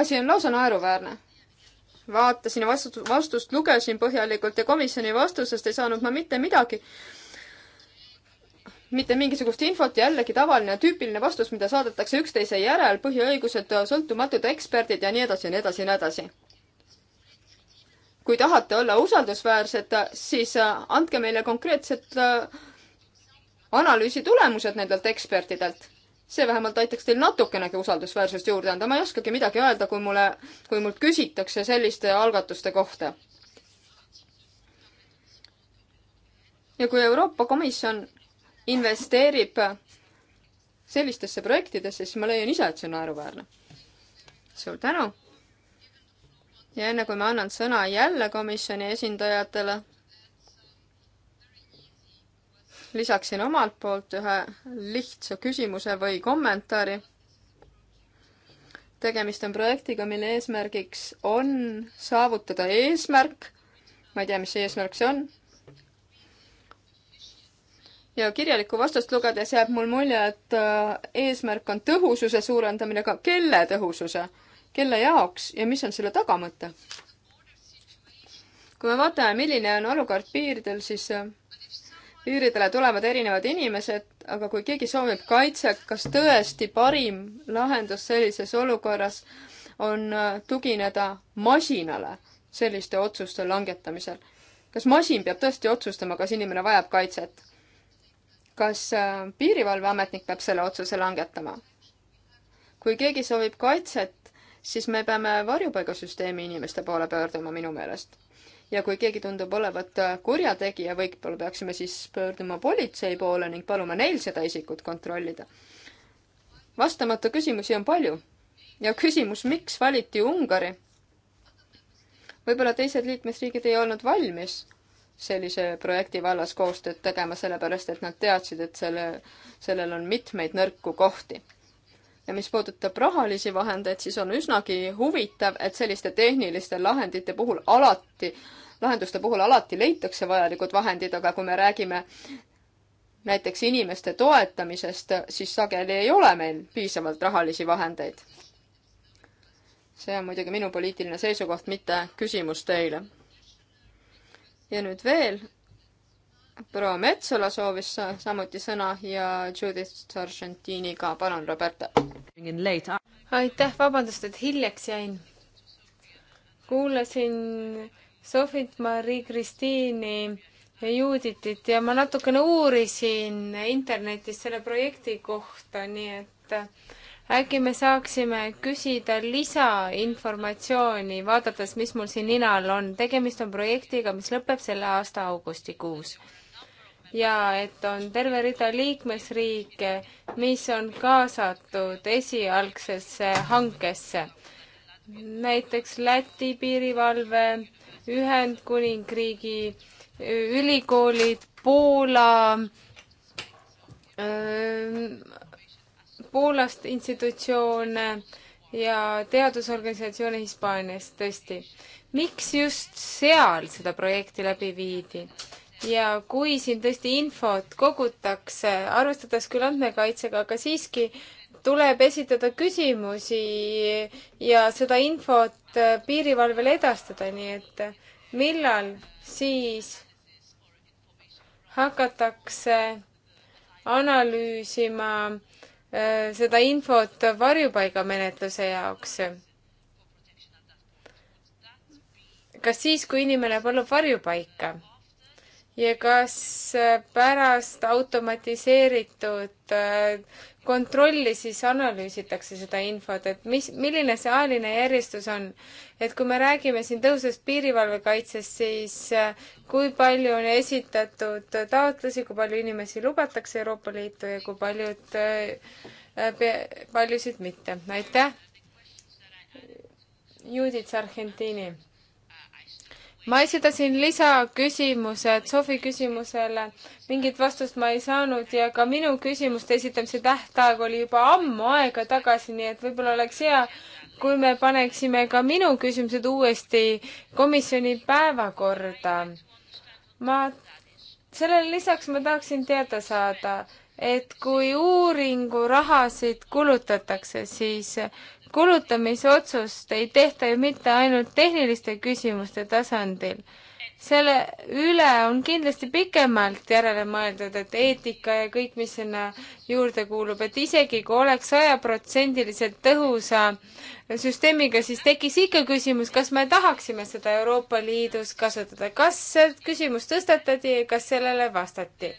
asi on lausa naeruväärne vaatasin ja vastust, vastust lugesin põhjalikult ja komisjoni vastusest ei saanud ma mitte midagi mitte mingisugust infot, jällegi tavaline tüüpiline vastus, mida saadetakse üksteise järel, põhiõigused, sõltumatud eksperdid ja nii edasi ja nii edasi ja nii edasi. kui tahate olla usaldusväärsed, siis äh, andke meile konkreetsed äh, analüüsi tulemused nendelt ekspertidelt. see vähemalt aitaks teil natukenegi usaldusväärsust juurde anda, ma ei oskagi midagi öelda, kui mulle, kui mult küsitakse selliste algatuste kohta. ja kui Euroopa Komisjon investeerib sellistesse projektidesse, siis ma leian ise, et see on naeruväärne. suur tänu! ja enne kui ma annan sõna jälle komisjoni esindajatele, lisaksin omalt poolt ühe lihtsa küsimuse või kommentaari. tegemist on projektiga, mille eesmärgiks on saavutada eesmärk, ma ei tea, mis see eesmärk see on ja kirjalikku vastust lugedes jääb mul mulje, et äh, eesmärk on tõhususe suurendamine, aga kelle tõhususe, kelle jaoks ja mis on selle tagamõte? kui me vaatame, milline on olukord piiridel, siis äh, piiridele tulevad erinevad inimesed, aga kui keegi soovib kaitset, kas tõesti parim lahendus sellises olukorras on äh, tugineda masinale selliste otsuste langetamisel? kas masin peab tõesti otsustama, kas inimene vajab kaitset? kas äh, piirivalveametnik peab selle otsuse langetama? kui keegi soovib kaitset, siis me peame varjupaigasüsteemi inimeste poole pöörduma minu meelest. ja kui keegi tundub olevat äh, kurjategija, võib-olla peaksime siis pöörduma politsei poole ning paluma neil seda isikut kontrollida. vastamata küsimusi on palju ja küsimus, miks valiti Ungari? võib-olla teised liikmesriigid ei olnud valmis sellise projekti vallas koostööd tegema, sellepärast et nad teadsid, et selle, sellel on mitmeid nõrku kohti. ja mis puudutab rahalisi vahendeid, siis on üsnagi huvitav, et selliste tehniliste lahendite puhul alati, lahenduste puhul alati leitakse vajalikud vahendid, aga kui me räägime näiteks inimeste toetamisest, siis sageli ei ole meil piisavalt rahalisi vahendeid. see on muidugi minu poliitiline seisukoht, mitte küsimus teile ja nüüd veel, proua Metsola soovis samuti sõna ja Judith Sargentini ka, palun, Roberta. aitäh, vabandust, et hiljaks jäin. kuulasin Sofit, Marie Kristiini ja Juditit ja ma natukene uurisin internetis selle projekti kohta, nii et äh, äkki me saaksime küsida lisainformatsiooni, vaadates, mis mul siin nina all on. tegemist on projektiga, mis lõpeb selle aasta augustikuus. ja et on terve rida liikmesriike, mis on kaasatud esialgsesse hankesse. näiteks Läti piirivalve, Ühendkuningriigi ülikoolid, Poola öö, Poolast institutsioone ja teadusorganisatsioone Hispaaniast, tõesti. miks just seal seda projekti läbi viidi? ja kui siin tõesti infot kogutakse, arvestades küll andmekaitsega, aga siiski tuleb esitada küsimusi ja seda infot piirivalvele edastada, nii et millal siis hakatakse analüüsima Äh, seda infot varjupaigamenetluse jaoks. kas siis, kui inimene palub varjupaika ja kas äh, pärast automatiseeritud äh, kontrolli siis analüüsitakse seda infot, et mis, milline see ajaline järjestus on. et kui me räägime siin tõusvast piirivalvekaitsest, siis äh, kui palju on esitatud taotlusi, kui palju inimesi lubatakse Euroopa Liitu ja kui paljud, äh, äh, paljusid mitte. aitäh! Judith Argentiini ma esitasin lisaküsimused Sofi küsimusele, mingit vastust ma ei saanud ja ka minu küsimuste esitamise tähtaeg oli juba ammu aega tagasi, nii et võib-olla oleks hea, kui me paneksime ka minu küsimused uuesti komisjoni päevakorda. ma, sellele lisaks ma tahaksin teada saada, et kui uuringurahasid kulutatakse, siis kulutamisotsust ei tehta ju mitte ainult tehniliste küsimuste tasandil. selle üle on kindlasti pikemalt järele mõeldud, et eetika ja kõik, mis sinna juurde kuulub, et isegi kui oleks sajaprotsendiliselt tõhusa süsteemiga, siis tekkis ikka küsimus, kas me tahaksime seda Euroopa Liidus kasutada. kas see küsimus tõstatati ja kas sellele vastati?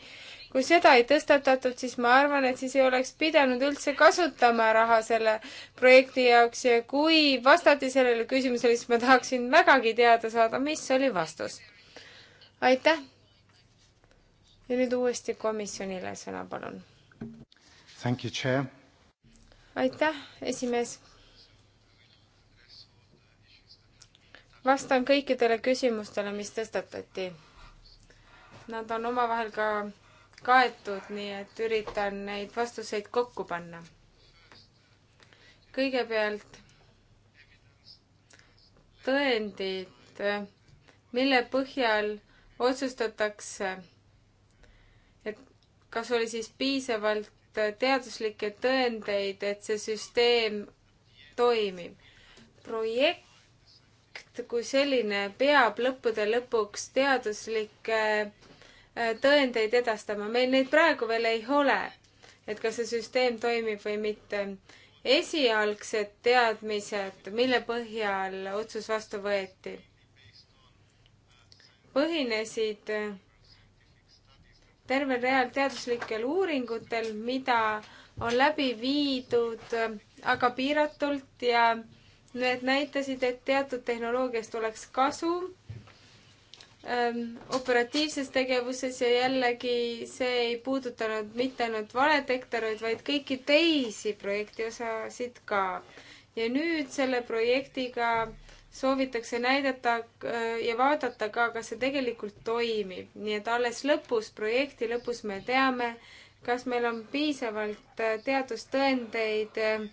kui seda ei tõstatatud, siis ma arvan, et siis ei oleks pidanud üldse kasutama raha selle projekti jaoks ja kui vastati sellele küsimusele, siis ma tahaksin vägagi teada saada, mis oli vastus. aitäh. ja nüüd uuesti komisjonile sõna, palun. aitäh, esimees. vastan kõikidele küsimustele, mis tõstatati. Nad on omavahel ka kaetud, nii et üritan neid vastuseid kokku panna. kõigepealt tõendid, mille põhjal otsustatakse, et kas oli siis piisavalt teaduslikke tõendeid, et see süsteem toimib. projekt kui selline peab lõppude lõpuks teaduslike tõendeid edastama. meil neid praegu veel ei ole, et kas see süsteem toimib või mitte. esialgsed teadmised, mille põhjal otsus vastu võeti, põhinesid tervel real teaduslikel uuringutel, mida on läbi viidud, aga piiratult ja need näitasid, et teatud tehnoloogiast oleks kasu Ähm, operatiivses tegevuses ja jällegi see ei puudutanud mitte ainult valetektoreid, vaid kõiki teisi projekti osasid ka. ja nüüd selle projektiga soovitakse näidata äh, ja vaadata ka, kas see tegelikult toimib, nii et alles lõpus, projekti lõpus me teame, kas meil on piisavalt äh, teadustõendeid äh,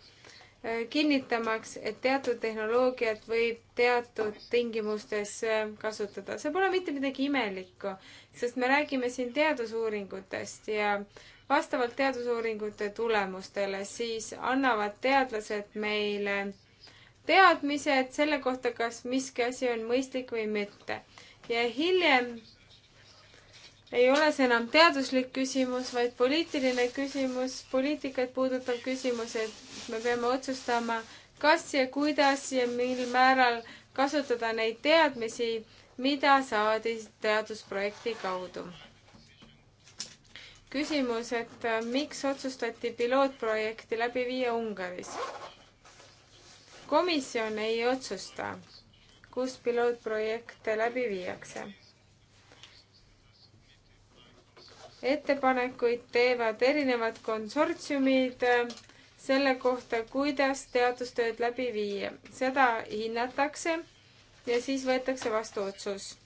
Äh, kinnitamaks, et teatud tehnoloogiat võib teatud tingimustes äh, kasutada. see pole mitte midagi imelikku, sest me räägime siin teadusuuringutest ja vastavalt teadusuuringute tulemustele siis annavad teadlased meile teadmised selle kohta, kas miski asi on mõistlik või mitte. ja hiljem ei ole see enam teaduslik küsimus, vaid poliitiline küsimus, poliitikaid puudutav küsimus, et me peame otsustama, kas ja kuidas ja mil määral kasutada neid teadmisi, mida saadi teadusprojekti kaudu. küsimus, et äh, miks otsustati pilootprojekti läbi viia Ungaris? komisjon ei otsusta, kus pilootprojekte läbi viiakse ettepanekuid teevad erinevad konsortsiumid äh, selle kohta, kuidas teadustööd läbi viia. seda hinnatakse ja siis võetakse vastu otsus,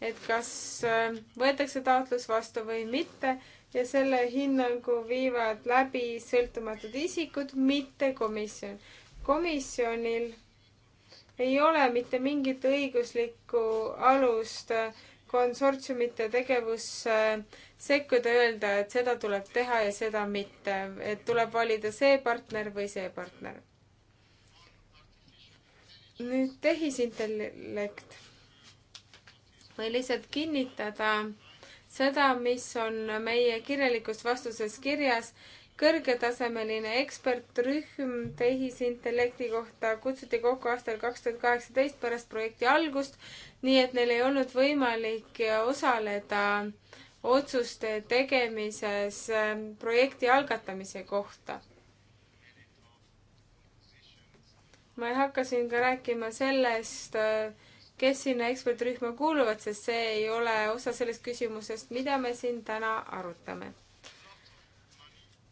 et kas äh, võetakse taotlus vastu või mitte ja selle hinnangu viivad läbi sõltumatud isikud, mitte komisjon. komisjonil ei ole mitte mingit õiguslikku alust äh, konsortsiumite tegevusse äh, sekkuda, öelda, et seda tuleb teha ja seda mitte, et tuleb valida see partner või see partner. nüüd tehisintellekt. või lihtsalt kinnitada seda, mis on meie kirjalikus vastuses kirjas, kõrgetasemeline ekspertrühm tehisintellekti kohta kutsuti kokku aastal kaks tuhat kaheksateist pärast projekti algust, nii et neil ei olnud võimalik osaleda äh, otsuste tegemises ähm, projekti algatamise kohta. ma hakkasin ka rääkima sellest, äh, kes sinna ekspertrühma kuuluvad, sest see ei ole osa sellest küsimusest, mida me siin täna arutame.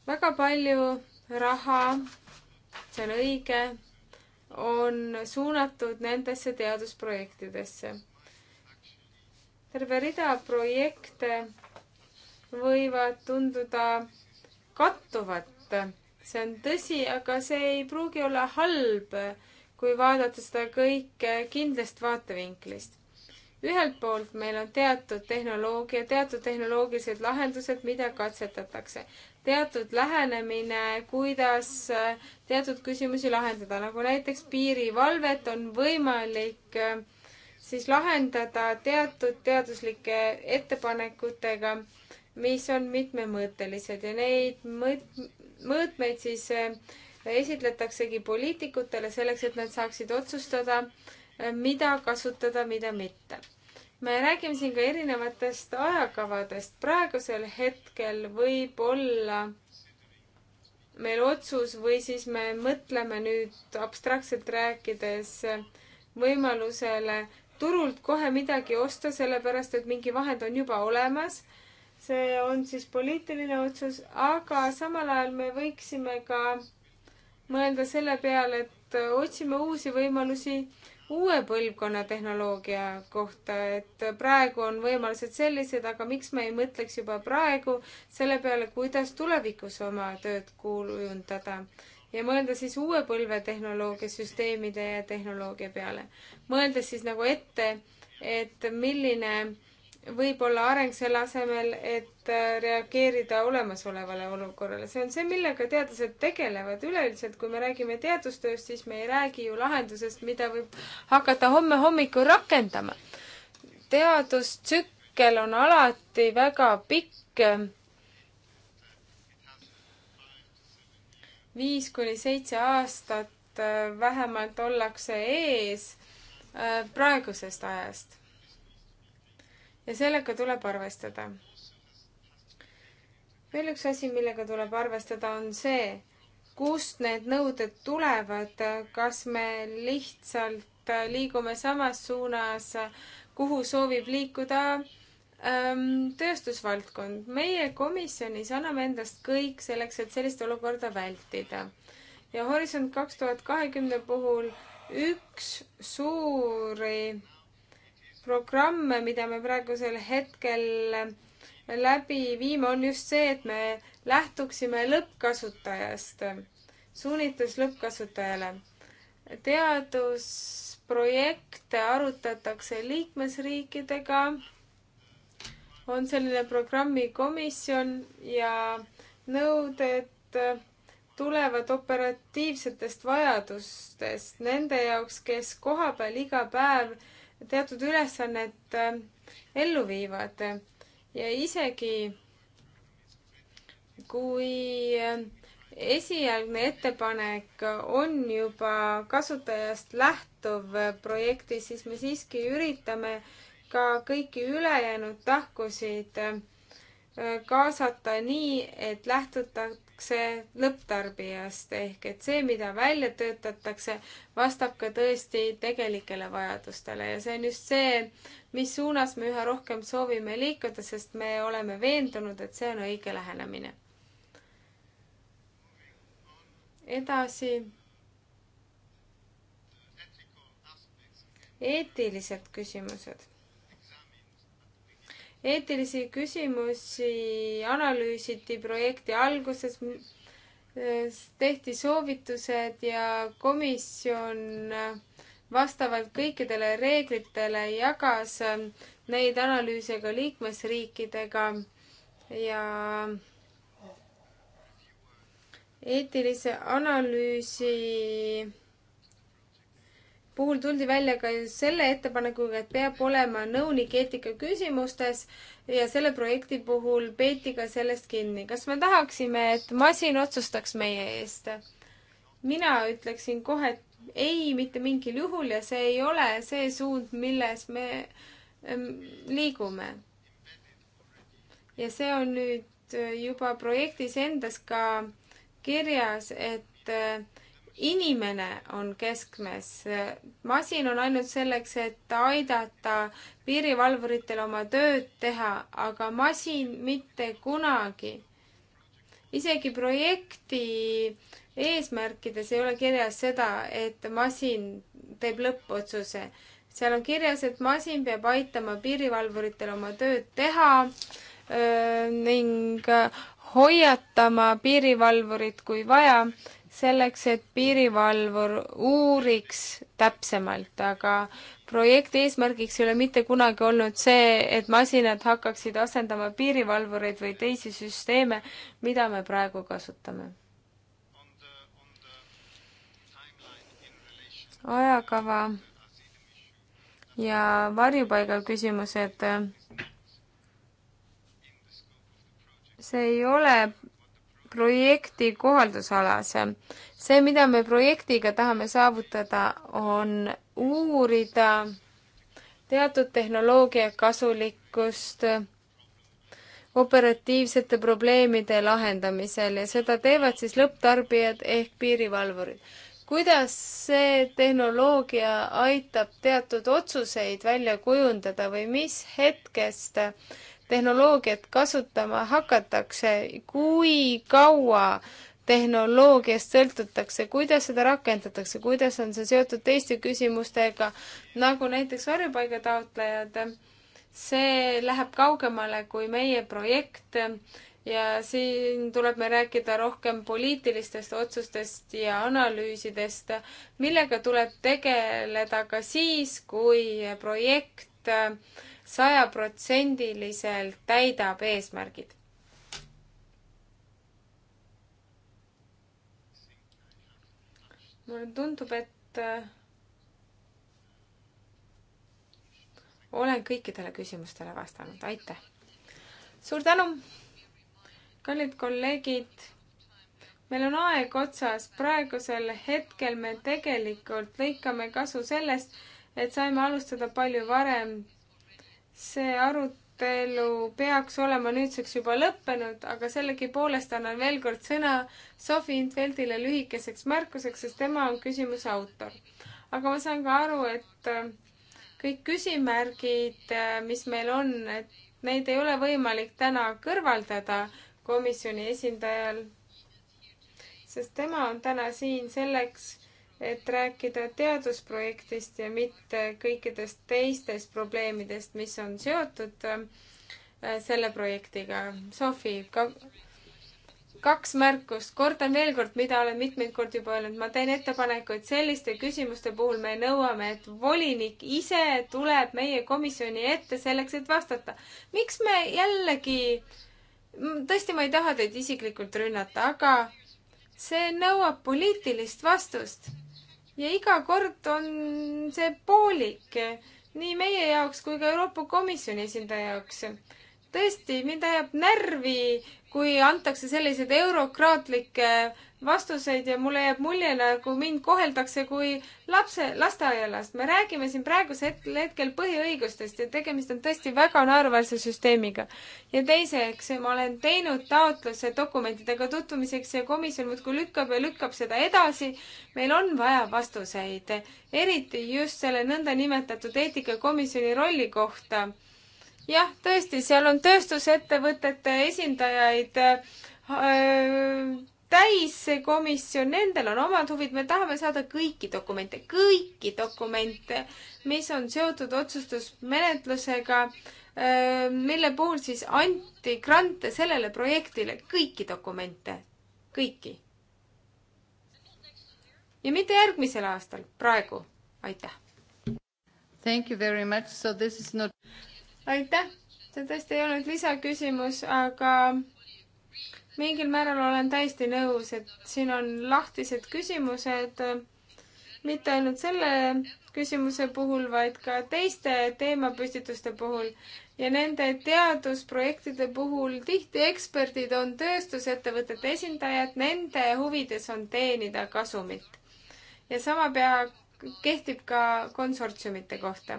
väga palju raha, see on õige, on suunatud nendesse teadusprojektidesse terve rida projekte võivad tunduda kattuvat. see on tõsi, aga see ei pruugi olla halb, kui vaadata seda kõike kindlast vaatevinklist. ühelt poolt meil on teatud tehnoloogia, teatud tehnoloogilised lahendused, mida katsetatakse. teatud lähenemine, kuidas eh, teatud küsimusi lahendada, nagu näiteks piirivalvet on võimalik äh, siis lahendada teatud teaduslike ettepanekutega, mis on mitmemõõtelised ja neid mõõt-, mõõtmeid siis äh, esitletaksegi poliitikutele selleks, et nad saaksid otsustada, äh, mida kasutada, mida mitte. me räägime siin ka erinevatest ajakavadest. praegusel hetkel võib olla meil otsus või siis me mõtleme nüüd abstraktselt rääkides äh, võimalusele turult kohe midagi osta, sellepärast et mingi vahend on juba olemas. see on siis poliitiline otsus, aga samal ajal me võiksime ka mõelda selle peale, et otsime uusi võimalusi uue põlvkonna tehnoloogia kohta, et praegu on võimalused sellised, aga miks me ei mõtleks juba praegu selle peale, kuidas tulevikus oma tööd kujundada ja mõelda siis uue põlve tehnoloogiasüsteemide ja tehnoloogia peale. mõeldes siis nagu ette, et milline võib olla areng selle asemel, et äh, reageerida olemasolevale olukorrale. see on see, millega teadlased tegelevad üleüldiselt. kui me räägime teadustööst, siis me ei räägi ju lahendusest, mida võib hakata homme hommikul rakendama. teadustsükkel on alati väga pikk äh, viis kuni seitse aastat äh, vähemalt ollakse ees äh, praegusest ajast. ja sellega tuleb arvestada. veel üks asi, millega tuleb arvestada, on see, kust need nõuded tulevad, kas me lihtsalt äh, liigume samas suunas, kuhu soovib liikuda tööstusvaldkond. meie komisjonis anname endast kõik selleks, et sellist olukorda vältida. ja Horisont kaks tuhat kahekümne puhul üks suuri programme, mida me praegusel hetkel läbi viime, on just see, et me lähtuksime lõppkasutajast, suunitlus lõppkasutajale. teadusprojekte arutatakse liikmesriikidega on selline programmikomisjon ja nõuded tulevad operatiivsetest vajadustest nende jaoks, kes kohapeal iga päev teatud ülesannet äh, ellu viivad ja isegi kui äh, esialgne ettepanek on juba kasutajast lähtuv projekti, siis me siiski üritame äh, ka kõiki ülejäänud tahkusid äh, kaasata nii, et lähtutakse lõpptarbijast ehk et see, mida välja töötatakse, vastab ka tõesti tegelikele vajadustele ja see on just see, mis suunas me üha rohkem soovime liikuda, sest me oleme veendunud, et see on õige lähenemine. edasi eetilised küsimused eetilisi küsimusi analüüsiti projekti alguses, tehti soovitused ja komisjon vastavalt kõikidele reeglitele jagas neid analüüse ka liikmesriikidega ja eetilise analüüsi puhul tuldi välja ka selle ettepanekuga, et peab olema nõunik eetika küsimustes ja selle projekti puhul peeti ka sellest kinni. kas me tahaksime, et masin otsustaks meie eest? mina ütleksin kohe, et ei, mitte mingil juhul ja see ei ole see suund, milles me liigume. ja see on nüüd juba projektis endas ka kirjas, et inimene on keskmes. masin on ainult selleks, et aidata piirivalvuritel oma tööd teha, aga masin mitte kunagi. isegi projekti eesmärkides ei ole kirjas seda, et masin teeb lõppotsuse. seal on kirjas, et masin peab aitama piirivalvuritel oma tööd teha öö, ning hoiatama piirivalvurit, kui vaja selleks, et piirivalvur uuriks täpsemalt, aga projekti eesmärgiks ei ole mitte kunagi olnud see, et masinad hakkaksid asendama piirivalvureid või teisi süsteeme, mida me praegu kasutame. ajakava ja varjupaiga küsimused. see ei ole projekti kohaldusalas. see, mida me projektiga tahame saavutada, on uurida teatud tehnoloogia kasulikkust operatiivsete probleemide lahendamisel ja seda teevad siis lõpptarbijad ehk piirivalvurid. kuidas see tehnoloogia aitab teatud otsuseid välja kujundada või mis hetkest tehnoloogiat kasutama hakatakse, kui kaua tehnoloogiast sõltutakse, kuidas seda rakendatakse, kuidas on see seotud teiste küsimustega, nagu näiteks varjupaigataotlejad. see läheb kaugemale kui meie projekt ja siin tuleb meil rääkida rohkem poliitilistest otsustest ja analüüsidest, millega tuleb tegeleda ka siis, kui projekt sajaprotsendiliselt täidab eesmärgid. mulle tundub, et äh, olen kõikidele küsimustele vastanud, aitäh! suur tänu, kallid kolleegid! meil on aeg otsas, praegusel hetkel me tegelikult lõikame kasu sellest, et saime alustada palju varem see arutelu peaks olema nüüdseks juba lõppenud, aga sellegipoolest annan veel kord sõna Sofi Intveldile lühikeseks märkuseks, sest tema on küsimuse autor. aga ma saan ka aru, et äh, kõik küsimärgid, äh, mis meil on, et neid ei ole võimalik täna kõrvaldada komisjoni esindajal, sest tema on täna siin selleks, et rääkida teadusprojektist ja mitte kõikidest teistest probleemidest, mis on seotud äh, selle projektiga. Sofi, kaks märkust. kordan veel kord, mida olen mitmeid kordi juba öelnud. ma teen ettepaneku, et selliste küsimuste puhul me nõuame, et volinik ise tuleb meie komisjoni ette selleks, et vastata. miks me jällegi, tõesti, ma ei taha teid isiklikult rünnata, aga see nõuab poliitilist vastust ja iga kord on see poolik nii meie jaoks kui ka Euroopa Komisjoni esindaja jaoks. tõesti, mind ajab närvi kui antakse selliseid eurokraatlikke vastuseid ja mulle jääb mulje, nagu mind koheldakse kui lapse, lasteaialast. me räägime siin praegusel hetkel põhiõigustest ja tegemist on tõesti väga naeruväärse süsteemiga. ja teiseks, ma olen teinud taotluse dokumentidega tutvumiseks ja komisjon muudkui lükkab ja lükkab seda edasi. meil on vaja vastuseid, eriti just selle nõndanimetatud eetikakomisjoni rolli kohta jah, tõesti, seal on tööstusettevõtete esindajaid äh, täis see komisjon, nendel on omad huvid, me tahame saada kõiki dokumente, kõiki dokumente, mis on seotud otsustusmenetlusega, äh, mille puhul siis anti grante sellele projektile, kõiki dokumente, kõiki. ja mitte järgmisel aastal, praegu, aitäh. Thank you very much, so this is not aitäh, see tõesti ei olnud lisaküsimus, aga mingil määral olen täiesti nõus, et siin on lahtised küsimused, mitte ainult selle küsimuse puhul, vaid ka teiste teemapüstituste puhul. ja nende teadusprojektide puhul tihti eksperdid on tööstusettevõtete esindajad, nende huvides on teenida kasumit. ja sama pea kehtib ka konsortsiumite kohta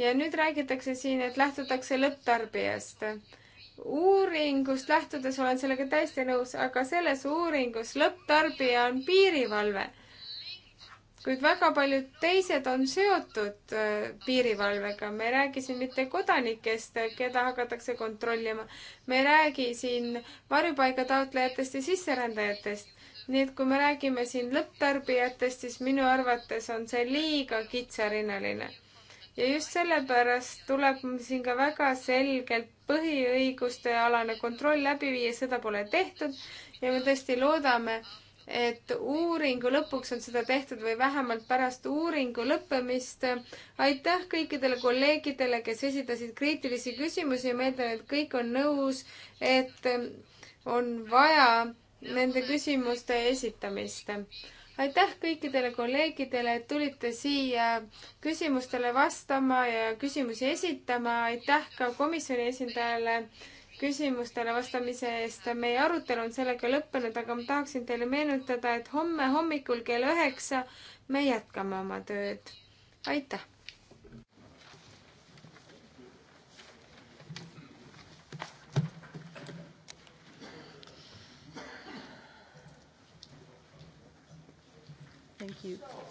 ja nüüd räägitakse siin, et lähtutakse lõpptarbijast. uuringust lähtudes olen sellega täiesti nõus, aga selles uuringus lõpptarbija on piirivalve. kuid väga paljud teised on seotud äh, piirivalvega. me ei räägi siin mitte kodanikest, keda hakatakse kontrollima. me ei räägi siin varjupaiga taotlejatest ja sisserändajatest nii et kui me räägime siin lõpptarbijatest, siis minu arvates on see liiga kitsarinnaline ja just sellepärast tuleb siin ka väga selgelt põhiõiguste alane kontroll läbi viia, seda pole tehtud ja me tõesti loodame, et uuringu lõpuks on seda tehtud või vähemalt pärast uuringu lõppemist. aitäh kõikidele kolleegidele, kes esitasid kriitilisi küsimusi, ma eeldan, et kõik on nõus, et on vaja nende küsimuste esitamist aitäh kõikidele kolleegidele, et tulite siia küsimustele vastama ja küsimusi esitama. aitäh ka komisjoni esindajale küsimustele vastamise eest. meie arutelu on sellega lõppenud, aga ma tahaksin teile meenutada, et homme hommikul kell üheksa me jätkame oma tööd. aitäh! Thank you.